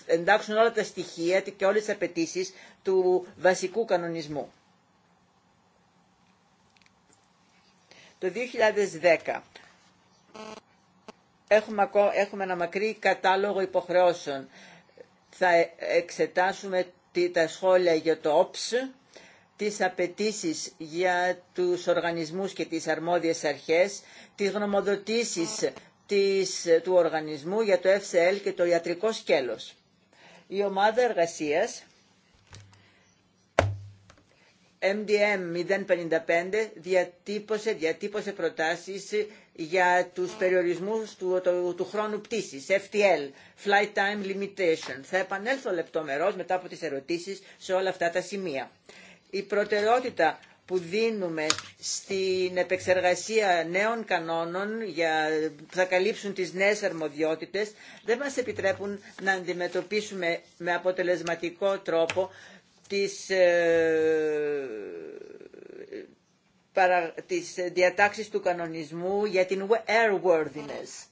εντάξουν όλα τα στοιχεία και όλες τις απαιτήσεις του βασικού κανονισμού. Το 2010 Έχουμε, έχουμε ένα μακρύ κατάλογο υποχρεώσεων. Θα ε, εξετάσουμε τα σχόλια για το ΟΠΣ, τις απαιτήσει για τους οργανισμούς και τις αρμόδιες αρχές, τις γνωμοδοτήσεις του οργανισμού για το FCL και το ιατρικό σκέλος. Η ομάδα εργασίας MDM 055 διατύπωσε, διατύπωσε προτάσεις για τους περιορισμούς του, του, του χρόνου πτήσης, FTL, Flight Time Limitation. Θα επανέλθω λεπτομερώς μετά από τις ερωτήσεις σε όλα αυτά τα σημεία. Η προτεραιότητα που δίνουμε στην επεξεργασία νέων κανόνων για, που θα καλύψουν τις νέες αρμοδιότητες δεν μας επιτρέπουν να αντιμετωπίσουμε με αποτελεσματικό τρόπο τις, ε, παρα, τις διατάξεις του κανονισμού για την airworthiness.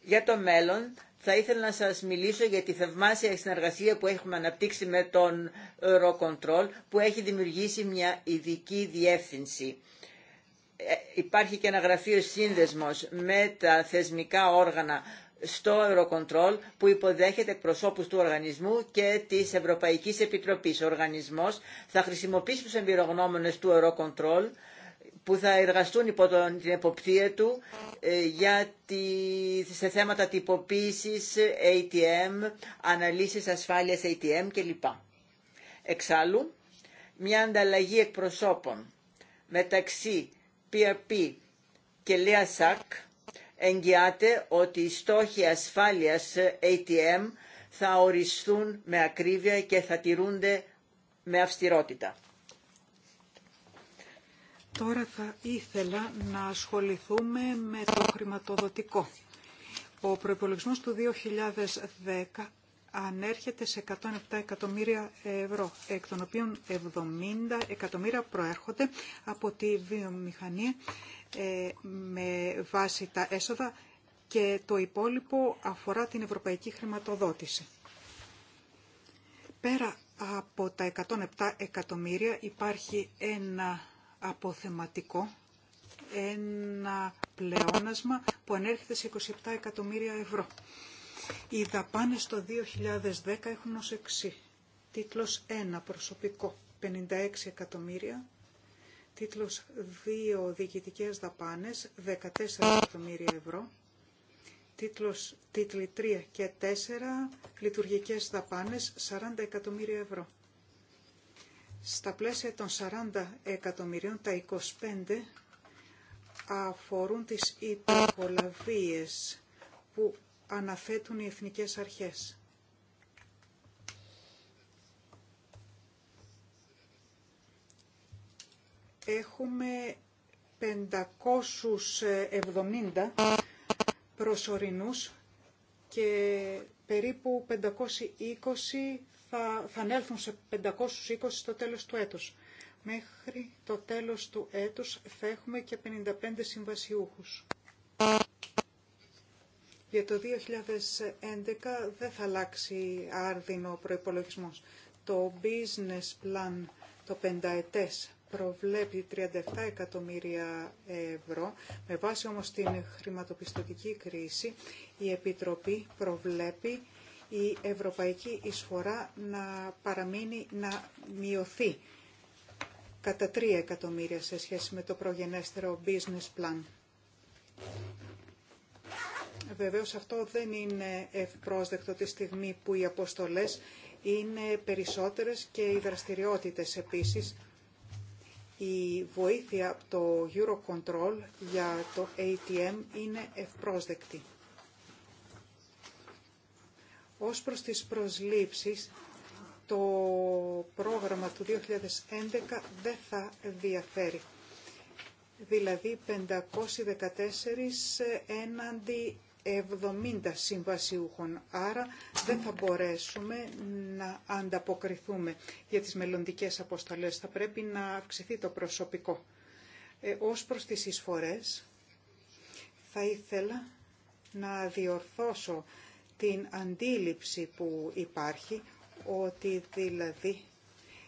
Για το μέλλον θα ήθελα να σας μιλήσω για τη θαυμάσια συνεργασία που έχουμε αναπτύξει με τον Eurocontrol που έχει δημιουργήσει μια ειδική διεύθυνση. Ε, υπάρχει και ένα γραφείο σύνδεσμος με τα θεσμικά όργανα στο Eurocontrol που υποδέχεται εκπροσώπους του οργανισμού και της Ευρωπαϊκής Επιτροπής. Ο οργανισμός θα χρησιμοποιήσει τους εμπειρογνώμονες του Eurocontrol που θα εργαστούν υπό τον, την εποπτεία του ε, για τη, σε θέματα τυποποίησης ATM, αναλύσεις ασφάλειας ATM κλπ. Εξάλλου, μια ανταλλαγή εκπροσώπων μεταξύ PRP και ΛΕΑΣΑΚ εγγυάται ότι οι στόχοι ασφάλειας ATM θα οριστούν με ακρίβεια και θα τηρούνται με αυστηρότητα. Τώρα θα ήθελα να ασχοληθούμε με το χρηματοδοτικό. Ο προϋπολογισμός του 2010 ανέρχεται σε 107 εκατομμύρια ευρώ, εκ των οποίων 70 εκατομμύρια προέρχονται από τη βιομηχανία ε, με βάση τα έσοδα και το υπόλοιπο αφορά την ευρωπαϊκή χρηματοδότηση. Πέρα από τα 107 εκατομμύρια υπάρχει ένα αποθεματικό, ένα πλεόνασμα που ανέρχεται σε 27 εκατομμύρια ευρώ. Οι δαπάνες το 2010 έχουν ως εξή. Τίτλος 1 προσωπικό 56 εκατομμύρια, Τίτλος 2 Διοικητικές δαπάνες 14 εκατομμύρια ευρώ. Τίτλος, τίτλοι 3 και 4 Λειτουργικές δαπάνες 40 εκατομμύρια ευρώ. Στα πλαίσια των 40 εκατομμυρίων τα 25 αφορούν τις υποβολαβίες που αναθέτουν οι εθνικές αρχές. έχουμε 570 προσωρινούς και περίπου 520 θα, θα ανέλθουν σε 520 στο τέλος του έτους. Μέχρι το τέλος του έτους θα έχουμε και 55 συμβασιούχους. Για το 2011 δεν θα αλλάξει άρδινο προϋπολογισμός. Το business plan, το πενταετές προβλέπει 37 εκατομμύρια ευρώ. Με βάση όμως την χρηματοπιστωτική κρίση, η Επιτροπή προβλέπει η ευρωπαϊκή εισφορά να παραμείνει, να μειωθεί κατά 3 εκατομμύρια σε σχέση με το προγενέστερο business plan. Βεβαίως αυτό δεν είναι ευπρόσδεκτο τη στιγμή που οι αποστολές είναι περισσότερες και οι δραστηριότητες επίσης η βοήθεια από το Eurocontrol για το ATM είναι ευπρόσδεκτη. Ως προς τις προσλήψεις, το πρόγραμμα του 2011 δεν θα διαφέρει. Δηλαδή 514 έναντι 70 συμβασιούχων, άρα δεν θα μπορέσουμε να ανταποκριθούμε για τις μελλοντικές αποστολές. Θα πρέπει να αυξηθεί το προσωπικό. Ε, ως προς τις εισφορές, θα ήθελα να διορθώσω την αντίληψη που υπάρχει, ότι δηλαδή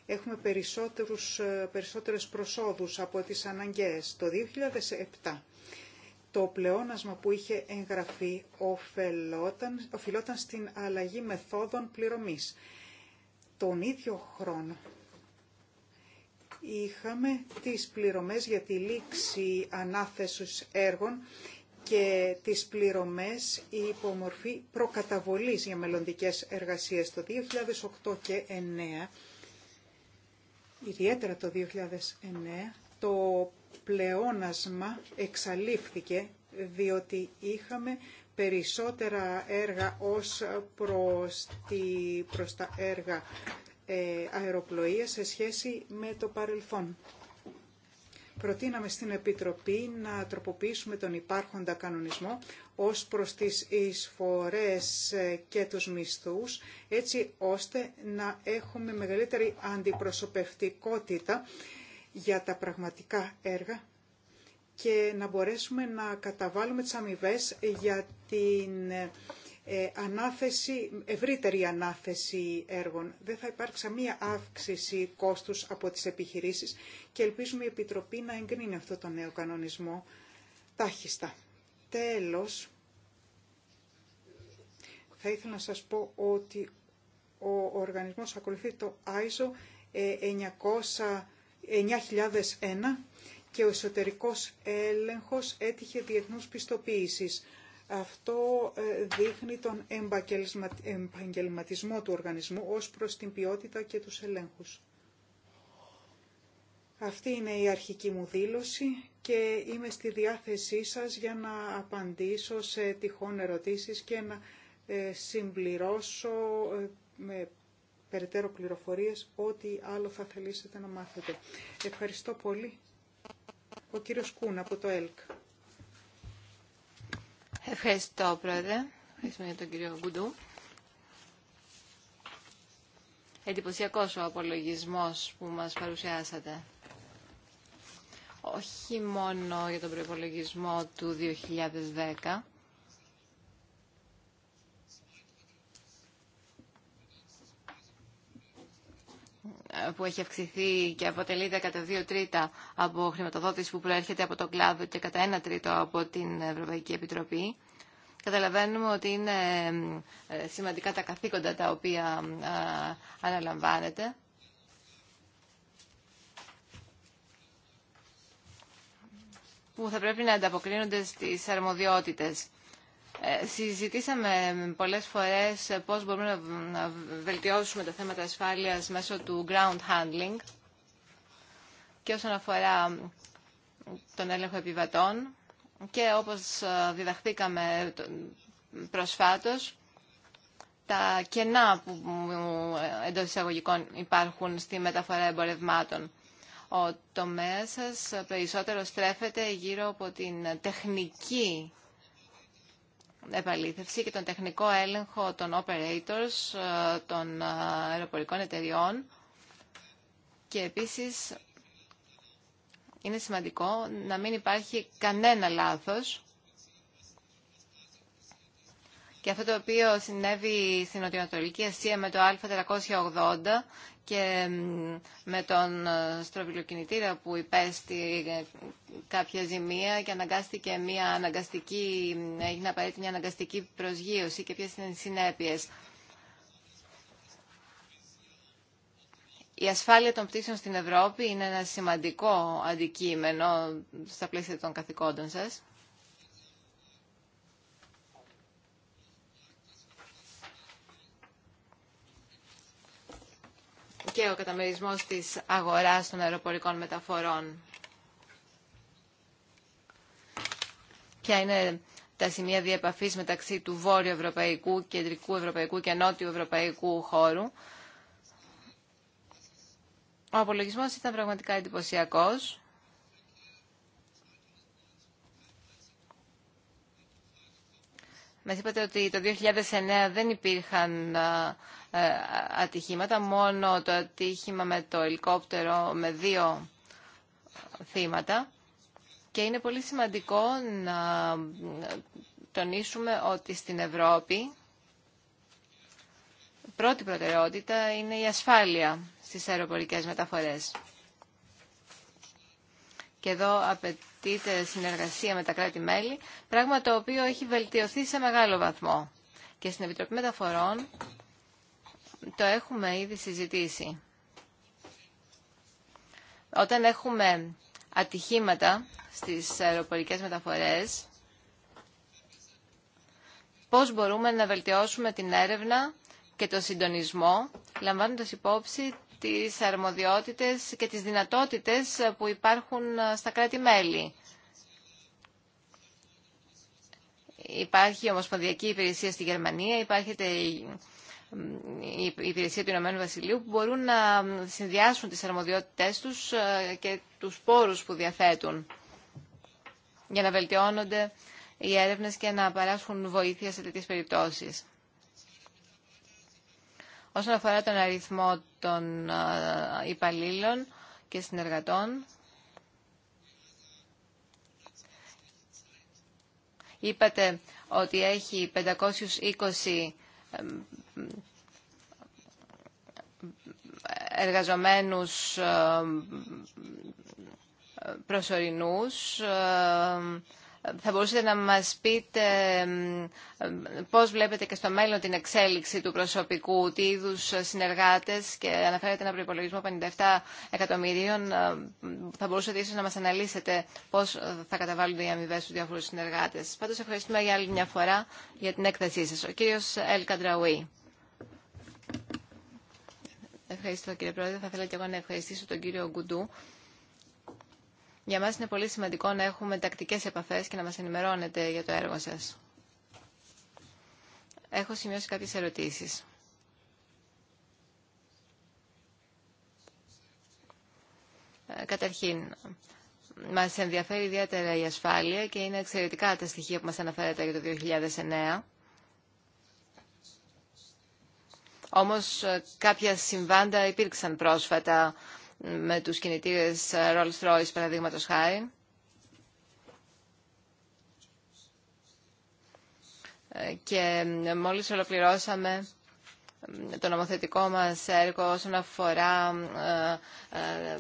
έχουμε περισσότερους, ε, περισσότερες προσόδους από τις αναγκαίες. Το 2007 το πλεόνασμα που είχε εγγραφεί οφελόταν, οφειλόταν στην αλλαγή μεθόδων πληρωμής. Τον ίδιο χρόνο είχαμε τις πληρωμές για τη λήξη ανάθεσης έργων και τις πληρωμές υπό μορφή προκαταβολής για μελλοντικές εργασίες. Το 2008 και 2009, ιδιαίτερα το 2009, το πλεόνασμα εξαλείφθηκε διότι είχαμε περισσότερα έργα ως προς, τη, προς τα έργα ε, σε σχέση με το παρελθόν. Προτείναμε στην Επιτροπή να τροποποιήσουμε τον υπάρχοντα κανονισμό ως προς τις εισφορές ε, και τους μισθούς, έτσι ώστε να έχουμε μεγαλύτερη αντιπροσωπευτικότητα για τα πραγματικά έργα και να μπορέσουμε να καταβάλουμε τις αμοιβέ για την ε, ανάθεση, ευρύτερη ανάθεση έργων. Δεν θα υπάρξει μία αύξηση κόστους από τις επιχειρήσεις και ελπίζουμε η Επιτροπή να εγκρίνει αυτό το νέο κανονισμό τάχιστα. Τέλος, θα ήθελα να σας πω ότι ο οργανισμός ακολουθεί το ISO 900 9001 και ο εσωτερικός έλεγχος έτυχε διεθνούς πιστοποίησης. Αυτό ε, δείχνει τον επαγγελματισμό του οργανισμού ως προς την ποιότητα και τους ελέγχους. Αυτή είναι η αρχική μου δήλωση και είμαι στη διάθεσή σας για να απαντήσω σε τυχόν ερωτήσεις και να ε, συμπληρώσω ε, περαιτέρω πληροφορίες, ό,τι άλλο θα θελήσετε να μάθετε. Ευχαριστώ πολύ. Ο κύριος Κούν από το ΕΛΚ. Ευχαριστώ, Πρόεδρε. Ευχαριστώ για τον κύριο Γκουντού. Εντυπωσιακό ο απολογισμό που μας παρουσιάσατε. Όχι μόνο για τον προπολογισμό του 2010, που έχει αυξηθεί και αποτελείται κατά 2 τρίτα από χρηματοδότηση που προέρχεται από τον κλάδο και κατά 1 τρίτο από την Ευρωπαϊκή Επιτροπή. Καταλαβαίνουμε ότι είναι ε, σημαντικά τα καθήκοντα τα οποία ε, αναλαμβάνεται. που θα πρέπει να ανταποκρίνονται στις αρμοδιότητες ε, συζητήσαμε πολλές φορές πώς μπορούμε να βελτιώσουμε τα θέματα ασφάλειας μέσω του ground handling και όσον αφορά τον έλεγχο επιβατών και όπως ε, διδαχθήκαμε προσφάτως τα κενά που εντό εισαγωγικών υπάρχουν στη μεταφορά εμπορευμάτων. Ο τομέας σας περισσότερο στρέφεται γύρω από την τεχνική επαλήθευση και τον τεχνικό έλεγχο των operators ε, των ε, αεροπορικών εταιριών και επίσης είναι σημαντικό να μην υπάρχει κανένα λάθος και αυτό το οποίο συνέβη στην Νοτιοανατολική Ασία με το Α480 και με τον ε, στροβιλοκινητήρα που υπέστη ε, κάποια ζημία και αναγκάστηκε μια αναγκαστική, έγινε απαραίτητη μια αναγκαστική προσγείωση και ποιες είναι οι συνέπειες. Η ασφάλεια των πτήσεων στην Ευρώπη είναι ένα σημαντικό αντικείμενο στα πλαίσια των καθηκόντων σας. Και ο καταμερισμός της αγοράς των αεροπορικών μεταφορών. Ποια είναι τα σημεία διεπαφής μεταξύ του Βόρειο Ευρωπαϊκού, Κεντρικού Ευρωπαϊκού και Νότιου Ευρωπαϊκού χώρου. Ο απολογισμός ήταν πραγματικά εντυπωσιακός. Μας είπατε ότι το 2009 δεν υπήρχαν ε, ε, ατυχήματα, μόνο το ατύχημα με το ελικόπτερο με δύο θύματα. Και είναι πολύ σημαντικό να ε, τονίσουμε ότι στην Ευρώπη πρώτη προτεραιότητα είναι η ασφάλεια στις αεροπορικές μεταφορές. Και εδώ απαιτεί τη συνεργασία με τα κράτη-μέλη, πράγμα το οποίο έχει βελτιωθεί σε μεγάλο βαθμό. Και στην Επιτροπή Μεταφορών το έχουμε ήδη συζητήσει. Όταν έχουμε ατυχήματα στις αεροπορικές μεταφορές, πώς μπορούμε να βελτιώσουμε την έρευνα και το συντονισμό, λαμβάνοντας υπόψη τις αρμοδιότητες και τις δυνατότητες που υπάρχουν στα κράτη-μέλη. Υπάρχει η Ομοσπονδιακή Υπηρεσία στη Γερμανία, υπάρχει η Υπηρεσία του Ηνωμένου Βασιλείου που μπορούν να συνδυάσουν τις αρμοδιότητές τους ε, και τους πόρους που διαθέτουν για να βελτιώνονται οι έρευνες και να παράσχουν βοήθεια σε τέτοιες περιπτώσεις. Όσον αφορά τον αριθμό των υπαλλήλων και συνεργατών, είπατε ότι έχει 520 εργαζομένους προσωρινούς θα μπορούσατε να μας πείτε πώς βλέπετε και στο μέλλον την εξέλιξη του προσωπικού, τι είδου συνεργάτες και αναφέρετε ένα προϋπολογισμό 57 εκατομμυρίων. Ε, θα μπορούσατε ίσως να μας αναλύσετε πώς θα καταβάλουν οι αμοιβές του διάφορους συνεργάτες. Πάντως ευχαριστούμε για άλλη μια φορά για την έκθεσή σας. Ο κύριος Ελ Καντραουή. Ευχαριστώ κύριε Πρόεδρε. Θα ήθελα και εγώ να ευχαριστήσω τον κύριο Γκουντού για μας είναι πολύ σημαντικό να έχουμε τακτικές επαφές και να μας ενημερώνετε για το έργο σας. Έχω σημειώσει κάποιες ερωτήσεις. Ε, καταρχήν, μας ενδιαφέρει ιδιαίτερα η ασφάλεια και είναι εξαιρετικά τα στοιχεία που μας αναφέρατε για το 2009. Όμως ε, κάποια συμβάντα υπήρξαν πρόσφατα με τους κινητήρες Rolls-Royce, παραδείγματος χάρη. Και μόλις ολοκληρώσαμε το νομοθετικό μας έργο όσον αφορά ε, ε,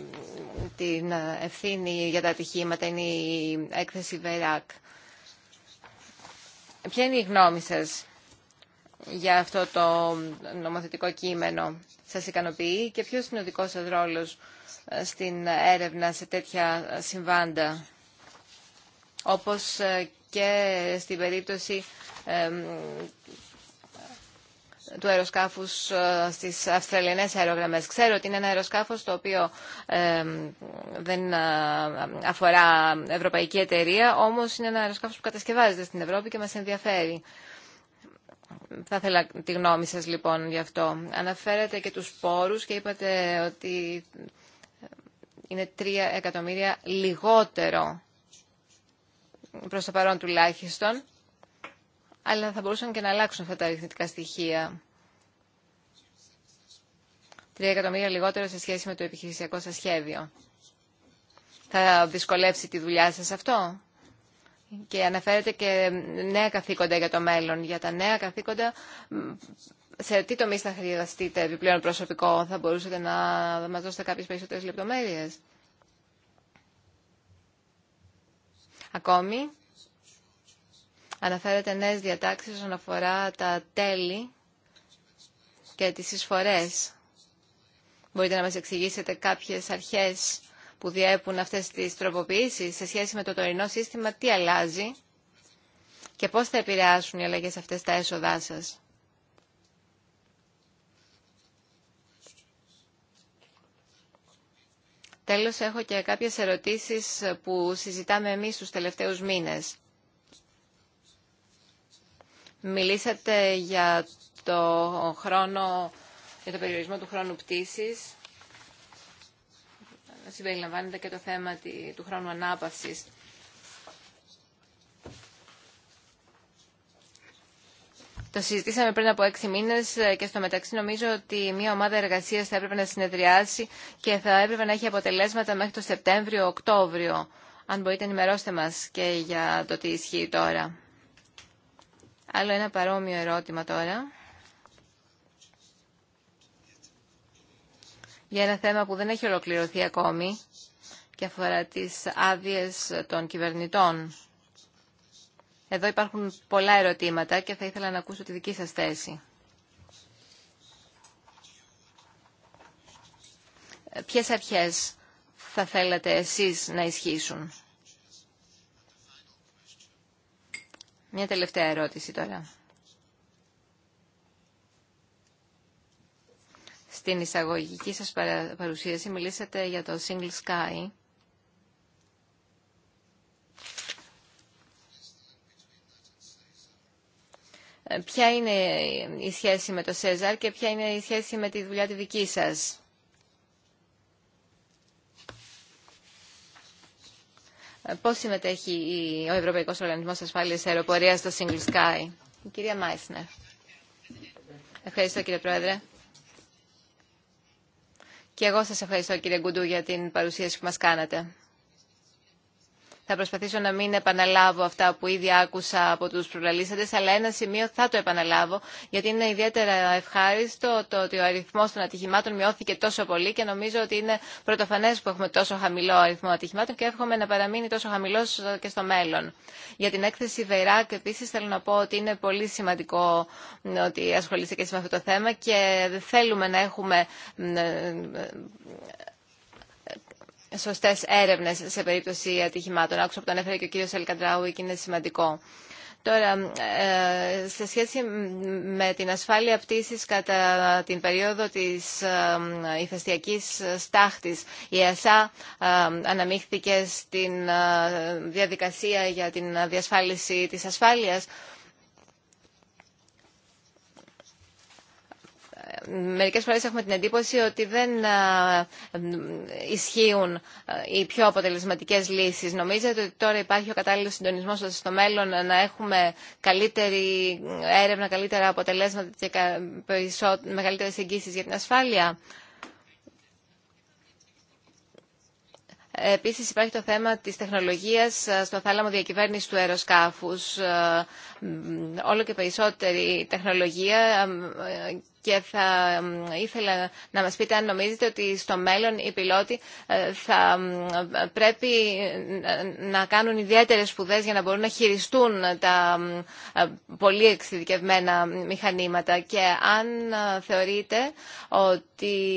την ευθύνη για τα ατυχήματα είναι η έκθεση ΒΕΡΑΚ. Ποια είναι η γνώμη σας για αυτό το νομοθετικό κείμενο σας ικανοποιεί και ποιος είναι ο δικός σας ρόλος ε, στην έρευνα σε τέτοια συμβάντα, όπως ε, και στην περίπτωση του αεροσκάφους ε, στις Αυστραλιανές αερογραμμές. Ξέρω ότι είναι ένα αεροσκάφος το οποίο δεν αφορά ευρωπαϊκή εταιρεία, όμως είναι ένα αεροσκάφος που κατασκευάζεται στην Ευρώπη και μας ενδιαφέρει. Θα ήθελα τη γνώμη σας λοιπόν γι' αυτό. Αναφέρατε και τους πόρους και είπατε ότι είναι 3 εκατομμύρια λιγότερο προς το παρόν τουλάχιστον, αλλά θα μπορούσαν και να αλλάξουν αυτά τα αριθμητικά στοιχεία. 3 εκατομμύρια λιγότερο σε σχέση με το επιχειρησιακό σας σχέδιο. Θα δυσκολεύσει τη δουλειά σας αυτό. Και αναφέρεται και νέα καθήκοντα για το μέλλον. Για τα νέα καθήκοντα, σε τι τομεί θα χρειαστείτε επιπλέον προσωπικό, θα μπορούσατε να μας δώσετε κάποιες περισσότερες λεπτομέρειες. Ακόμη, αναφέρεται νέες διατάξεις όσον αφορά τα τέλη και τις εισφορές. Μπορείτε να μας εξηγήσετε κάποιες αρχές που διέπουν αυτές τις τροποποιήσεις σε σχέση με το τωρινό σύστημα, τι αλλάζει και πώς θα επηρεάσουν οι αλλαγές αυτές τα έσοδά σας. Τέλος, έχω και κάποιες ερωτήσεις που συζητάμε εμείς τους τελευταίους μήνες. Μιλήσατε για το χρόνο, για το περιορισμό του χρόνου πτήσης συμπεριλαμβάνεται και το θέμα του χρόνου ανάπαυσης. Το συζητήσαμε πριν από έξι μήνε ε, και στο μεταξύ νομίζω ότι μια ομάδα εργασία θα έπρεπε να συνεδριάσει και θα έπρεπε να έχει αποτελέσματα μέχρι το Σεπτέμβριο-Οκτώβριο. Αν μπορείτε, ενημερώστε μα και για το τι ισχύει τώρα. Άλλο ένα παρόμοιο ερώτημα τώρα. για ένα θέμα που δεν έχει ολοκληρωθεί ακόμη και αφορά τις άδειες των κυβερνητών. Εδώ υπάρχουν πολλά ερωτήματα και θα ήθελα να ακούσω τη δική σας θέση. Ποιες αρχές θα θέλατε εσείς να ισχύσουν. Μια τελευταία ερώτηση τώρα. Στην εισαγωγική σας παρουσίαση μιλήσατε για το Single Sky. Ε, ποια είναι η σχέση με το ΣΕΖΑΡ και ποια είναι η σχέση με τη δουλειά τη δική σας. Ε, πώς συμμετέχει ο Ευρωπαϊκός Οργανισμός Ασφάλειας Αεροπορίας στο Single Sky. Η κυρία Μάισνερ. Ευχαριστώ κύριε Πρόεδρε. Και εγώ σας ευχαριστώ κύριε Γκουντού για την παρουσίαση που μας κάνατε. Θα προσπαθήσω να μην επαναλάβω αυτά που ήδη άκουσα από τους προλαλήσαντες, αλλά ένα σημείο θα το επαναλάβω, γιατί είναι ιδιαίτερα ευχάριστο το ότι ο αριθμός των ατυχημάτων μειώθηκε τόσο πολύ και νομίζω ότι είναι πρωτοφανές που έχουμε τόσο χαμηλό αριθμό ατυχημάτων και εύχομαι να παραμείνει τόσο χαμηλός και στο μέλλον. Για την έκθεση Βεϊράκ επίσης θέλω να πω ότι είναι πολύ σημαντικό ότι ασχολείστε και με αυτό το θέμα και θέλουμε να έχουμε Σωστέ έρευνε σε περίπτωση ατυχημάτων. Άκουσα που το ανέφερε και ο κύριο Ελκαντράου και είναι σημαντικό. Τώρα, ε, σε σχέση με την ασφάλεια πτήσης κατά την περίοδο της ε, ηφαιστειακής στάχτης, η ΕΣΑ ε, αναμίχθηκε στην διαδικασία για την διασφάλιση της ασφάλειας. μερικές φορές έχουμε την εντύπωση ότι δεν ε, ε, ισχύουν ε, οι πιο αποτελεσματικές λύσεις. Νομίζετε ότι τώρα υπάρχει ο κατάλληλος συντονισμός ώστε στο μέλλον να έχουμε καλύτερη έρευνα, καλύτερα αποτελέσματα και μεγαλύτερες εγγύσεις για την ασφάλεια. Επίση υπάρχει το θέμα τη τεχνολογία ε, στο θάλαμο διακυβέρνηση του αεροσκάφου, ε, Όλο και περισσότερη τεχνολογία ε, και θα ήθελα να μας πείτε αν νομίζετε ότι στο μέλλον οι πιλότοι θα πρέπει να κάνουν ιδιαίτερες σπουδές για να μπορούν να χειριστούν τα πολύ εξειδικευμένα μηχανήματα και αν θεωρείτε ότι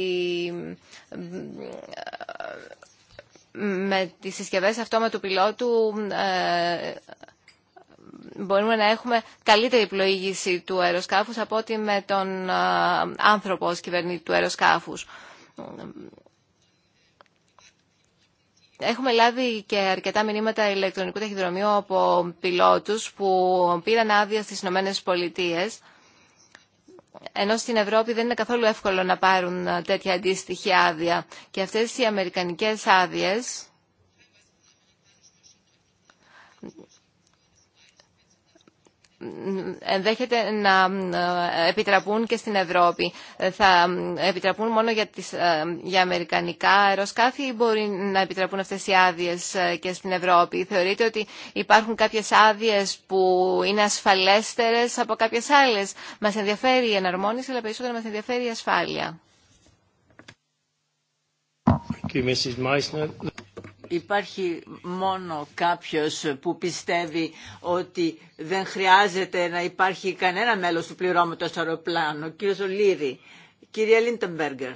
με τις συσκευές αυτόματου πιλότου ε, μπορούμε να έχουμε καλύτερη πλοήγηση του αεροσκάφους από ότι με τον ε, άνθρωπο ως κυβερνήτη του αεροσκάφους. Έχουμε λάβει και αρκετά μηνύματα ηλεκτρονικού ταχυδρομείου από πιλότους που πήραν άδεια στις ΗΠΑ. Πολιτείες ενώ στην Ευρώπη δεν είναι καθόλου εύκολο να πάρουν ε, τέτοια αντίστοιχη άδεια. Και αυτές οι αμερικανικές άδειες ενδέχεται να ε, επιτραπούν και στην Ευρώπη. Ε, θα επιτραπούν μόνο για, τις, ε, για αμερικανικά αεροσκάφη ή μπορεί να επιτραπούν αυτές οι άδειες και στην Ευρώπη. Θεωρείτε ότι υπάρχουν κάποιες άδειες που είναι ασφαλέστερες από κάποιες άλλες. Μας ενδιαφέρει η εναρμόνιση, αλλά περισσότερο μας ενδιαφέρει η ασφάλεια. Υπάρχει μόνο κάποιος που πιστεύει ότι δεν χρειάζεται να υπάρχει κανένα μέλος του πληρώματος αεροπλάνου. Ο κύριος Ολύρη, Κύριε Λίντεμπεργκερ.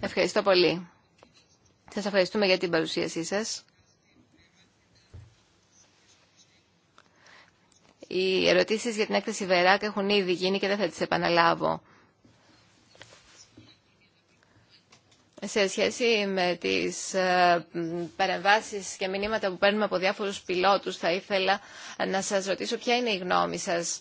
Ευχαριστώ πολύ. Σας ευχαριστούμε για την παρουσίασή σας. Οι ερωτήσεις για την έκθεση Βεράκ έχουν ήδη γίνει και δεν θα τις επαναλάβω. σε σχέση με τις ε, παρεμβάσεις και μηνύματα που παίρνουμε από διάφορους πιλότους, θα ήθελα να σας ρωτήσω ποια είναι η γνώμη σας.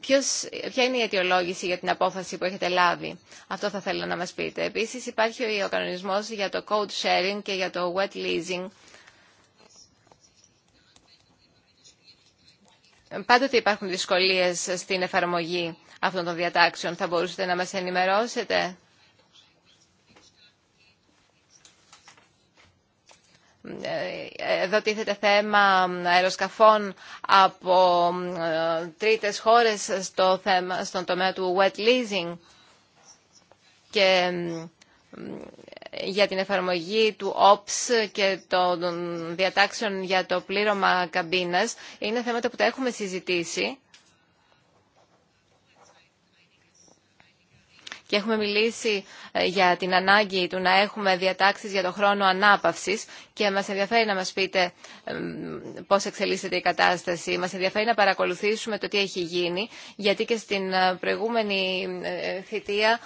Ποιος, ποια είναι η αιτιολόγηση για την απόφαση που έχετε λάβει. Αυτό θα θέλω να μας πείτε. Επίσης υπάρχει ο κανονισμός για το code sharing και για το wet leasing. Πάντοτε υπάρχουν δυσκολίες στην εφαρμογή αυτών των διατάξεων. Θα μπορούσατε να μας ενημερώσετε. Ε, εδώ τίθεται θέμα αεροσκαφών από ε, τρίτες χώρες στο θέμα, στον τομέα του wet leasing και ε, για την εφαρμογή του OPS και των διατάξεων για το πλήρωμα καμπίνας. Είναι θέματα που τα έχουμε συζητήσει και έχουμε μιλήσει ε, για την ανάγκη του να έχουμε διατάξεις για το χρόνο ανάπαυσης και μας ενδιαφέρει να μας πείτε πώς εξελίσσεται η κατάσταση. Μας ενδιαφέρει να παρακολουθήσουμε το τι έχει γίνει, γιατί και στην ε, προηγούμενη ε, θητεία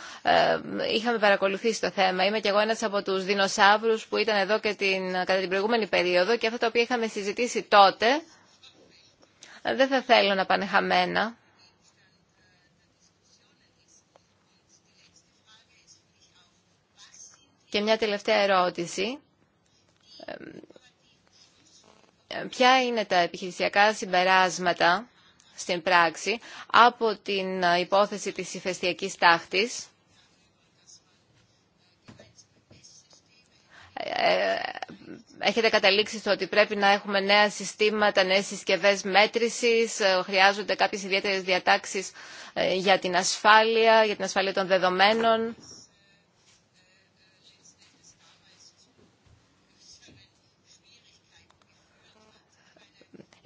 είχαμε παρακολουθήσει το θέμα. Είμαι και εγώ ένας από τους δεινοσαύρους που ήταν εδώ και την, κατά την προηγούμενη περίοδο και αυτό τα οποία είχαμε συζητήσει τότε δεν θα θέλω να πάνε χαμένα. Και μια τελευταία ερώτηση. Ε, ε, ποια είναι τα επιχειρησιακά συμπεράσματα στην πράξη από την ε, υπόθεση της ηφαιστειακής τάχτης έχετε καταλήξει στο ότι πρέπει να έχουμε νέα συστήματα, νέες συσκευές μέτρησης, χρειάζονται κάποιες ιδιαίτερες διατάξεις για την ασφάλεια, για την ασφάλεια των δεδομένων.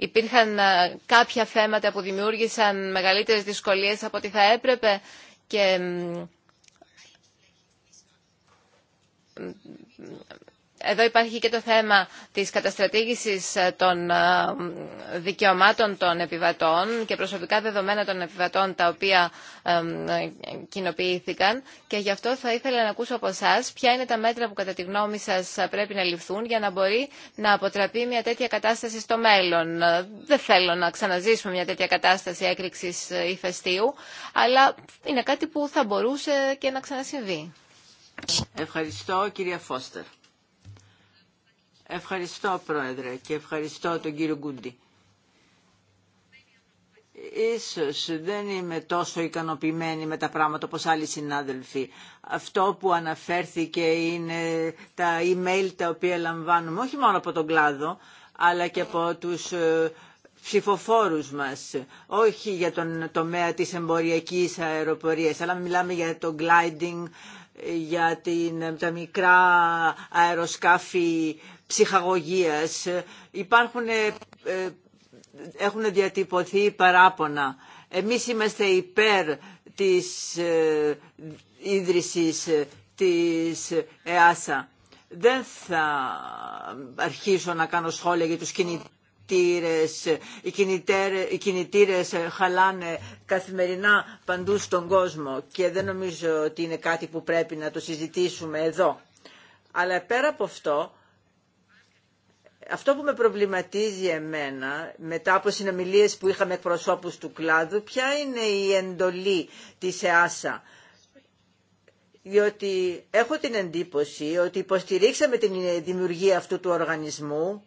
Υπήρχαν ε, κάποια θέματα που δημιούργησαν μεγαλύτερες δυσκολίες από ό,τι θα έπρεπε και εδώ υπάρχει και το θέμα της καταστρατήγησης ε, των ε, δικαιωμάτων των επιβατών και προσωπικά δεδομένα των επιβατών τα οποία ε, κοινοποιήθηκαν και γι' αυτό θα ήθελα να ακούσω από εσά ποια είναι τα μέτρα που κατά τη γνώμη σας πρέπει να ληφθούν για να μπορεί να αποτραπεί μια τέτοια κατάσταση στο μέλλον. Δεν θέλω να ξαναζήσουμε μια τέτοια κατάσταση έκρηξης ηφαιστείου, αλλά είναι κάτι που θα μπορούσε και να ξανασυμβεί. Ευχαριστώ κυρία Φώστερ. Ευχαριστώ Πρόεδρε και ευχαριστώ τον κύριο Γκούντι. Ίσως δεν είμαι τόσο ικανοποιημένη με τα πράγματα όπως άλλοι συνάδελφοι. Αυτό που αναφέρθηκε είναι τα email τα οποία λαμβάνουμε όχι μόνο από τον κλάδο αλλά και από τους ε, ψηφοφόρους μας, όχι για τον τομέα της εμποριακής αεροπορίας, αλλά μιλάμε για το gliding, ε, για την, ε, τα μικρά αεροσκάφη ψυχαγωγίας. Ε, υπάρχουν, ε, ε, έχουν διατυπωθεί παράπονα. Εμείς είμαστε υπέρ της ίδρυσης της ΕΑΣΑ. Δεν θα αρχίσω να κάνω σχόλια για τους κινητήρες. οι κινητήρες, οι κινητήρες χαλάνε καθημερινά παντού στον κόσμο και δεν νομίζω ότι είναι κάτι που πρέπει να το συζητήσουμε εδώ. Αλλά πέρα από αυτό αυτό που με προβληματίζει εμένα, μετά από συνομιλίες που είχαμε εκπροσώπους του κλάδου, ποια είναι η εντολή της ΕΑΣΑ. Διότι έχω την εντύπωση ότι υποστηρίξαμε την δημιουργία αυτού του οργανισμού,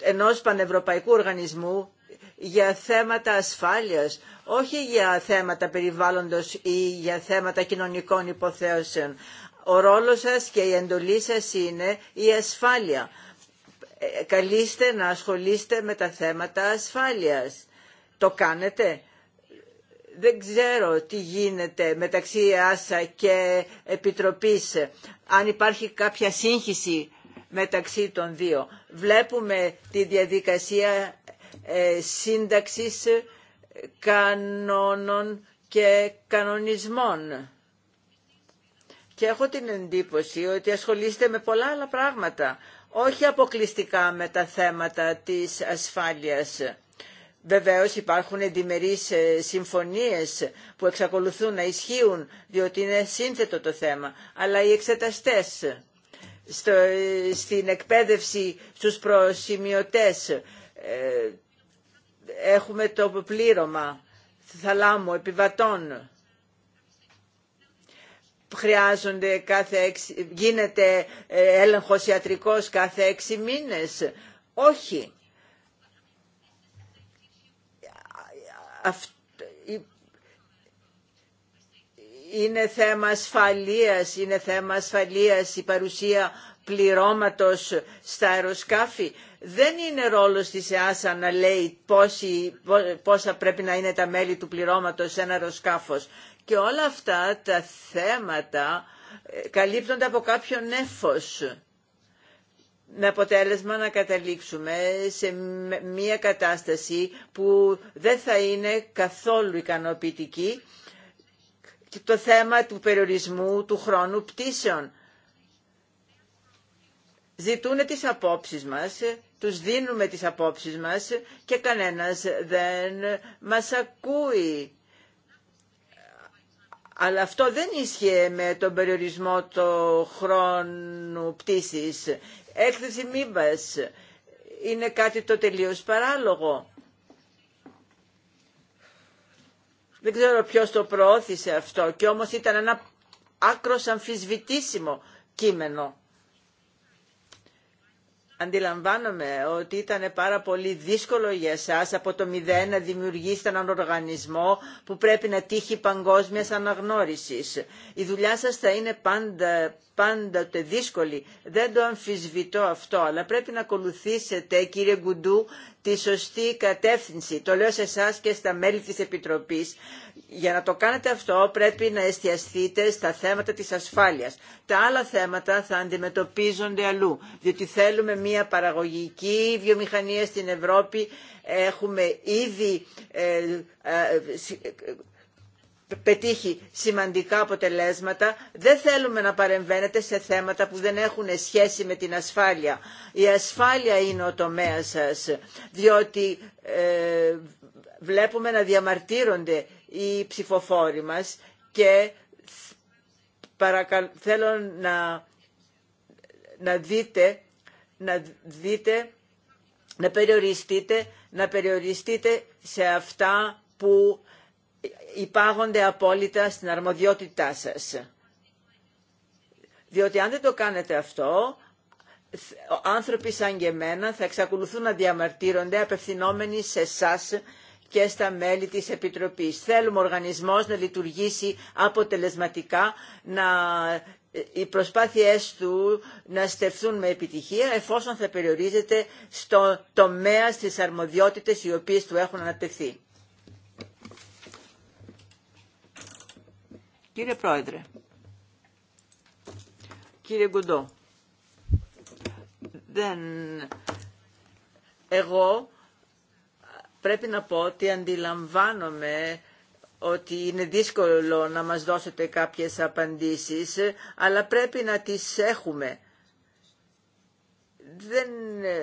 ενός πανευρωπαϊκού οργανισμού, για θέματα ασφάλειας, όχι για θέματα περιβάλλοντος ή για θέματα κοινωνικών υποθέσεων. Ο ρόλος σας και η εντολή σας είναι η ασφάλεια καλείστε να ασχολείστε με τα θέματα ασφάλειας. Το κάνετε. Δεν ξέρω τι γίνεται μεταξύ ΆΣΑ και Επιτροπής, αν υπάρχει κάποια σύγχυση μεταξύ των δύο. Βλέπουμε τη διαδικασία ε, σύνταξης κανόνων και κανονισμών. Και έχω την εντύπωση ότι ασχολείστε με πολλά άλλα πράγματα, όχι αποκλειστικά με τα θέματα της ασφάλειας. Βεβαίως υπάρχουν διμερείς ε, συμφωνίες που εξακολουθούν να ισχύουν διότι είναι σύνθετο το θέμα, αλλά οι εξεταστές στο, ε, στην εκπαίδευση στους προσημειωτές ε, έχουμε το πλήρωμα θαλάμου επιβατών χρειάζονται κάθε γίνεται ε, έλεγχος ιατρικός κάθε έξι μήνες. Όχι. Είναι θέμα ασφαλείας, είναι θέμα ασφαλείας η παρουσία πληρώματος στα αεροσκάφη. Δεν είναι ρόλο της ΕΑΣΑ να λέει πόσοι, πόσα πρέπει να είναι τα μέλη του πληρώματος σε ένα αεροσκάφος. Και όλα αυτά τα θέματα ε, καλύπτονται από κάποιο νέφος με αποτέλεσμα να καταλήξουμε σε μια κατάσταση που δεν θα είναι καθόλου ικανοποιητική και το θέμα του περιορισμού του χρόνου πτήσεων. Ζητούν τις απόψεις μας, τους δίνουμε τις απόψεις μας και κανένας δεν μας ακούει. Αλλά αυτό δεν ίσχυε με τον περιορισμό του χρόνου πτήσης. Έκθεση μήμπας είναι κάτι το τελείως παράλογο. Δεν ξέρω ποιος το προώθησε αυτό και όμως ήταν ένα άκρος αμφισβητήσιμο κείμενο αντιλαμβάνομαι ότι ήταν πάρα πολύ δύσκολο για εσάς από το μηδέν να δημιουργήσετε έναν οργανισμό που πρέπει να τύχει παγκόσμιας αναγνώρισης. Η δουλειά σας θα είναι πάντα, δύσκολη. Δεν το αμφισβητώ αυτό, αλλά πρέπει να ακολουθήσετε, κύριε Γκουντού, τη σωστή κατεύθυνση. Το λέω σε εσά και στα μέλη της Επιτροπής. Για να το κάνετε αυτό πρέπει να εστιαστείτε στα θέματα της ασφάλειας. Τα άλλα θέματα θα αντιμετωπίζονται αλλού, διότι θέλουμε μια παραγωγική βιομηχανία στην Ευρώπη. Έχουμε ήδη ε, ε, πετύχει σημαντικά αποτελέσματα. Δεν θέλουμε να παρεμβαίνετε σε θέματα που δεν έχουν σχέση με την ασφάλεια. Η ασφάλεια είναι ο τομέας σας, διότι ε, βλέπουμε να διαμαρτύρονται οι ψηφοφόροι μας και θέλω να, να δείτε, να δείτε, να περιοριστείτε, να περιοριστείτε σε αυτά που υπάγονται απόλυτα στην αρμοδιότητά σας. Διότι αν δεν το κάνετε αυτό, άνθρωποι σαν και εμένα θα εξακολουθούν να διαμαρτύρονται απευθυνόμενοι σε εσά και στα μέλη της Επιτροπής. Θέλουμε ο οργανισμός να λειτουργήσει αποτελεσματικά, να ε, οι προσπάθειές του να στεφθούν με επιτυχία εφόσον θα περιορίζεται στο τομέα στις αρμοδιότητες οι οποίες του έχουν ανατεθεί. Κύριε Πρόεδρε, κύριε Γκουντό, δεν... εγώ πρέπει να πω ότι αντιλαμβάνομαι ότι είναι δύσκολο να μας δώσετε κάποιες απαντήσεις, αλλά πρέπει να τις έχουμε. Δεν... Ε,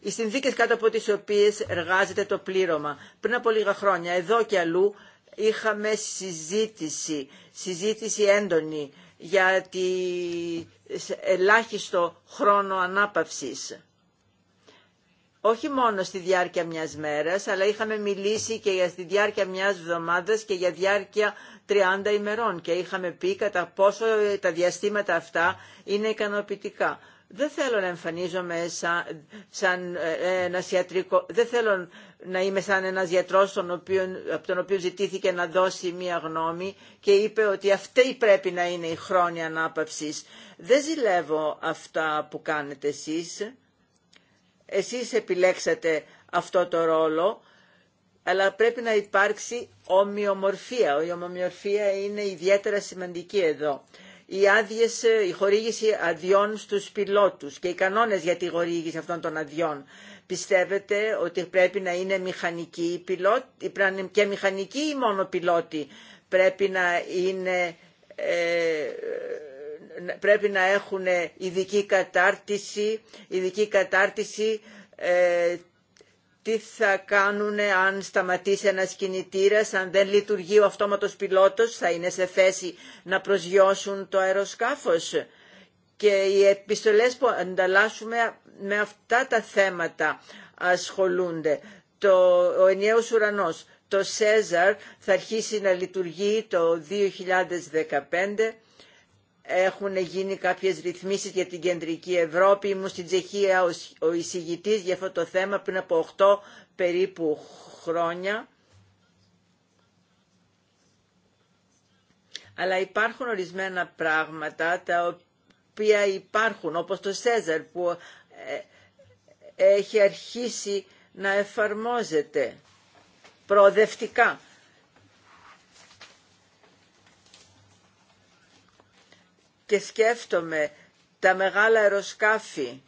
οι συνθήκες κάτω από τις οποίες εργάζεται το πλήρωμα. Πριν από λίγα χρόνια, εδώ και αλλού, είχαμε συζήτηση, συζήτηση έντονη για τη ελάχιστο χρόνο ανάπαυσης. Όχι μόνο στη διάρκεια μιας μέρας, αλλά είχαμε μιλήσει και για στη διάρκεια μιας εβδομάδας και για διάρκεια 30 ημερών και είχαμε πει κατά πόσο τα διαστήματα αυτά είναι ικανοποιητικά. Δεν θέλω να εμφανίζομαι σαν, σαν ε, ένας δεν θέλω να είμαι σαν ένας γιατρός από τον οποίο ζητήθηκε να δώσει μία γνώμη και είπε ότι αυτή πρέπει να είναι η χρόνια ανάπαυσης. Δεν ζηλεύω αυτά που κάνετε εσείς. Εσείς επιλέξατε αυτό το ρόλο, αλλά πρέπει να υπάρξει ομοιομορφία. Η ομοιομορφία είναι ιδιαίτερα σημαντική εδώ οι άδειες, ε, η χορήγηση αδειών στους πιλότους και οι κανόνες για τη χορήγηση αυτών των αδειών. Πιστεύετε ότι πρέπει να είναι μηχανικοί οι και μηχανικοί ή μόνο πιλότοι πρέπει να είναι... Ε, πρέπει να έχουν ειδική κατάρτιση, ειδική κατάρτιση ε, τι θα κάνουν αν σταματήσει ένα κινητήρα, αν δεν λειτουργεί ο αυτόματος πιλότος, θα είναι σε θέση να προσγειώσουν το αεροσκάφος. Και οι επιστολές που ανταλλάσσουμε με αυτά τα θέματα ασχολούνται. Το, ο ενιαίος ουρανός, το ΣΕΖΑΡ, θα αρχίσει να λειτουργεί το 2015 έχουν γίνει κάποιες ρυθμίσεις για την κεντρική Ευρώπη. Ήμουν στην Τσεχία ο εισηγητής για αυτό το θέμα πριν από 8 περίπου χρόνια. Αλλά υπάρχουν ορισμένα πράγματα τα οποία υπάρχουν, όπως το Σέζαρ που ε, έχει αρχίσει να εφαρμόζεται προοδευτικά και σκέφτομαι τα μεγάλα αεροσκάφη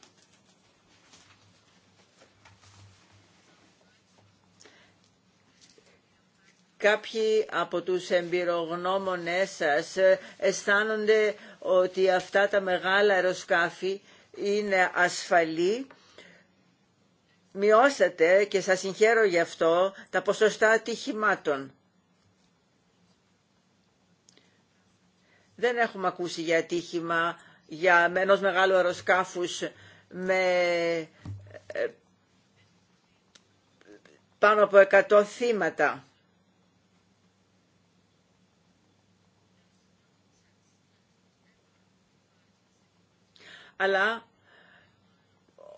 Κάποιοι από τους εμπειρογνώμονές σας αισθάνονται ότι αυτά τα μεγάλα αεροσκάφη είναι ασφαλή. Μειώσατε και σας συγχαίρω γι' αυτό τα ποσοστά ατυχημάτων. Δεν έχουμε ακούσει για ατύχημα για ενός μεγάλου αεροσκάφους με ε, πάνω από 100 θύματα. Αλλά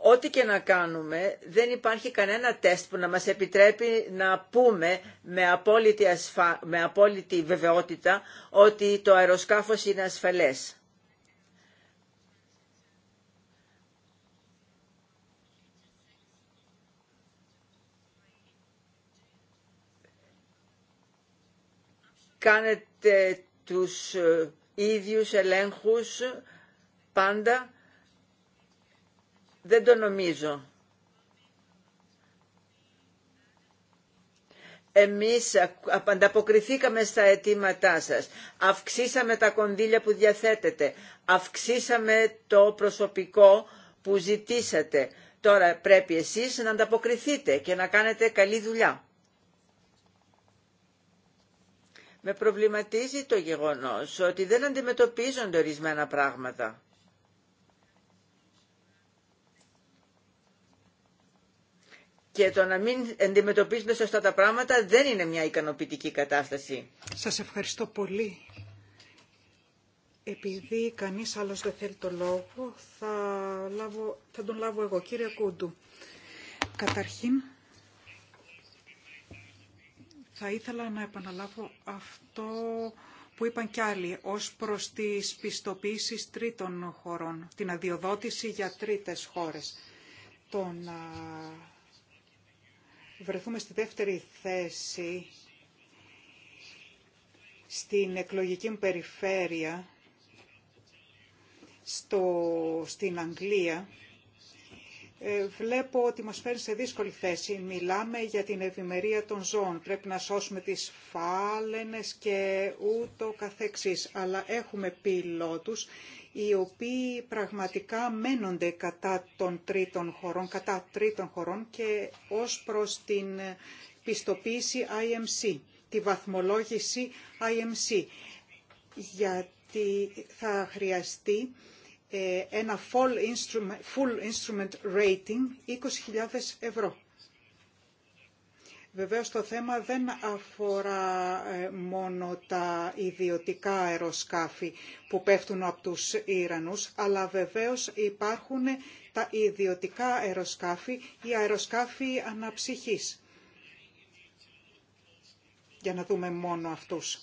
Ό,τι και να κάνουμε, δεν υπάρχει κανένα τεστ που να μας επιτρέπει να πούμε με απόλυτη, ασφα... με απόλυτη βεβαιότητα ότι το αεροσκάφος είναι ασφαλές. Κάνετε τους ε, ίδιους ελέγχους πάντα δεν το νομίζω. Εμείς ανταποκριθήκαμε στα αιτήματά σας. Αυξήσαμε τα κονδύλια που διαθέτετε. Αυξήσαμε το προσωπικό που ζητήσατε. Τώρα πρέπει εσείς να ανταποκριθείτε και να κάνετε καλή δουλειά. Με προβληματίζει το γεγονός ότι δεν αντιμετωπίζονται ορισμένα πράγματα. και το να μην αντιμετωπίζονται σωστά τα πράγματα δεν είναι μια ικανοποιητική κατάσταση. Σας ευχαριστώ πολύ. Επειδή κανείς άλλος δεν θέλει το λόγο, θα, τον λάβω εγώ. Κύριε Κούντου, καταρχήν θα ήθελα να επαναλάβω αυτό που είπαν κι άλλοι ως προς τις πιστοποίησεις τρίτων χωρών, την αδειοδότηση για τρίτες χώρες. Το βρεθούμε στη δεύτερη θέση στην εκλογική μου περιφέρεια στο, στην Αγγλία ε, βλέπω ότι μας φέρνει σε δύσκολη θέση. Μιλάμε για την ευημερία των ζώων. Πρέπει να σώσουμε τις φάλενες και ούτω καθεξής. Αλλά έχουμε πιλότους οι οποίοι πραγματικά μένονται κατά των τρίτων χωρών, κατά τρίτων χωρών και ως προς την πιστοποίηση IMC, τη βαθμολόγηση IMC, γιατί θα χρειαστεί ε, ένα full instrument, full instrument rating 20.000 ευρώ. Βεβαίως το θέμα δεν αφορά ε, μόνο τα ιδιωτικά αεροσκάφη που πέφτουν από τους Ιρανούς, αλλά βεβαίως υπάρχουν τα ιδιωτικά αεροσκάφη ή αεροσκάφη αναψυχής. Για να δούμε μόνο αυτούς.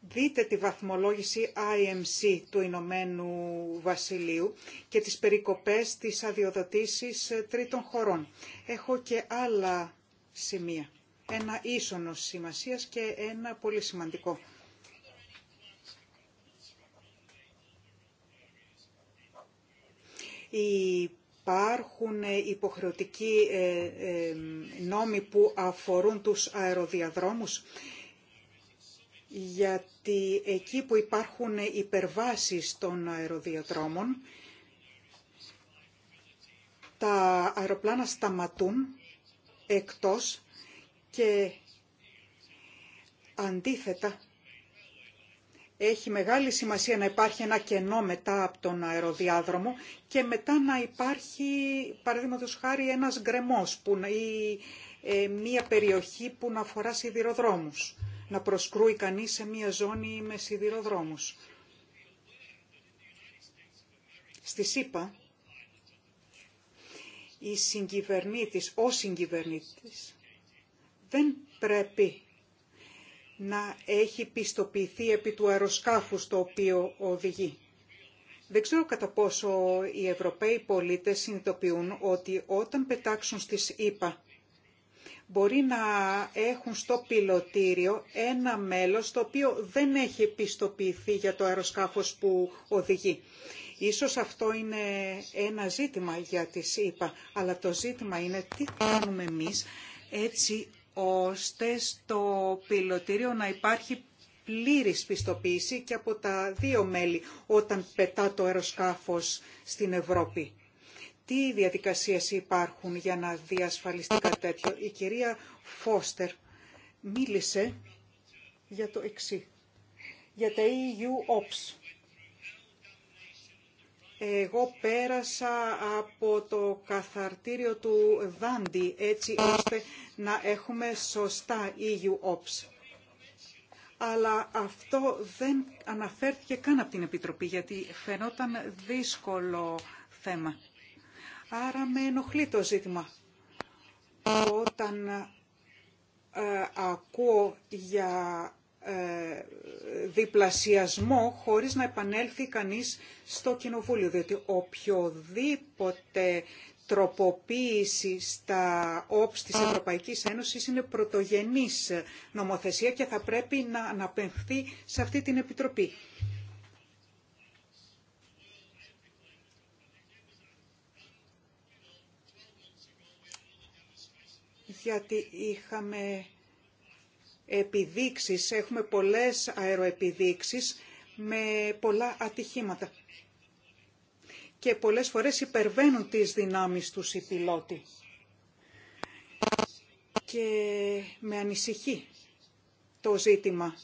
Δείτε τη βαθμολόγηση IMC του Ηνωμένου Βασιλείου και τις περικοπές της αδειοδοτήσεις ε, τρίτων χωρών. Έχω και άλλα σημεία. Ένα ίσονος σημασίας και ένα πολύ σημαντικό. Υπάρχουν υποχρεωτικοί ε, ε, νόμοι που αφορούν τους αεροδιαδρόμους γιατί εκεί που υπάρχουν υπερβάσεις των αεροδιαδρόμων τα αεροπλάνα σταματούν εκτός και αντίθετα έχει μεγάλη σημασία να υπάρχει ένα κενό μετά από τον αεροδιάδρομο και μετά να υπάρχει, παραδείγματο χάρη, ένας γκρεμό ή ε, μία περιοχή που να αφορά σιδηροδρόμους. Να προσκρούει κανείς σε μία ζώνη με σιδηροδρόμους. Στη ΣΥΠΑ η συγκυβερνήτης, ο συγκυβερνήτης, δεν πρέπει να έχει πιστοποιηθεί επί του αεροσκάφους το οποίο οδηγεί. Δεν ξέρω κατά πόσο οι Ευρωπαίοι πολίτες συνειδητοποιούν ότι όταν πετάξουν στις ΗΠΑ μπορεί να έχουν στο πιλοτήριο ένα μέλος το οποίο δεν έχει πιστοποιηθεί για το αεροσκάφος που οδηγεί. Ίσως αυτό είναι ένα ζήτημα για τις ΕΠΑ, αλλά το ζήτημα είναι τι κάνουμε εμείς έτσι ώστε στο πιλωτήριο να υπάρχει πλήρης πιστοποίηση και από τα δύο μέλη όταν πετά το αεροσκάφος στην Ευρώπη. Τι διαδικασίες υπάρχουν για να διασφαλιστεί κάτι τέτοιο. Η κυρία Φώστερ μίλησε για το εξή, για τα EU Ops. Εγώ πέρασα από το καθαρτήριο του Δάντι έτσι ώστε να έχουμε σωστά EU Ops. Αλλά αυτό δεν αναφέρθηκε καν από την Επιτροπή γιατί φαινόταν δύσκολο θέμα. Άρα με ενοχλεί το ζήτημα. Όταν ε, ακούω για ε, διπλασιασμό χωρίς να επανέλθει κανείς στο κοινοβούλιο, διότι οποιοδήποτε τροποποίηση στα όψη της Ευρωπαϊκής Ένωσης είναι πρωτογενής νομοθεσία και θα πρέπει να αναπαιχθεί σε αυτή την Επιτροπή. Γιατί είχαμε επιδείξεις, έχουμε πολλές αεροεπιδείξεις με πολλά ατυχήματα. Και πολλές φορές υπερβαίνουν τις δυνάμεις τους οι πιλότοι. Και με ανησυχεί το ζήτημα.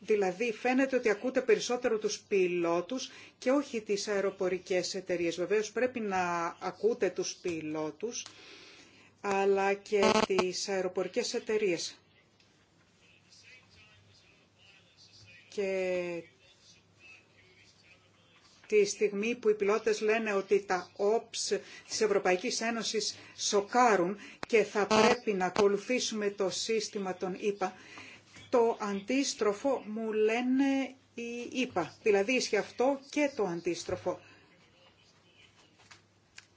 Δηλαδή φαίνεται ότι ακούτε περισσότερο τους πιλότους και όχι τις αεροπορικές εταιρείες. Βεβαίως πρέπει να ακούτε τους πιλότους αλλά και τις αεροπορικές εταιρείες. και τη στιγμή που οι πιλότες λένε ότι τα OPS της Ευρωπαϊκής Ένωσης σοκάρουν και θα πρέπει να ακολουθήσουμε το σύστημα των ΙΠΑ, το αντίστροφο μου λένε οι ΙΠΑ. Δηλαδή ισχύει αυτό και το αντίστροφο.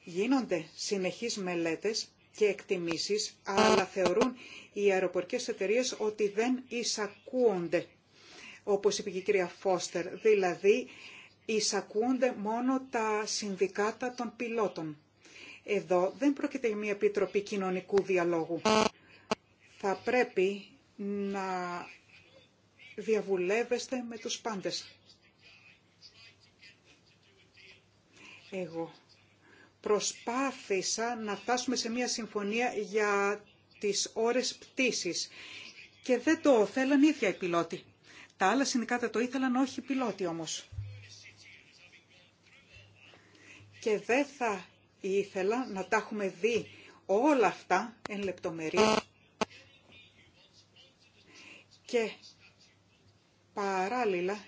Γίνονται συνεχείς μελέτες και εκτιμήσεις, αλλά θεωρούν οι αεροπορικές εταιρείες ότι δεν εισακούονται όπως είπε και η κυρία Φώστερ, δηλαδή εισακούνται μόνο τα συνδικάτα των πιλότων. Εδώ δεν πρόκειται για μια επιτροπή κοινωνικού διαλόγου. Θα πρέπει να διαβουλεύεστε με τους πάντες. Εγώ προσπάθησα να φτάσουμε σε μια συμφωνία για τις ώρες πτήσης και δεν το θέλαν ίδια οι πιλότοι. Τα άλλα συνδικάτα το ήθελαν, όχι οι πιλότοι όμως. Και δεν θα ήθελα να τα έχουμε δει όλα αυτά εν λεπτομερία. Και παράλληλα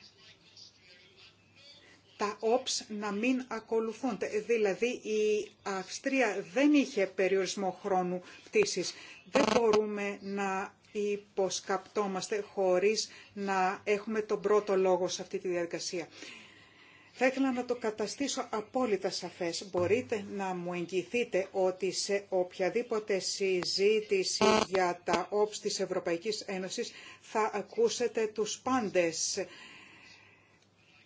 τα όψ να μην ακολουθούνται. Δηλαδή η Αυστρία δεν είχε περιορισμό χρόνου πτήσης. Δεν μπορούμε να υποσκαπτόμαστε χωρίς να έχουμε τον πρώτο λόγο σε αυτή τη διαδικασία. Θα ήθελα να το καταστήσω απόλυτα σαφές. Μπορείτε να μου εγγυηθείτε ότι σε οποιαδήποτε συζήτηση για τα όψη της Ευρωπαϊκής Ένωσης θα ακούσετε τους πάντες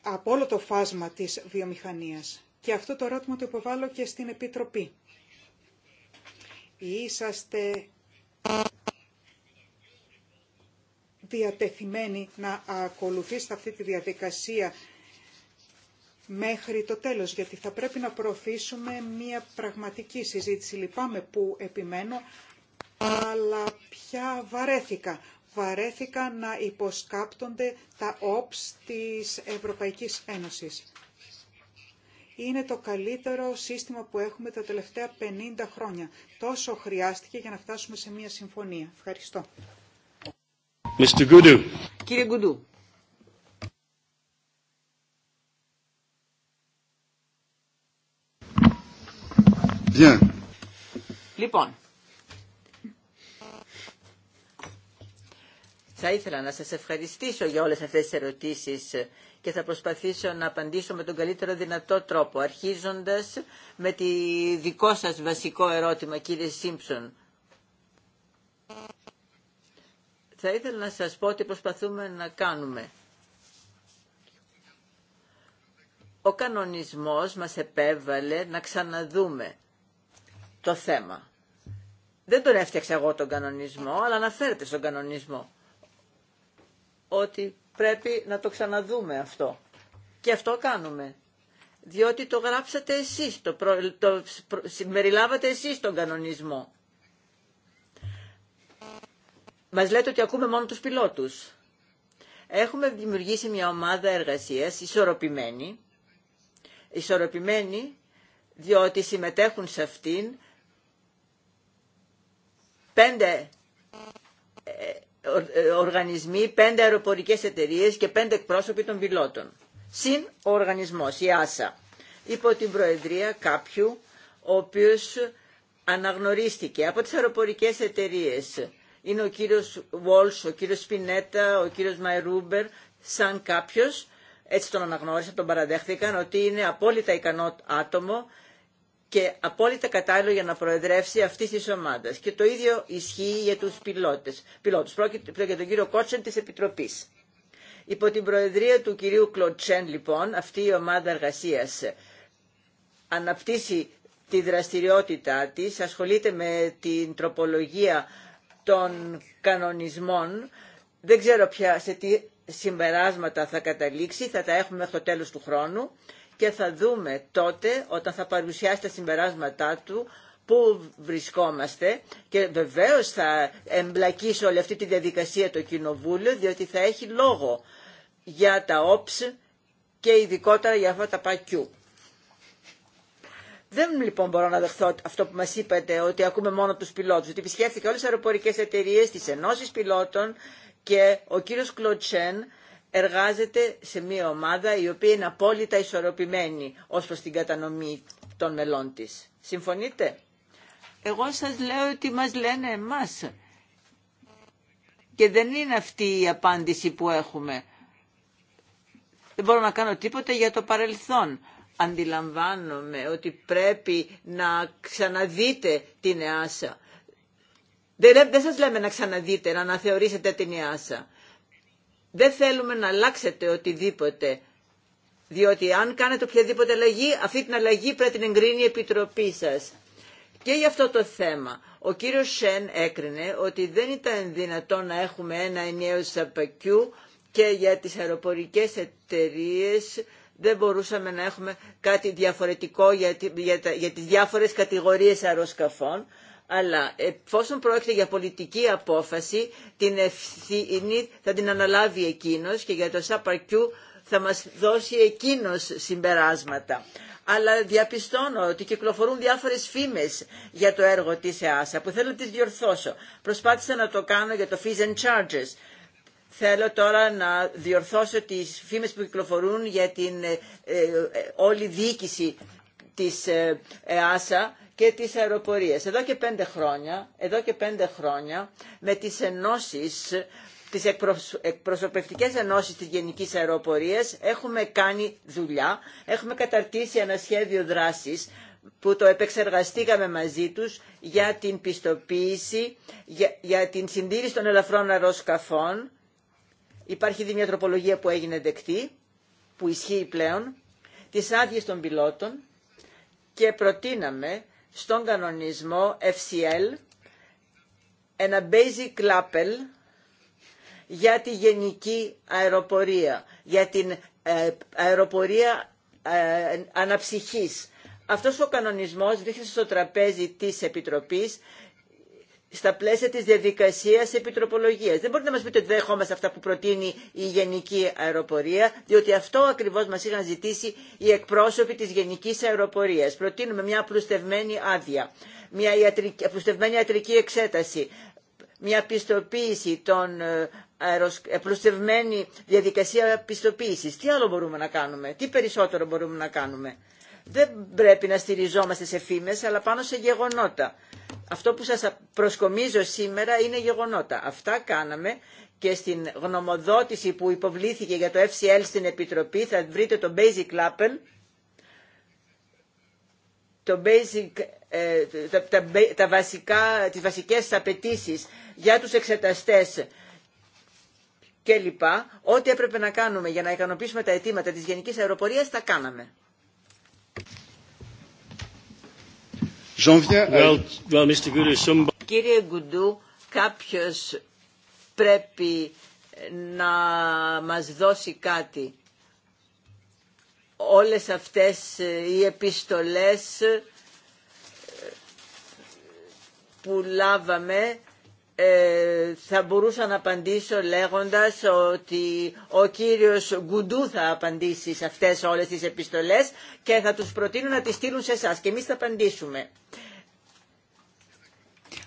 από όλο το φάσμα της βιομηχανίας. Και αυτό το ερώτημα το υποβάλλω και στην Επιτροπή. Είσαστε διατεθειμένη να ακολουθήσετε αυτή τη διαδικασία μέχρι το τέλος, γιατί θα πρέπει να προωθήσουμε μια πραγματική συζήτηση. Λυπάμαι που επιμένω, αλλά πια βαρέθηκα. Βαρέθηκα να υποσκάπτονται τα ΟΠΣ της Ευρωπαϊκής Ένωσης. Είναι το καλύτερο σύστημα που έχουμε τα τελευταία 50 χρόνια. Τόσο χρειάστηκε για να φτάσουμε σε μια συμφωνία. Ευχαριστώ. Κύριε Γκουντού. Λοιπόν, θα ήθελα να σας ευχαριστήσω για όλες αυτές τις ερωτήσεις και θα προσπαθήσω να απαντήσω με τον καλύτερο δυνατό τρόπο, αρχίζοντας με τη δικό σας βασικό ερώτημα, κύριε Σίμψον. Θα ήθελα να σας πω ότι προσπαθούμε να κάνουμε. Ο κανονισμός μας επέβαλε να ξαναδούμε το θέμα. Δεν τον έφτιαξα εγώ τον κανονισμό, αλλά αναφέρεται στον κανονισμό ότι πρέπει να το ξαναδούμε αυτό. Και αυτό κάνουμε. Διότι το γράψατε εσείς, το, προ... το... εσείς τον κανονισμό. Μας λέτε ότι ακούμε μόνο τους πιλότους. Έχουμε δημιουργήσει μια ομάδα εργασίας ισορροπημένη, ισορροπημένη διότι συμμετέχουν σε αυτήν πέντε ε, ε, οργανισμοί, πέντε αεροπορικές εταιρείες και πέντε εκπρόσωποι των πιλότων. Συν ο οργανισμός, η ΆΣΑ, υπό την προεδρία κάποιου ο οποίος αναγνωρίστηκε από τις αεροπορικές εταιρείες είναι ο κύριος Βόλς, ο κύριος Σπινέτα, ο κύριος Μαϊρούμπερ, σαν κάποιος, έτσι τον αναγνώρισαν, τον παραδέχθηκαν, ότι είναι απόλυτα ικανό άτομο και απόλυτα κατάλληλο για να προεδρεύσει αυτή τη ομάδα. Και το ίδιο ισχύει για τους πιλότες. πιλότους. Πρόκειται για τον κύριο Κότσεν της Επιτροπής. Υπό την προεδρία του κυρίου Κλοντσέν, λοιπόν, αυτή η ομάδα εργασίας αναπτύσσει τη δραστηριότητά της, ασχολείται με την τροπολογία των κανονισμών. Δεν ξέρω πια σε τι συμπεράσματα θα καταλήξει, θα τα έχουμε μέχρι το τέλος του χρόνου και θα δούμε τότε όταν θα παρουσιάσει τα συμπεράσματά του πού βρισκόμαστε και βεβαίως θα εμπλακίσει όλη αυτή τη διαδικασία το Κοινοβούλιο διότι θα έχει λόγο για τα όψ και ειδικότερα για αυτά τα πακιού. Δεν λοιπόν μπορώ να δεχθώ αυτό που μα είπατε ότι ακούμε μόνο του πιλότους, ότι επισκέφθηκε όλες τι αεροπορικέ εταιρείες, της ενώση πιλότων και ο κύριο Κλωτσέν εργάζεται σε μια ομάδα η οποία είναι απόλυτα ισορροπημένη ω προ την κατανομή των μελών τη. Συμφωνείτε? Εγώ σα λέω ότι μα λένε εμά. Και δεν είναι αυτή η απάντηση που έχουμε. Δεν μπορώ να κάνω τίποτα για το παρελθόν αντιλαμβάνομαι ότι πρέπει να ξαναδείτε την ΕΑΣΑ. Δεν, δεν σας λέμε να ξαναδείτε, να αναθεωρήσετε την ΕΑΣΑ. Δεν θέλουμε να αλλάξετε οτιδήποτε, διότι αν κάνετε οποιαδήποτε αλλαγή, αυτή την αλλαγή πρέπει να εγκρίνει η Επιτροπή σας. Και για αυτό το θέμα, ο κύριος Σεν έκρινε ότι δεν ήταν δυνατό να έχουμε ένα ενιαίο σαπακιού και για τις αεροπορικές εταιρείες δεν μπορούσαμε να έχουμε κάτι διαφορετικό για, για, για τις διάφορες κατηγορίες αεροσκαφών, αλλά εφόσον πρόκειται για πολιτική απόφαση, την ευθύνη θα την αναλάβει εκείνος και για το ΣΑΠΑΡΚΙΟΥ θα μας δώσει εκείνος συμπεράσματα. Αλλά διαπιστώνω ότι κυκλοφορούν διάφορες φήμες για το έργο της ΕΑΣΑ που θέλω να τις διορθώσω. Προσπάθησα να το κάνω για το Fees and Charges Θέλω τώρα να διορθώσω τις φήμες που κυκλοφορούν για την ε, ε, όλη διοίκηση της ΕΑΣΑ ε, και της αεροπορίας. Εδώ και πέντε χρόνια, εδώ και πέντε χρόνια με τις ενώσεις τις εκπροσωπευτικές ενώσεις της Γενικής Αεροπορίας έχουμε κάνει δουλειά, έχουμε καταρτήσει ένα σχέδιο δράσης που το επεξεργαστήκαμε μαζί τους για την πιστοποίηση, για, για την συντήρηση των ελαφρών αεροσκαφών Υπάρχει ήδη μια τροπολογία που έγινε δεκτή, που ισχύει πλέον, τις άδειε των πιλότων και προτείναμε στον κανονισμό FCL ένα basic label για τη γενική αεροπορία, για την ε, αεροπορία ε, αναψυχής. Αυτός ο κανονισμός βρίσκεται στο τραπέζι της Επιτροπής στα πλαίσια της διαδικασίας επιτροπολογίας. Δεν μπορείτε να μας πείτε ότι δεν δέχομαστε αυτά που προτείνει η Γενική Αεροπορία, διότι αυτό ακριβώς μας είχαν ζητήσει οι εκπρόσωποι της Γενικής Αεροπορίας. Προτείνουμε μια απλουστευμένη άδεια, μια απλουστευμένη ιατρική εξέταση, μια πιστοποίηση των ε, απλουστευμένη διαδικασία πιστοποίησης. Τι άλλο μπορούμε να κάνουμε, τι περισσότερο μπορούμε να κάνουμε. Δεν πρέπει να στηριζόμαστε σε φήμες, αλλά πάνω σε γεγονότα αυτό που σας προσκομίζω σήμερα είναι γεγονότα. Αυτά κάναμε και στην γνωμοδότηση που υποβλήθηκε για το FCL στην Επιτροπή θα βρείτε το Basic Lappel. το basic, ε, τα, τα βασικά, τις βασικές απαιτήσει για τους εξεταστές κλπ. ό,τι έπρεπε να κάνουμε για να ικανοποιήσουμε τα αιτήματα της Γενικής Αεροπορίας, τα κάναμε. Κύριε Γκουντού, κάποιος πρέπει να μας δώσει κάτι. Όλες αυτές οι επιστολές που λάβαμε ε, θα μπορούσα να απαντήσω λέγοντας ότι ο κύριος Γκουντού θα απαντήσει σε αυτές όλες τις επιστολές και θα τους προτείνω να τις στείλουν σε εσά και εμείς θα απαντήσουμε.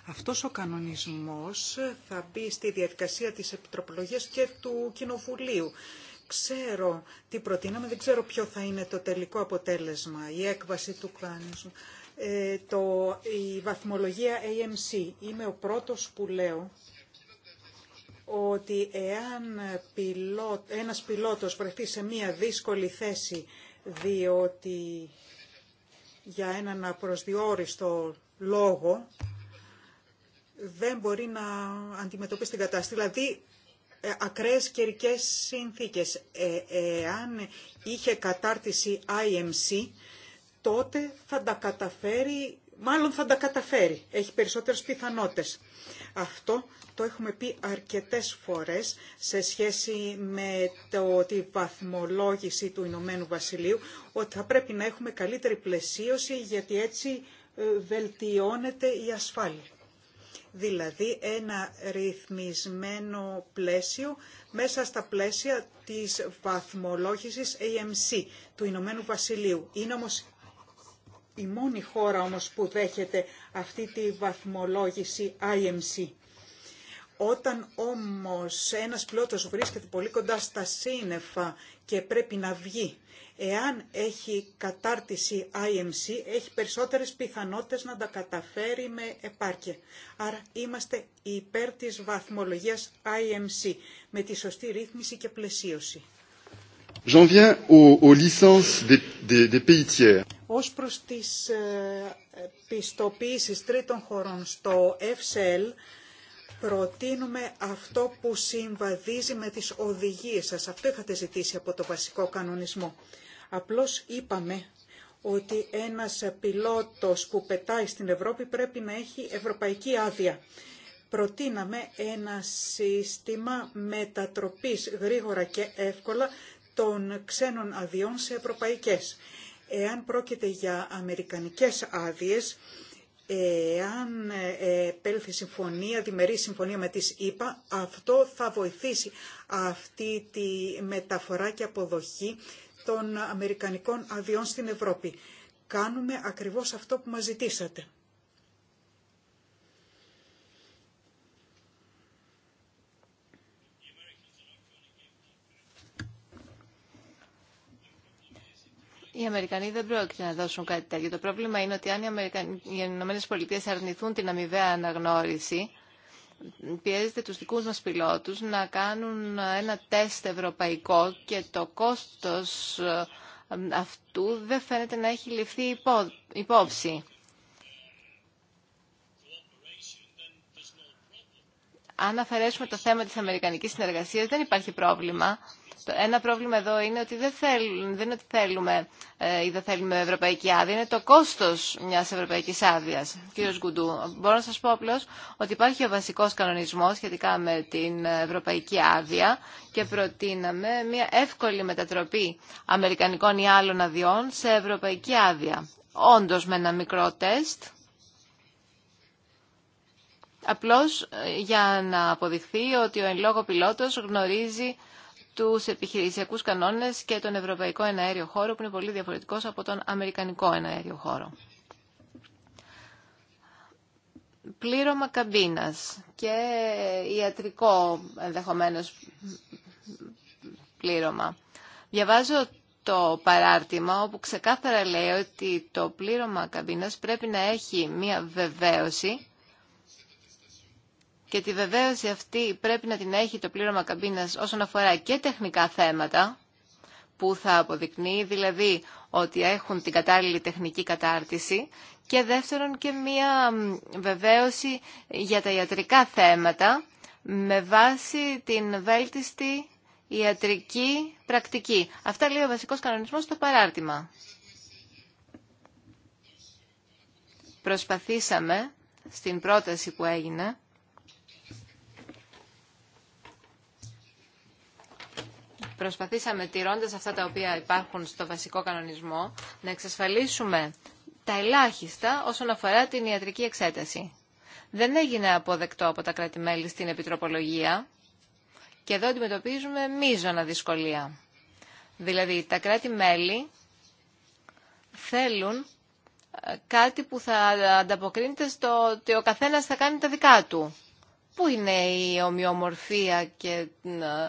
Αυτός ο κανονισμός θα μπει στη διαδικασία της επιτροπολογίας και του Κοινοβουλίου. Ξέρω τι προτείναμε, δεν ξέρω ποιο θα είναι το τελικό αποτέλεσμα, η έκβαση του κανονισμού. Ε, το, η βαθμολογία AMC. Είμαι ο πρώτος που λέω ότι εάν πιλότ, ένας πιλότος βρεθεί σε μία δύσκολη θέση διότι για έναν απροσδιόριστο λόγο δεν μπορεί να αντιμετωπίσει την κατάσταση. Δηλαδή, ε, ακραίες καιρικέ συνθήκες. Ε, εάν είχε κατάρτιση IMC, τότε θα τα καταφέρει, μάλλον θα τα καταφέρει, έχει περισσότερες πιθανότητες. Αυτό το έχουμε πει αρκετές φορές σε σχέση με το, τη βαθμολόγηση του Ηνωμένου Βασιλείου, ότι θα πρέπει να έχουμε καλύτερη πλαισίωση γιατί έτσι ε, βελτιώνεται η ασφάλεια. Δηλαδή ένα ρυθμισμένο πλαίσιο μέσα στα πλαίσια της βαθμολόγησης AMC του Ηνωμένου Βασιλείου. Είναι όμως η μόνη χώρα όμως που δέχεται αυτή τη βαθμολόγηση IMC. Όταν όμως ένας πλότος βρίσκεται πολύ κοντά στα σύννεφα και πρέπει να βγει, εάν έχει κατάρτιση IMC, έχει περισσότερες πιθανότητες να τα καταφέρει με επάρκεια. Άρα είμαστε υπέρ της βαθμολογίας IMC, με τη σωστή ρύθμιση και πλαισίωση. J'en viens aux, Ως προς τις ε, πιστοποίησεις τρίτων χωρών στο FCL, προτείνουμε αυτό που συμβαδίζει με τις οδηγίες σας. Αυτό είχατε ζητήσει από το βασικό κανονισμό. Απλώς είπαμε ότι ένας πιλότος που πετάει στην Ευρώπη πρέπει να έχει ευρωπαϊκή άδεια. Προτείναμε ένα σύστημα μετατροπής γρήγορα και εύκολα των ξένων αδειών σε ευρωπαϊκές. Εάν πρόκειται για αμερικανικές άδειες, εάν ε, επέλθει συμφωνία, διμερή συμφωνία με τις ΗΠΑ, αυτό θα βοηθήσει αυτή τη μεταφορά και αποδοχή των αμερικανικών αδειών στην Ευρώπη. Κάνουμε ακριβώς αυτό που μας ζητήσατε. Οι Αμερικανοί δεν πρόκειται να δώσουν κάτι τέτοιο. Το πρόβλημα είναι ότι αν οι, οι ΗΠΑ αρνηθούν την αμοιβαία αναγνώριση, πιέζεται τους δικούς μας πιλότους να κάνουν ένα τεστ ευρωπαϊκό και το κόστος ε, αυτού δεν φαίνεται να έχει ληφθεί υπό... υπόψη. Αν αφαιρέσουμε το θέμα της αμερικανικής συνεργασίας, δεν υπάρχει πρόβλημα. Ένα πρόβλημα εδώ είναι ότι δεν, είναι ότι θέλουμε ε, ή δεν θέλουμε ευρωπαϊκή άδεια, είναι το κόστος μιας ευρωπαϊκής άδειας. Κύριος Γκουντού, μπορώ να σας πω απλώς ότι υπάρχει ο βασικός κανονισμός σχετικά με την ευρωπαϊκή άδεια και προτείναμε μια εύκολη μετατροπή αμερικανικών ή άλλων αδειών σε ευρωπαϊκή άδεια. Όντως με ένα μικρό τεστ, απλώς ε, για να αποδειχθεί ότι ο εν λόγω πιλότος γνωρίζει τους επιχειρησιακούς κανόνες και τον ευρωπαϊκό εναέριο χώρο που είναι πολύ διαφορετικός από τον αμερικανικό εναέριο χώρο. Πλήρωμα καμπίνας και ιατρικό ενδεχομένως πλήρωμα. Διαβάζω το παράρτημα όπου ξεκάθαρα λέει ότι το πλήρωμα καμπίνας πρέπει να έχει μία βεβαίωση και τη βεβαίωση αυτή πρέπει να την έχει το πλήρωμα καμπίνας όσον αφορά και τεχνικά θέματα που θα αποδεικνύει, δηλαδή ότι έχουν την κατάλληλη τεχνική κατάρτιση και δεύτερον και μία βεβαίωση για τα ιατρικά θέματα με βάση την βέλτιστη ιατρική πρακτική. Αυτά λέει ο βασικός κανονισμός στο παράρτημα. Προσπαθήσαμε στην πρόταση που έγινε Προσπαθήσαμε, τηρώντας αυτά τα οποία υπάρχουν στο βασικό κανονισμό, να εξασφαλίσουμε τα ελάχιστα όσον αφορά την ιατρική εξέταση. Δεν έγινε αποδεκτό από τα κράτη-μέλη στην επιτροπολογία και εδώ αντιμετωπίζουμε μείζωνα δυσκολία. Δηλαδή, τα κράτη-μέλη θέλουν ε, κάτι που θα ανταποκρίνεται στο ότι ο καθένας θα κάνει τα δικά του. Πού είναι η ομοιομορφία και ε,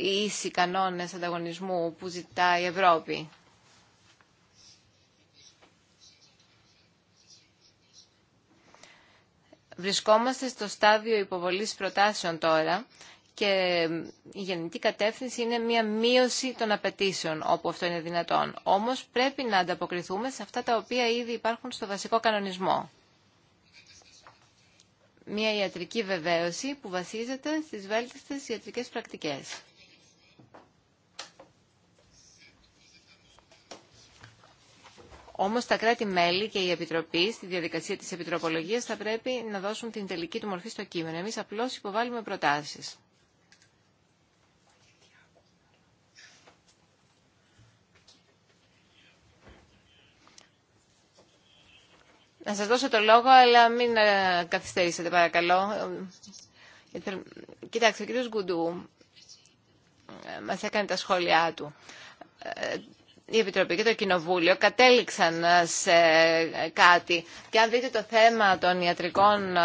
οι ίσοι κανόνες ανταγωνισμού που ζητά η Ευρώπη. Βρισκόμαστε στο στάδιο υποβολής προτάσεων τώρα και ε, η γενική κατεύθυνση είναι μια μείωση των απαιτήσεων όπου αυτό είναι δυνατόν. Όμως πρέπει να ανταποκριθούμε σε αυτά τα οποία ήδη υπάρχουν στο βασικό κανονισμό μια ιατρική βεβαίωση που βασίζεται στις βέλτιστες ιατρικές πρακτικές. Όμως τα κράτη-μέλη και η Επιτροπή στη διαδικασία της Επιτροπολογίας θα πρέπει να δώσουν την τελική του μορφή στο κείμενο. Εμείς απλώς υποβάλλουμε προτάσεις. Να σας δώσω το λόγο, αλλά μην ε, καθυστερήσετε παρακαλώ. Ε, κοιτάξτε, ο κύριος Γκουντού ε, μας έκανε τα σχόλιά του. Η Επιτροπή και το Κοινοβούλιο κατέληξαν σε κάτι. Και αν δείτε το θέμα των ιατρικών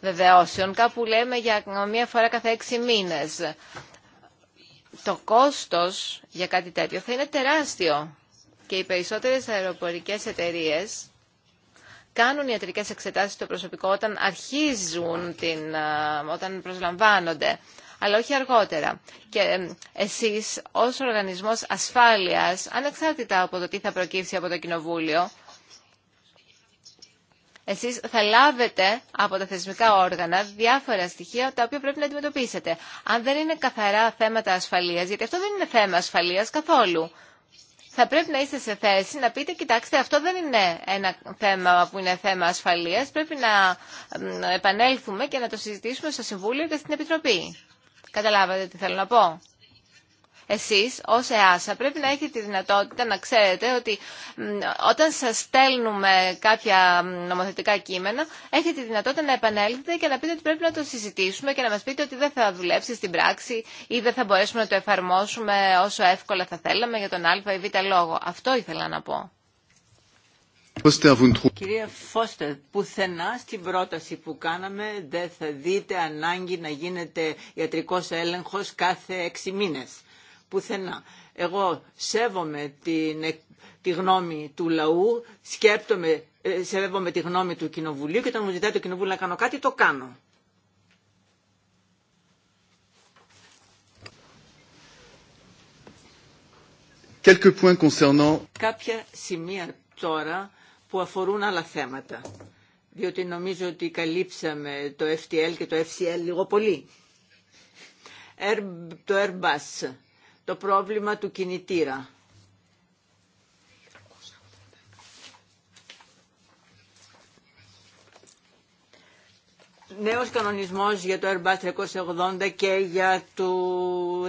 βεβαιώσεων, κάπου λέμε για μία φορά κάθε έξι μήνες. Το κόστος για κάτι τέτοιο θα είναι τεράστιο. Και οι περισσότερες αεροπορικές εταιρείες κάνουν ιατρικές εξετάσεις στο προσωπικό όταν αρχίζουν, την, ε, όταν προσλαμβάνονται, αλλά όχι αργότερα. Και ε, εσείς ως οργανισμός ασφάλειας, ανεξάρτητα από το τι θα προκύψει από το Κοινοβούλιο, εσείς θα λάβετε από τα θεσμικά όργανα διάφορα στοιχεία τα οποία πρέπει να αντιμετωπίσετε. Αν δεν είναι καθαρά θέματα ασφαλείας, γιατί αυτό δεν είναι θέμα ασφαλείας καθόλου θα πρέπει να είστε σε θέση να πείτε, κοιτάξτε, αυτό δεν είναι ένα θέμα που είναι θέμα ασφαλείας, πρέπει να επανέλθουμε και να το συζητήσουμε στο Συμβούλιο και στην Επιτροπή. Καταλάβατε τι θέλω να πω. Εσείς ως ΕΑΣΑ πρέπει να έχετε τη δυνατότητα να ξέρετε ότι όταν σας στέλνουμε κάποια νομοθετικά κείμενα έχετε τη δυνατότητα να επανέλθετε και να πείτε ότι πρέπει να το συζητήσουμε και να μας πείτε ότι δεν θα δουλέψει στην πράξη ή δεν θα μπορέσουμε να το εφαρμόσουμε όσο εύκολα θα θέλαμε για τον α ή β λόγο. Αυτό ήθελα να πω. Κυρία Φώστερ, πουθενά στην πρόταση που κάναμε δεν θα δείτε ανάγκη να γίνεται ιατρικός έλεγχος κάθε έξι μήνες πουθενά. Εγώ σέβομαι τη γνώμη του λαού, σκέπτομαι, ε, σέβομαι τη γνώμη του Κοινοβουλίου και όταν μου ζητάει το Κοινοβούλιο να κάνω κάτι, το κάνω. Κάποια σημεία τώρα που αφορούν άλλα θέματα, διότι νομίζω ότι καλύψαμε το FTL και το FCL λίγο πολύ. Το Airbus το πρόβλημα του κινητήρα. νέος κανονισμός για το Airbus 380 και για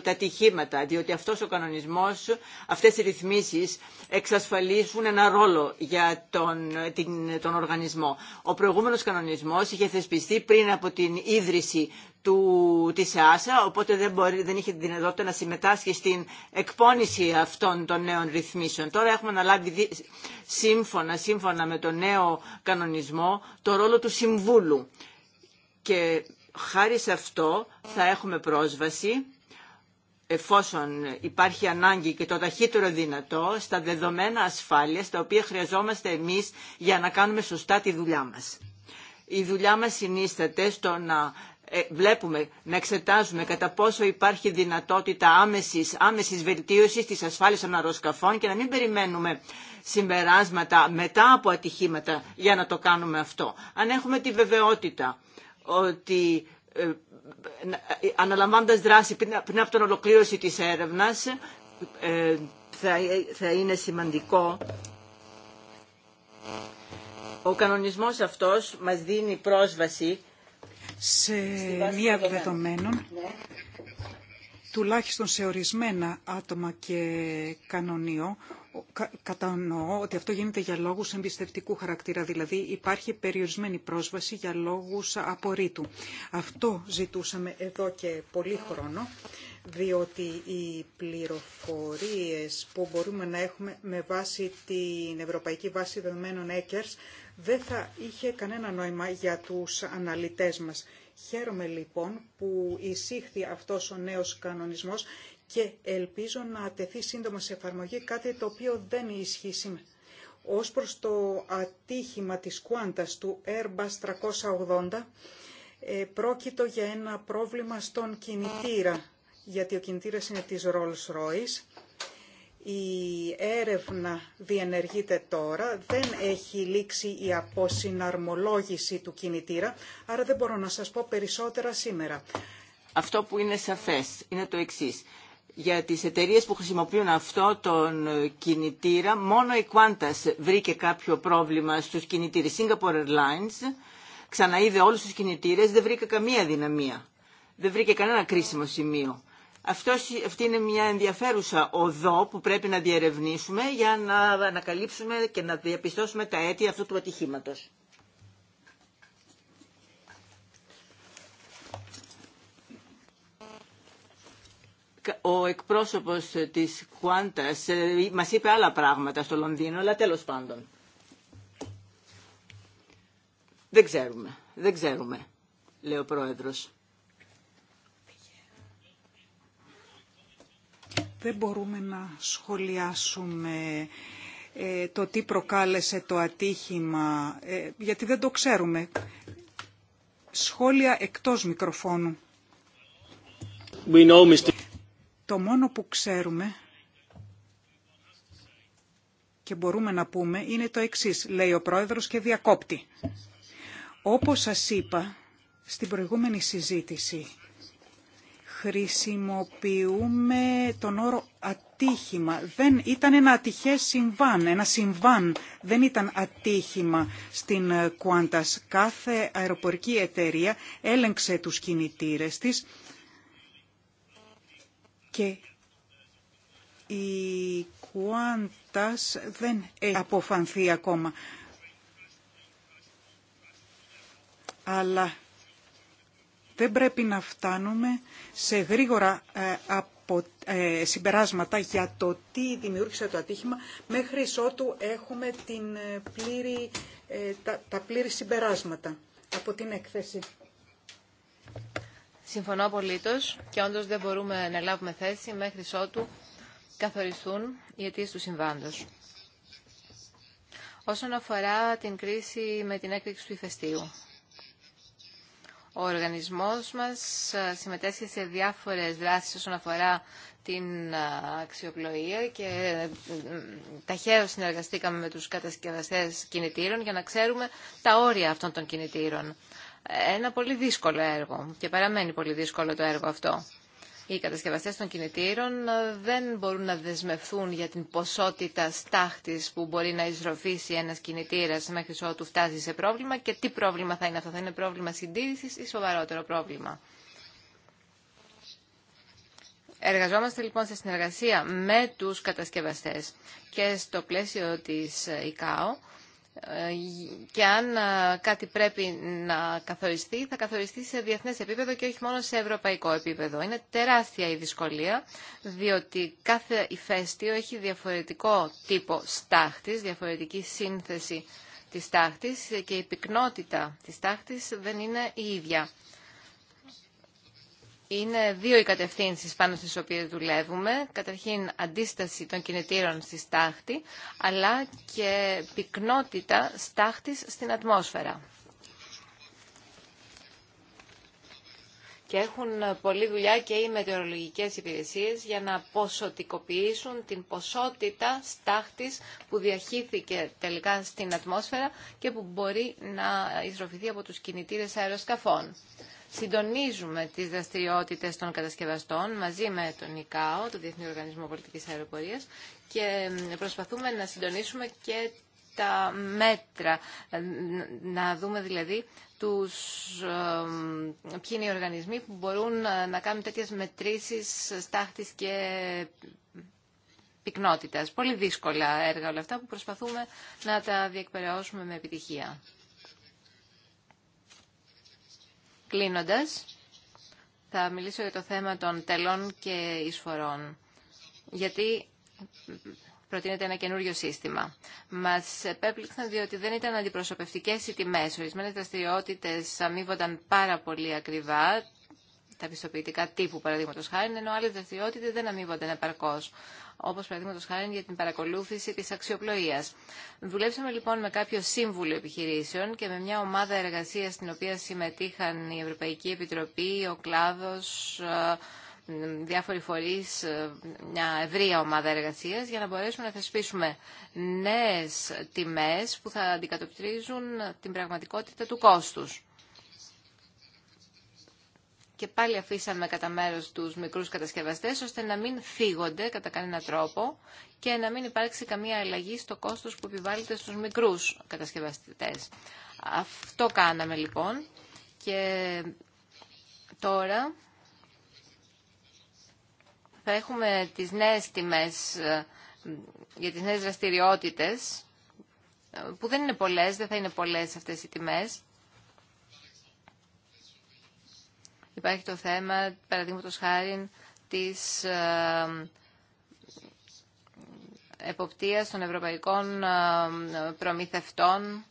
τα τυχήματα. διότι αυτός ο κανονισμός, αυτές οι ρυθμίσεις εξασφαλίζουν ένα ρόλο για τον, την, τον οργανισμό. Ο προηγούμενος κανονισμός είχε θεσπιστεί πριν από την ίδρυση του, της ΑΣΑ, οπότε δεν, μπορεί, δεν είχε τη δυνατότητα να συμμετάσχει στην εκπόνηση αυτών των νέων ρυθμίσεων. Τώρα έχουμε αναλάβει σύμφωνα, σύμφωνα με τον νέο κανονισμό το ρόλο του Συμβούλου και χάρη σε αυτό θα έχουμε πρόσβαση εφόσον υπάρχει ανάγκη και το ταχύτερο δυνατό στα δεδομένα ασφάλειας τα οποία χρειαζόμαστε εμείς για να κάνουμε σωστά τη δουλειά μας. Η δουλειά μας συνίσταται στο να ε, βλέπουμε, να εξετάζουμε κατά πόσο υπάρχει δυνατότητα άμεσης, άμεσης βελτίωσης της ασφάλειας των αεροσκαφών και να μην περιμένουμε συμπεράσματα μετά από ατυχήματα για να το κάνουμε αυτό. Αν έχουμε τη βεβαιότητα ότι ε, αναλαμβάνοντας δράση πριν από την ολοκλήρωση της έρευνας ε, θα είναι σημαντικό. Ο κανονισμός αυτός μας δίνει πρόσβαση σε μία δεδομένων, ναι. τουλάχιστον σε ορισμένα άτομα και κανονίο, κατανοώ ότι αυτό γίνεται για λόγους εμπιστευτικού χαρακτήρα, δηλαδή υπάρχει περιορισμένη πρόσβαση για λόγους απορρίτου. Αυτό ζητούσαμε εδώ και πολύ χρόνο, διότι οι πληροφορίες που μπορούμε να έχουμε με βάση την Ευρωπαϊκή Βάση Δεδομένων Έκερς δεν θα είχε κανένα νόημα για τους αναλυτές μας. Χαίρομαι λοιπόν που εισήχθη αυτός ο νέος κανονισμός και ελπίζω να τεθεί σύντομα σε εφαρμογή κάτι το οποίο δεν ισχύει σήμερα. Ως προς το ατύχημα της Κουάντας του Airbus 380, ε, πρόκειτο για ένα πρόβλημα στον κινητήρα, γιατί ο κινητήρας είναι της Rolls-Royce. Η έρευνα διενεργείται τώρα, δεν έχει λήξει η αποσυναρμολόγηση του κινητήρα, άρα δεν μπορώ να σας πω περισσότερα σήμερα. Αυτό που είναι σαφές είναι το εξής για τις εταιρείες που χρησιμοποιούν αυτό τον κινητήρα. Μόνο η Qantas βρήκε κάποιο πρόβλημα στους κινητήρες. Singapore Airlines ξαναείδε όλους τους κινητήρες, δεν βρήκε καμία δυναμία. Δεν βρήκε κανένα κρίσιμο σημείο. αυτή είναι μια ενδιαφέρουσα οδό που πρέπει να διερευνήσουμε για να ανακαλύψουμε και να διαπιστώσουμε τα αίτια αυτού του ατυχήματος. ο εκπρόσωπος της Κουάντας ε, μας είπε άλλα πράγματα στο Λονδίνο, αλλά τέλος πάντων. Δεν ξέρουμε, δεν ξέρουμε, λέει ο πρόεδρος. Δεν μπορούμε να σχολιάσουμε ε, το τι προκάλεσε το ατύχημα, ε, γιατί δεν το ξέρουμε. Σχόλια εκτός μικροφώνου. We know, το μόνο που ξέρουμε και μπορούμε να πούμε είναι το εξής, λέει ο πρόεδρος και διακόπτη. Όπως σας είπα στην προηγούμενη συζήτηση, χρησιμοποιούμε τον όρο ατύχημα. Δεν ήταν ένα ατυχές συμβάν, ένα συμβάν δεν ήταν ατύχημα στην Qantas. Κάθε αεροπορική εταιρεία έλεγξε τους κινητήρες της και η Κουάντας δεν έχει αποφανθεί ακόμα. Αλλά δεν πρέπει να φτάνουμε σε γρήγορα ε, από, ε, συμπεράσματα για το τι δημιούργησε το ατύχημα μέχρι ότου έχουμε την ε, πλήρη, τα, τα πλήρη συμπεράσματα από την έκθεση. Συμφωνώ απολύτως και όντως δεν μπορούμε να λάβουμε θέση μέχρι ότου καθοριστούν οι αιτίε του συμβάντο. Όσον αφορά την κρίση με την έκρηξη του ηφαιστείου, ο οργανισμός μας ε, συμμετέσχει σε διάφορες δράσεις όσον αφορά την ε, αξιοπλοεία και ε, ταχαίω συνεργαστήκαμε με τους κατασκευαστές κινητήρων για να ξέρουμε τα όρια αυτών των κινητήρων ένα πολύ δύσκολο έργο και παραμένει πολύ δύσκολο το έργο αυτό. Οι κατασκευαστές των κινητήρων ε, δεν μπορούν να δεσμευθούν για την ποσότητα στάχτης που μπορεί να εισροφήσει ένας κινητήρας μέχρι ότου φτάσει σε πρόβλημα και τι πρόβλημα θα είναι αυτό. Θα είναι πρόβλημα συντήρησης ή σοβαρότερο πρόβλημα. Εργαζόμαστε λοιπόν σε συνεργασία με τους κατασκευαστές και στο πλαίσιο της ε, ΙΚΑΟ και αν ε, κάτι πρέπει να καθοριστεί, θα καθοριστεί σε διεθνές επίπεδο και όχι μόνο σε ευρωπαϊκό επίπεδο. Είναι τεράστια η δυσκολία, διότι κάθε ηφαίστειο έχει διαφορετικό τύπο στάχτης, διαφορετική σύνθεση της στάχτης και η πυκνότητα της στάχτης δεν είναι η ίδια. Είναι δύο οι κατευθύνσεις πάνω στις οποίες δουλεύουμε. Καταρχήν αντίσταση των κινητήρων στη στάχτη, αλλά και πυκνότητα στάχτης στην ατμόσφαιρα. Και έχουν πολλή δουλειά και οι μετεωρολογικές υπηρεσίες για να ποσοτικοποιήσουν την ποσότητα στάχτης που διαχύθηκε τελικά στην ατμόσφαιρα και που μπορεί να ισροφηθεί από τους κινητήρες αεροσκαφών συντονίζουμε τις δραστηριότητες των κατασκευαστών μαζί με τον ΙΚΑΟ, τον Διεθνή Οργανισμό Πολιτικής Αεροπορίας και προσπαθούμε να συντονίσουμε και τα μέτρα, ε, να δούμε δηλαδή τους, ε, ποιοι είναι οι οργανισμοί που μπορούν ε, να κάνουν τέτοιες μετρήσεις στάχτης και πυκνότητας. Πολύ δύσκολα έργα όλα αυτά που προσπαθούμε να τα διεκπαιρεώσουμε με επιτυχία. Κλείνοντας, θα μιλήσω για το θέμα των τελών και εισφορών. Γιατί προτείνεται ένα καινούριο σύστημα. Μα επέπληξαν διότι δεν ήταν αντιπροσωπευτικέ οι τιμέ. Ορισμένε δραστηριότητε αμείβονταν πάρα πολύ ακριβά, τα πιστοποιητικά τύπου παραδείγματο χάρη, ενώ άλλε δραστηριότητε δεν αμείβονταν επαρκώ όπως παραδείγματο χάρη για την παρακολούθηση τη αξιοπλοεία. Δουλέψαμε λοιπόν με κάποιο σύμβουλο επιχειρήσεων και με μια ομάδα εργασίας στην οποία συμμετείχαν η Ευρωπαϊκή Επιτροπή, ο κλάδος, ε, διάφοροι φορείς, ε, μια ευρεία ομάδα εργασίας για να μπορέσουμε να θεσπίσουμε νέες τιμές που θα αντικατοπτρίζουν την πραγματικότητα του κόστους και πάλι αφήσαμε κατά μέρο του μικρού κατασκευαστέ, ώστε να μην φύγονται κατά κανένα τρόπο και να μην υπάρξει καμία αλλαγή στο κόστο που επιβάλλεται στου μικρού κατασκευαστέ. Αυτό κάναμε λοιπόν και τώρα θα έχουμε τις νέες τιμές ε, για τις νέες δραστηριότητες ε, που δεν είναι πολλές, δεν θα είναι πολλές αυτές οι τιμές Υπάρχει το θέμα, παραδείγματο χάρη, της ε, εποπτείας των ευρωπαϊκών ε, προμηθευτών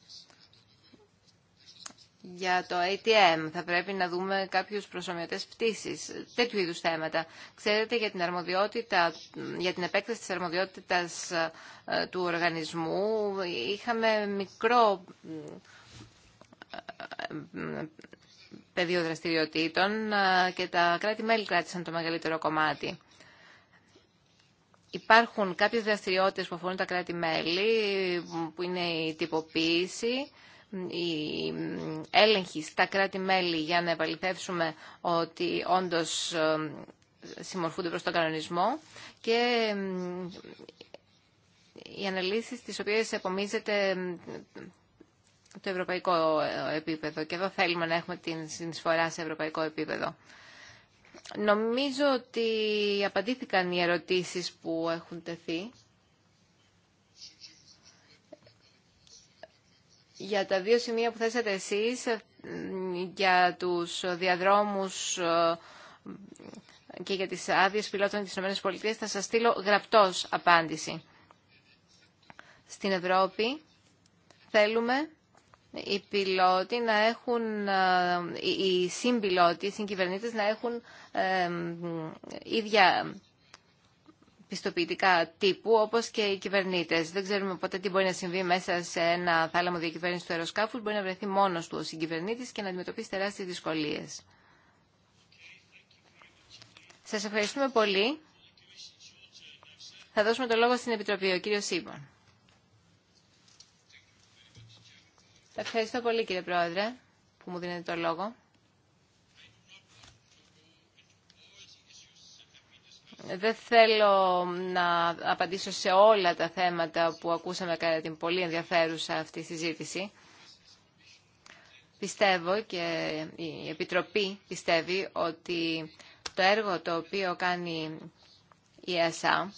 για το ATM. Θα πρέπει να δούμε κάποιους προσωμιωτέ πτήσει. τέτοιου είδου θέματα. Ξέρετε για την, αρμοδιότητα, για την επέκταση τη αρμοδιότητας ε, του οργανισμού είχαμε μικρό πεδίο δραστηριοτήτων και τα κράτη-μέλη κράτησαν το μεγαλύτερο κομμάτι. Υπάρχουν κάποιες δραστηριότητες που αφορούν τα κράτη-μέλη, που είναι η τυποποίηση, η έλεγχη στα κράτη-μέλη για να επαληθεύσουμε ότι όντως ε, συμμορφούνται προς τον κανονισμό και ε, οι αναλύσεις τις οποίες επομίζεται το ευρωπαϊκό ε, επίπεδο και εδώ θέλουμε να έχουμε την συνεισφορά σε ευρωπαϊκό επίπεδο. Νομίζω ότι απαντήθηκαν οι ερωτήσεις που έχουν τεθεί. Για τα δύο σημεία που θέσατε εσείς, ε, για τους διαδρόμους ε, και για τις άδειε πιλότων της ΗΠΑ, θα σας στείλω γραπτός απάντηση. Στην Ευρώπη θέλουμε οι πιλότοι να έχουν, ε, οι συμπιλότοι, οι συγκυβερνήτες να έχουν ε, ίδια πιστοποιητικά τύπου, όπως και οι κυβερνήτες. Δεν ξέρουμε ποτέ τι μπορεί να συμβεί μέσα σε ένα θάλαμο διακυβέρνηση του αεροσκάφου. Μπορεί να βρεθεί μόνος του ο συγκυβερνήτης και να αντιμετωπίσει τεράστιες δυσκολίες. Σας ευχαριστούμε πολύ. Θα δώσουμε το λόγο στην Επιτροπή, ο κύριος Σίμων. Ευχαριστώ πολύ κύριε Πρόεδρε που μου δίνετε το λόγο. Δεν θέλω να απαντήσω σε όλα τα θέματα που ακούσαμε κατά την πολύ ενδιαφέρουσα αυτή συζήτηση. Πιστεύω και η Επιτροπή πιστεύει ότι το έργο το οποίο κάνει η ΕΣΑ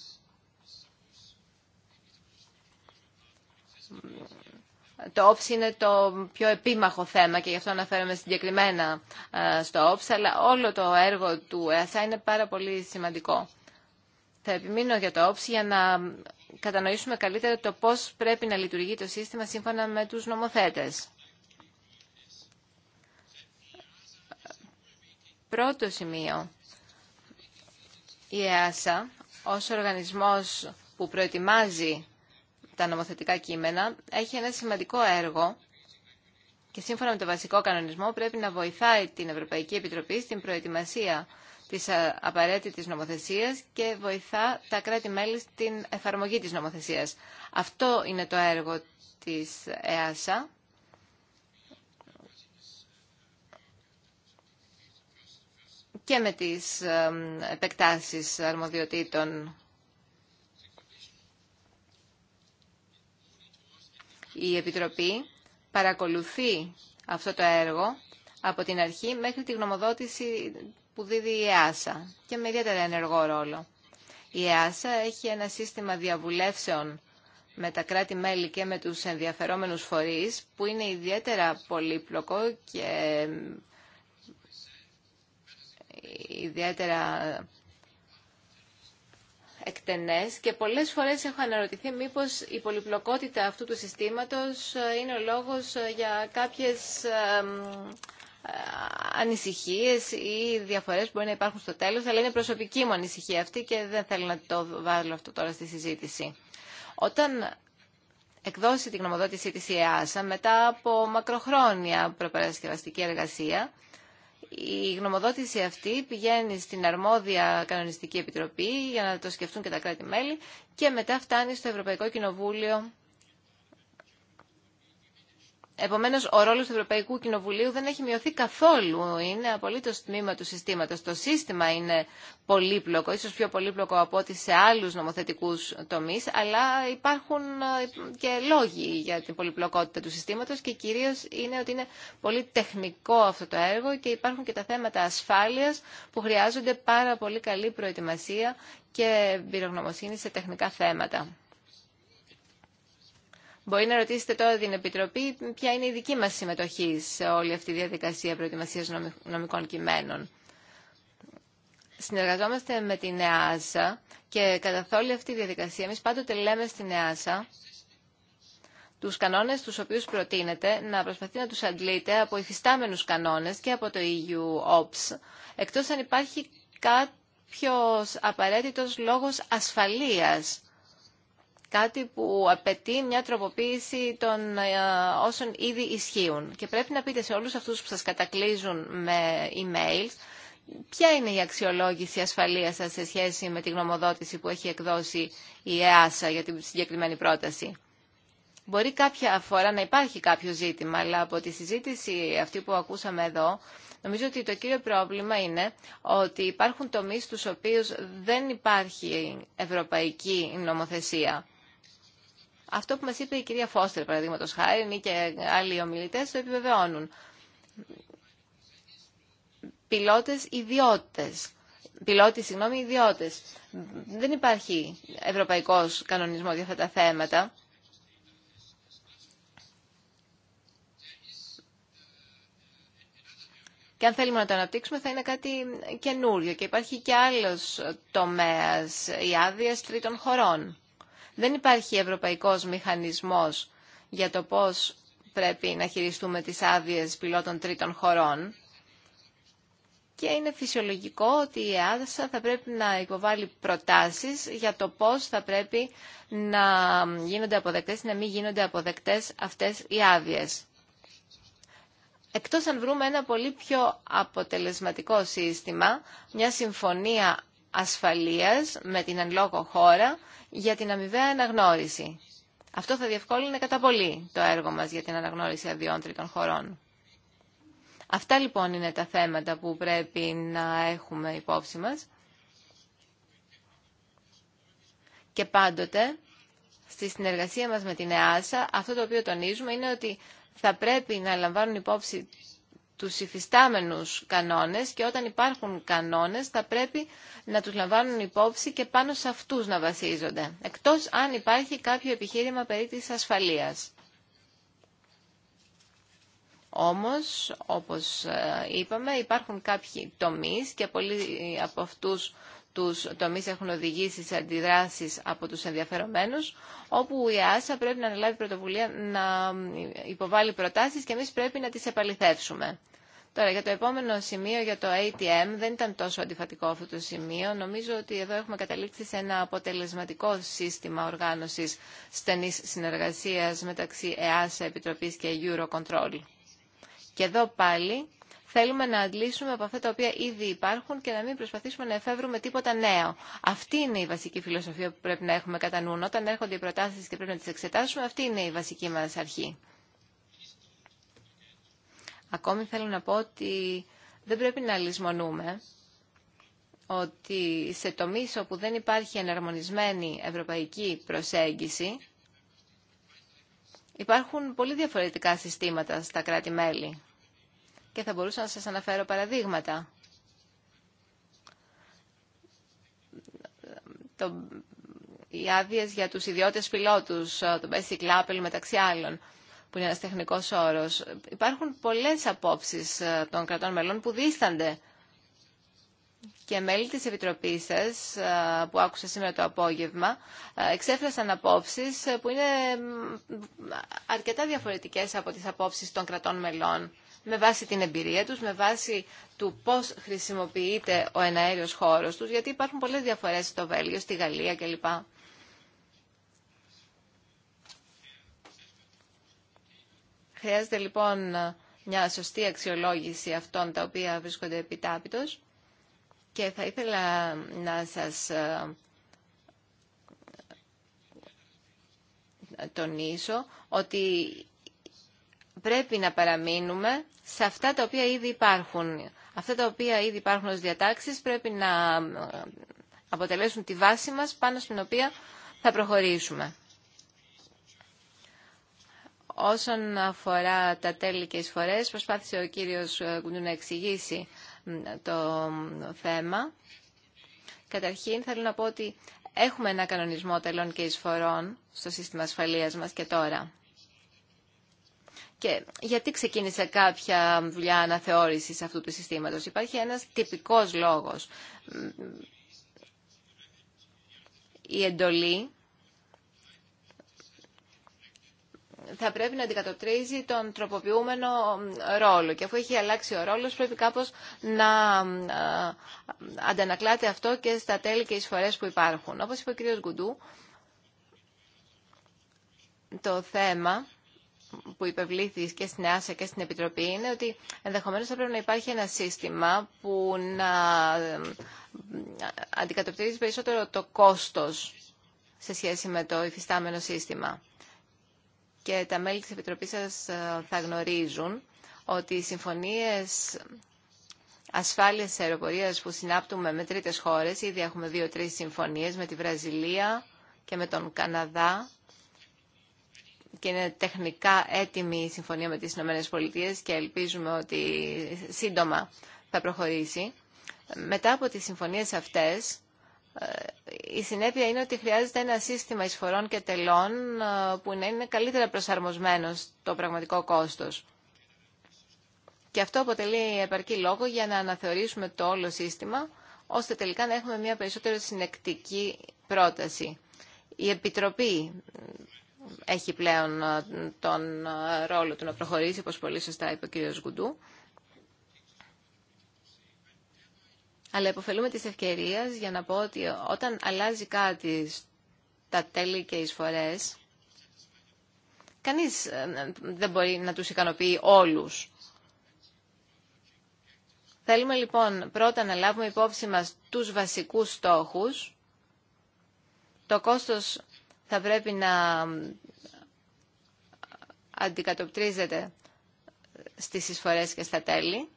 το όψι είναι το πιο επίμαχο θέμα και γι' αυτό αναφέρομαι συγκεκριμένα ε, στο όψι, αλλά όλο το έργο του ΕΑΣΑ είναι πάρα πολύ σημαντικό. Θα επιμείνω για το όψι για να κατανοήσουμε καλύτερα το πώς πρέπει να λειτουργεί το σύστημα σύμφωνα με τους νομοθέτες. Πρώτο σημείο. Η ΕΑΣΑ ως οργανισμός που προετοιμάζει τα νομοθετικά κείμενα, έχει ένα σημαντικό έργο και σύμφωνα με το βασικό κανονισμό πρέπει να βοηθάει την Ευρωπαϊκή Επιτροπή στην προετοιμασία της ε, απαραίτητης νομοθεσίας και βοηθά τα κράτη-μέλη στην εφαρμογή της νομοθεσίας. Αυτό είναι το έργο της ΕΑΣΑ. και με τις ε, επεκτάσεις αρμοδιοτήτων Η Επιτροπή παρακολουθεί αυτό το έργο από την αρχή μέχρι τη γνωμοδότηση που δίδει η ΕΑΣΑ και με ιδιαίτερα ενεργό ρόλο. Η ΕΑΣΑ έχει ένα σύστημα διαβουλεύσεων με τα κράτη-μέλη και με τους ενδιαφερόμενους φορείς που είναι ιδιαίτερα πολύπλοκο και ιδιαίτερα εκτενές και πολλές φορές έχω αναρωτηθεί μήπως η πολυπλοκότητα αυτού του συστήματος ε, είναι ο λόγος ε, για κάποιες ε, ανησυχίες ή διαφορές που μπορεί να υπάρχουν στο τέλος, αλλά είναι προσωπική μου ανησυχία αυτή και δεν θέλω να το βάλω αυτό τώρα στη συζήτηση. Όταν εκδώσει την γνωμοδότησή της η ΕΑΣΑ μετά από μακροχρόνια προπερασκευαστική εργασία, η γνωμοδότηση αυτή πηγαίνει στην αρμόδια κανονιστική επιτροπή για να το σκεφτούν και τα κράτη-μέλη και μετά φτάνει στο Ευρωπαϊκό Κοινοβούλιο Επομένως, ο ρόλος του Ευρωπαϊκού Κοινοβουλίου δεν έχει μειωθεί καθόλου. Είναι απολύτως τμήμα του συστήματος. Το σύστημα είναι πολύπλοκο, ίσως πιο πολύπλοκο από ό,τι σε άλλους νομοθετικούς τομείς, αλλά υπάρχουν ε, και λόγοι για την πολυπλοκότητα του συστήματος και κυρίως είναι ότι είναι πολύ τεχνικό αυτό το έργο και υπάρχουν και τα θέματα ασφάλειας που χρειάζονται πάρα πολύ καλή προετοιμασία και πυρογνωμοσύνη σε τεχνικά θέματα. Μπορεί να ρωτήσετε τώρα την Επιτροπή ποια είναι η δική μας συμμετοχή σε όλη αυτή τη διαδικασία προετοιμασίας νομικών κειμένων. Συνεργαζόμαστε με την ΕΑΣΑ και κατά όλη αυτή τη διαδικασία εμείς πάντοτε λέμε στην ΕΑΣΑ τους κανόνες τους οποίους προτείνεται να προσπαθεί να τους αντλείται από υφιστάμενους κανόνες και από το EU OPS, εκτός αν υπάρχει κάποιος απαραίτητος λόγος ασφαλείας κάτι που απαιτεί μια τροποποίηση των ε, όσων ήδη ισχύουν. Και πρέπει να πείτε σε όλους αυτούς που σας κατακλείζουν με emails ποια είναι η αξιολόγηση ασφαλείας σας σε σχέση με τη γνωμοδότηση που έχει εκδώσει η ΕΑΣΑ για την συγκεκριμένη πρόταση. Μπορεί κάποια φορά να υπάρχει κάποιο ζήτημα, αλλά από τη συζήτηση αυτή που ακούσαμε εδώ, νομίζω ότι το κύριο πρόβλημα είναι ότι υπάρχουν τομείς στους οποίους δεν υπάρχει ευρωπαϊκή νομοθεσία. Αυτό που μας είπε η κυρία Φώστερ, παραδείγματο χάρη, ή και άλλοι ομιλητές, το επιβεβαιώνουν. Πιλότες ιδιώτες. Πιλότοι, συγγνώμη, ιδιώτες. Δεν υπάρχει ευρωπαϊκός κανονισμός για αυτά τα θέματα. Και αν θέλουμε να το αναπτύξουμε θα είναι κάτι καινούριο. Και υπάρχει και άλλος τομέας, οι άδειε τρίτων χωρών. Δεν υπάρχει ευρωπαϊκός μηχανισμός για το πώς πρέπει να χειριστούμε τις άδειες πιλότων τρίτων χωρών. Και είναι φυσιολογικό ότι η ΕΑΔΣΑ θα πρέπει να υποβάλει προτάσεις για το πώς θα πρέπει να γίνονται αποδεκτές ή να μην γίνονται αποδεκτές αυτές οι άδειε. Εκτός αν βρούμε ένα πολύ πιο αποτελεσματικό σύστημα, μια συμφωνία ασφαλείας με την εν χώρα για την αμοιβαία αναγνώριση. Αυτό θα διευκόλυνε κατά πολύ το έργο μας για την αναγνώριση αδειών τρίτων χωρών. Αυτά λοιπόν είναι τα θέματα που πρέπει να έχουμε υπόψη μας. Και πάντοτε, στη συνεργασία μας με την ΕΑΣΑ, αυτό το οποίο τονίζουμε είναι ότι θα πρέπει να λαμβάνουν υπόψη τους υφιστάμενους κανόνες και όταν υπάρχουν κανόνες θα πρέπει να τους λαμβάνουν υπόψη και πάνω σε αυτούς να βασίζονται, εκτός αν υπάρχει κάποιο επιχείρημα περί της ασφαλείας. Όμως, όπως ε, είπαμε, υπάρχουν κάποιοι τομείς και πολλοί από αυτούς τους τομείς έχουν οδηγήσει σε αντιδράσεις από τους ενδιαφερομένους, όπου η ΑΣΑ πρέπει να αναλάβει πρωτοβουλία να υποβάλει προτάσεις και εμείς πρέπει να τις επαληθεύσουμε. Τώρα, για το επόμενο σημείο, για το ATM, δεν ήταν τόσο αντιφατικό αυτό το σημείο. Νομίζω ότι εδώ έχουμε καταλήξει σε ένα αποτελεσματικό σύστημα οργάνωσης στενής συνεργασίας μεταξύ ΕΑΣΑ, Επιτροπής και Eurocontrol. Και εδώ πάλι Θέλουμε να αντλήσουμε από αυτά τα οποία ήδη υπάρχουν και να μην προσπαθήσουμε να εφεύρουμε τίποτα νέο. Αυτή είναι η βασική φιλοσοφία που πρέπει να έχουμε κατά νου. Όταν έρχονται οι προτάσει και πρέπει να τι εξετάσουμε, αυτή είναι η βασική μα αρχή. Ακόμη θέλω να πω ότι δεν πρέπει να λησμονούμε ότι σε τομείς όπου δεν υπάρχει εναρμονισμένη ευρωπαϊκή προσέγγιση υπάρχουν πολύ διαφορετικά συστήματα στα κράτη-μέλη και θα μπορούσα να σας αναφέρω παραδείγματα. Το, οι άδειε για τους ιδιώτες πιλότους, ε, το Basic Apple μεταξύ άλλων, που είναι ένας τεχνικός όρος. Υπάρχουν πολλές απόψεις ε, των κρατών μελών που δίστανται. Και μέλη της Επιτροπής σας, ε, που άκουσα σήμερα το απόγευμα, εξέφρασαν απόψεις που είναι αρκετά διαφορετικές από τις απόψεις των κρατών μελών με βάση την εμπειρία τους, με βάση του πώς χρησιμοποιείται ο εναέριος χώρος τους, γιατί υπάρχουν πολλές διαφορές στο Βέλγιο, στη Γαλλία κλπ. Χρειάζεται λοιπόν μια σωστή αξιολόγηση αυτών τα οποία βρίσκονται επιτάπητος και θα ήθελα να σας ε, τονίσω ότι πρέπει να παραμείνουμε σε αυτά τα οποία ήδη υπάρχουν. Αυτά τα οποία ήδη υπάρχουν ως διατάξεις πρέπει να ε, αποτελέσουν τη βάση μας πάνω στην οποία θα προχωρήσουμε. Όσον αφορά τα τέλη και εισφορές, προσπάθησε ο κύριος ε, Κουντού να εξηγήσει το θέμα. Καταρχήν θέλω να πω ότι έχουμε ένα κανονισμό τελών και εισφορών στο σύστημα ασφαλείας μας και τώρα. Και γιατί ξεκίνησε κάποια δουλειά αναθεώρησης αυτού του συστήματος. Υπάρχει ένας τυπικός λόγος. Η εντολή θα πρέπει να αντικατοπτρίζει τον τροποποιούμενο ρόλο. Και αφού έχει αλλάξει ο ρόλος, πρέπει κάπως να ε, αντανακλάται αυτό και στα τέλη και εισφορές που υπάρχουν. Όπως είπε ο κ. Γκουντού, το θέμα που υπευλήθη και στην ΕΑΣΑ και στην Επιτροπή είναι ότι ενδεχομένω θα πρέπει να υπάρχει ένα σύστημα που να αντικατοπτρίζει περισσότερο το κόστος σε σχέση με το υφιστάμενο σύστημα. Και τα μέλη της Επιτροπής σας ε, θα γνωρίζουν ότι οι συμφωνίες ασφάλειας αεροπορίας που συνάπτουμε με τρίτες χώρες, ήδη έχουμε δύο-τρεις συμφωνίες με τη Βραζιλία και με τον Καναδά, και είναι τεχνικά έτοιμη η συμφωνία με τις Ηνωμένες Πολιτείες και ελπίζουμε ότι σύντομα θα προχωρήσει. Μετά από τις συμφωνίες αυτές, ε, η συνέπεια είναι ότι χρειάζεται ένα σύστημα εισφορών και τελών ε, που να είναι καλύτερα προσαρμοσμένο στο πραγματικό κόστος. Και αυτό αποτελεί επαρκή λόγο για να αναθεωρήσουμε το όλο σύστημα, ώστε τελικά να έχουμε μια περισσότερο συνεκτική πρόταση. Η Επιτροπή έχει πλέον ε, τον ε, ρόλο του να προχωρήσει, όπως πολύ σωστά είπε ο κύριος Γκουντού. Αλλά υποφελούμε τις ευκαιρία για να πω ότι όταν αλλάζει κάτι τα τέλη και εισφορές, κανείς ε, δεν μπορεί να τους ικανοποιεί όλους. Θέλουμε λοιπόν πρώτα να λάβουμε υπόψη μας τους βασικούς στόχους, το κόστος θα πρέπει να αντικατοπτρίζεται στις εισφορές και στα τέλη.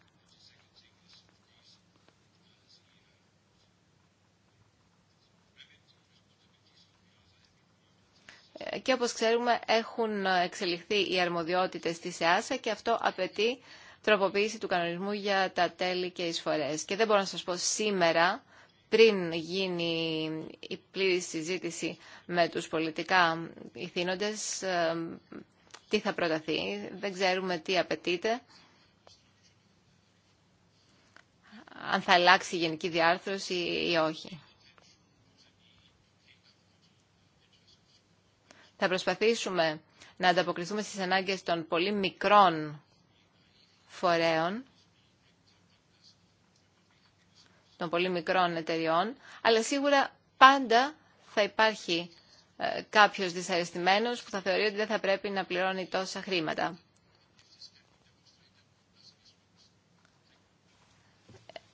Και όπως ξέρουμε έχουν εξελιχθεί οι αρμοδιότητες της ΕΑΣΑ και αυτό απαιτεί τροποποίηση του κανονισμού για τα τέλη και εισφορές. Και δεν μπορώ να σας πω σήμερα πριν γίνει η πλήρη συζήτηση με τους πολιτικά ηθήνοντες, ε, τι θα προταθεί. Δεν ξέρουμε τι απαιτείται. Αν θα αλλάξει η γενική διάρθρωση ή όχι. Θα προσπαθήσουμε να ανταποκριθούμε στις ανάγκες των πολύ μικρών φορέων των πολύ μικρών εταιριών, αλλά σίγουρα πάντα θα υπάρχει ε, κάποιος δυσαρεστημένος που θα θεωρεί ότι δεν θα πρέπει να πληρώνει τόσα χρήματα.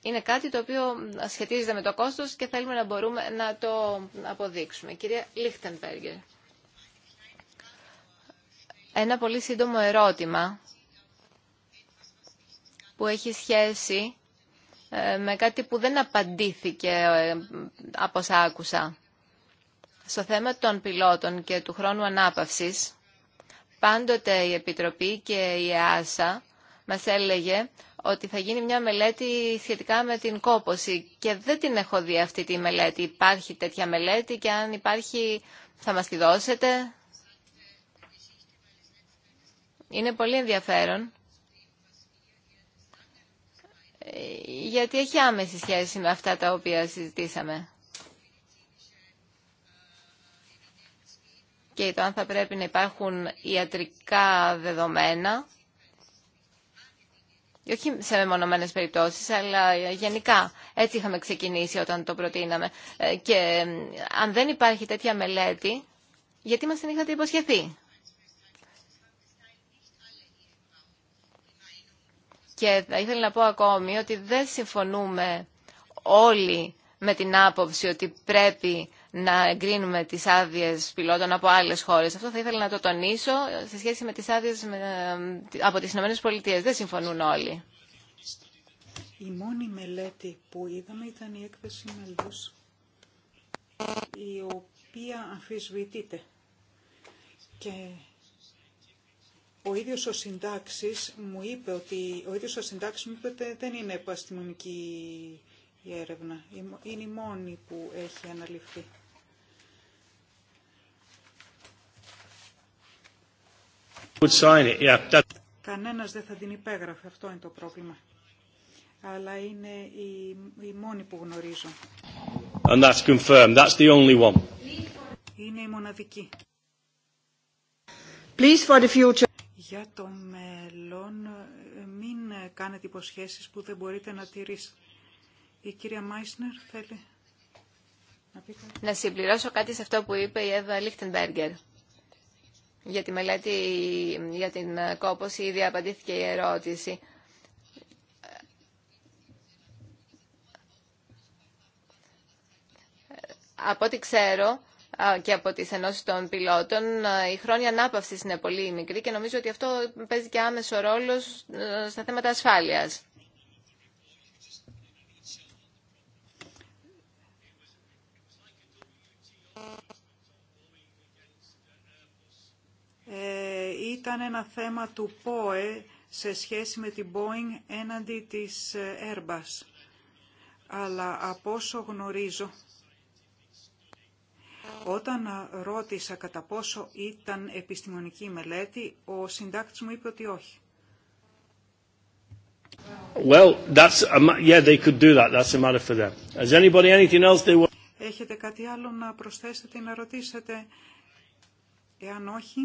Είναι κάτι το οποίο σχετίζεται με το κόστος και θέλουμε να μπορούμε να το αποδείξουμε. Κυρία Λίχτενπέργκερ. Ένα πολύ σύντομο ερώτημα που έχει σχέση ε, με κάτι που δεν απαντήθηκε ε, από όσα άκουσα. Στο θέμα των πιλότων και του χρόνου ανάπαυσης, πάντοτε η Επιτροπή και η ΕΑΣΑ μας έλεγε ότι θα γίνει μια μελέτη σχετικά με την κόπωση και δεν την έχω δει αυτή τη μελέτη. Υπάρχει τέτοια μελέτη και αν υπάρχει θα μας τη δώσετε. Είναι πολύ ενδιαφέρον γιατί έχει άμεση σχέση με αυτά τα οποία συζητήσαμε. Και το αν θα πρέπει να υπάρχουν ιατρικά δεδομένα, όχι σε μεμονωμένες περιπτώσεις, αλλά γενικά. Έτσι είχαμε ξεκινήσει όταν το προτείναμε. Ε, και αν δεν υπάρχει τέτοια μελέτη, γιατί μας την είχατε υποσχεθεί. Και θα ήθελα να πω ακόμη ότι δεν συμφωνούμε όλοι με την άποψη ότι πρέπει να εγκρίνουμε τις άδειες πιλότων από άλλες χώρες. Αυτό θα ήθελα να το τονίσω σε σχέση με τις άδειες από τις ΗΠΑ. Δεν συμφωνούν όλοι. Η μόνη μελέτη που είδαμε ήταν η έκθεση μελούς, η οποία αμφισβητείται. Και ο ίδιος ο συντάξης μου είπε ότι, ο ίδιος ο συντάξης μου είπε ότι δεν είναι επαστημονική η έρευνα. Είναι η μόνη που έχει αναλυφθεί. Yeah, Κανένας δεν θα την υπέγραφε, αυτό είναι το πρόβλημα. Αλλά είναι η, η μόνη που γνωρίζω. And that's confirmed. That's the only one. Είναι η μοναδική. Please for the future για το μέλλον ε, μην κάνετε υποσχέσεις που δεν μπορείτε να τηρήσετε. Η κυρία Μάισνερ θέλει να πείτε. Να συμπληρώσω κάτι σε αυτό που είπε η Εύα Λίχτενμπέργκερ. Για τη μελέτη για την κόπωση ήδη απαντήθηκε η ερώτηση. Από ό,τι ξέρω, και από τις ενώσεις των πιλότων. Η χρόνια ανάπαυσης είναι πολύ μικρή και νομίζω ότι αυτό παίζει και άμεσο ρόλο στα θέματα ασφάλειας. Ε, ήταν ένα θέμα του ΠΟΕ σε σχέση με την Boeing έναντι της Airbus. Αλλά από όσο γνωρίζω, όταν ρώτησα κατά πόσο ήταν επιστημονική μελέτη, ο συντάκτης μου είπε ότι όχι. Έχετε κάτι άλλο να προσθέσετε ή να ρωτήσετε. Εάν όχι,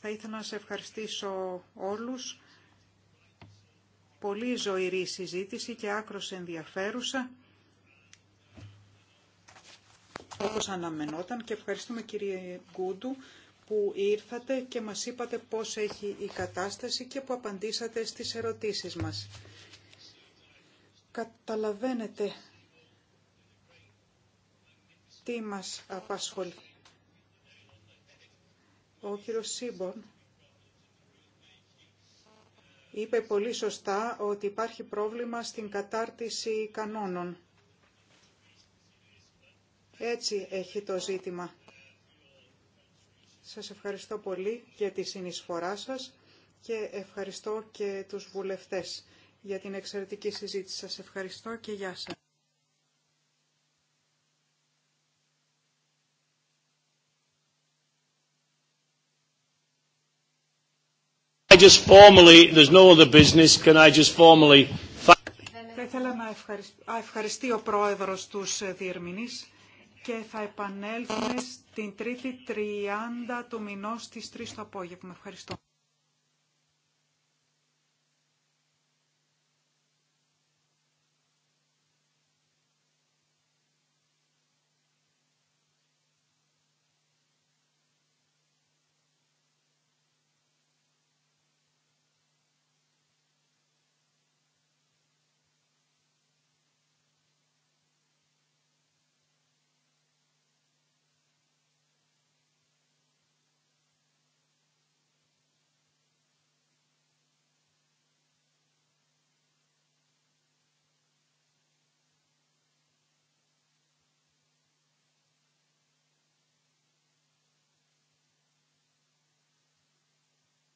θα ήθελα να σε ευχαριστήσω όλους. Πολύ ζωηρή συζήτηση και άκρος ενδιαφέρουσα όπως αναμενόταν και ευχαριστούμε κύριε Γκούντου που ήρθατε και μας είπατε πώς έχει η κατάσταση και που απαντήσατε στις ερωτήσεις μας. Καταλαβαίνετε τι μας απασχολεί. Ο κύριος Σίμπον είπε πολύ σωστά ότι υπάρχει πρόβλημα στην κατάρτιση κανόνων. Έτσι έχει το ζήτημα. Σας ευχαριστώ πολύ για τη συνεισφορά σας και ευχαριστώ και τους βουλευτές για την εξαιρετική συζήτηση. Σας ευχαριστώ και γεια σας. Θα ήθελα να ευχαριστεί ο Πρόεδρος τους ε, Διερμηνείς και θα επανέλθουμε στην τρίτη 30 του μηνός στις 3 το απόγευμα. Ευχαριστώ.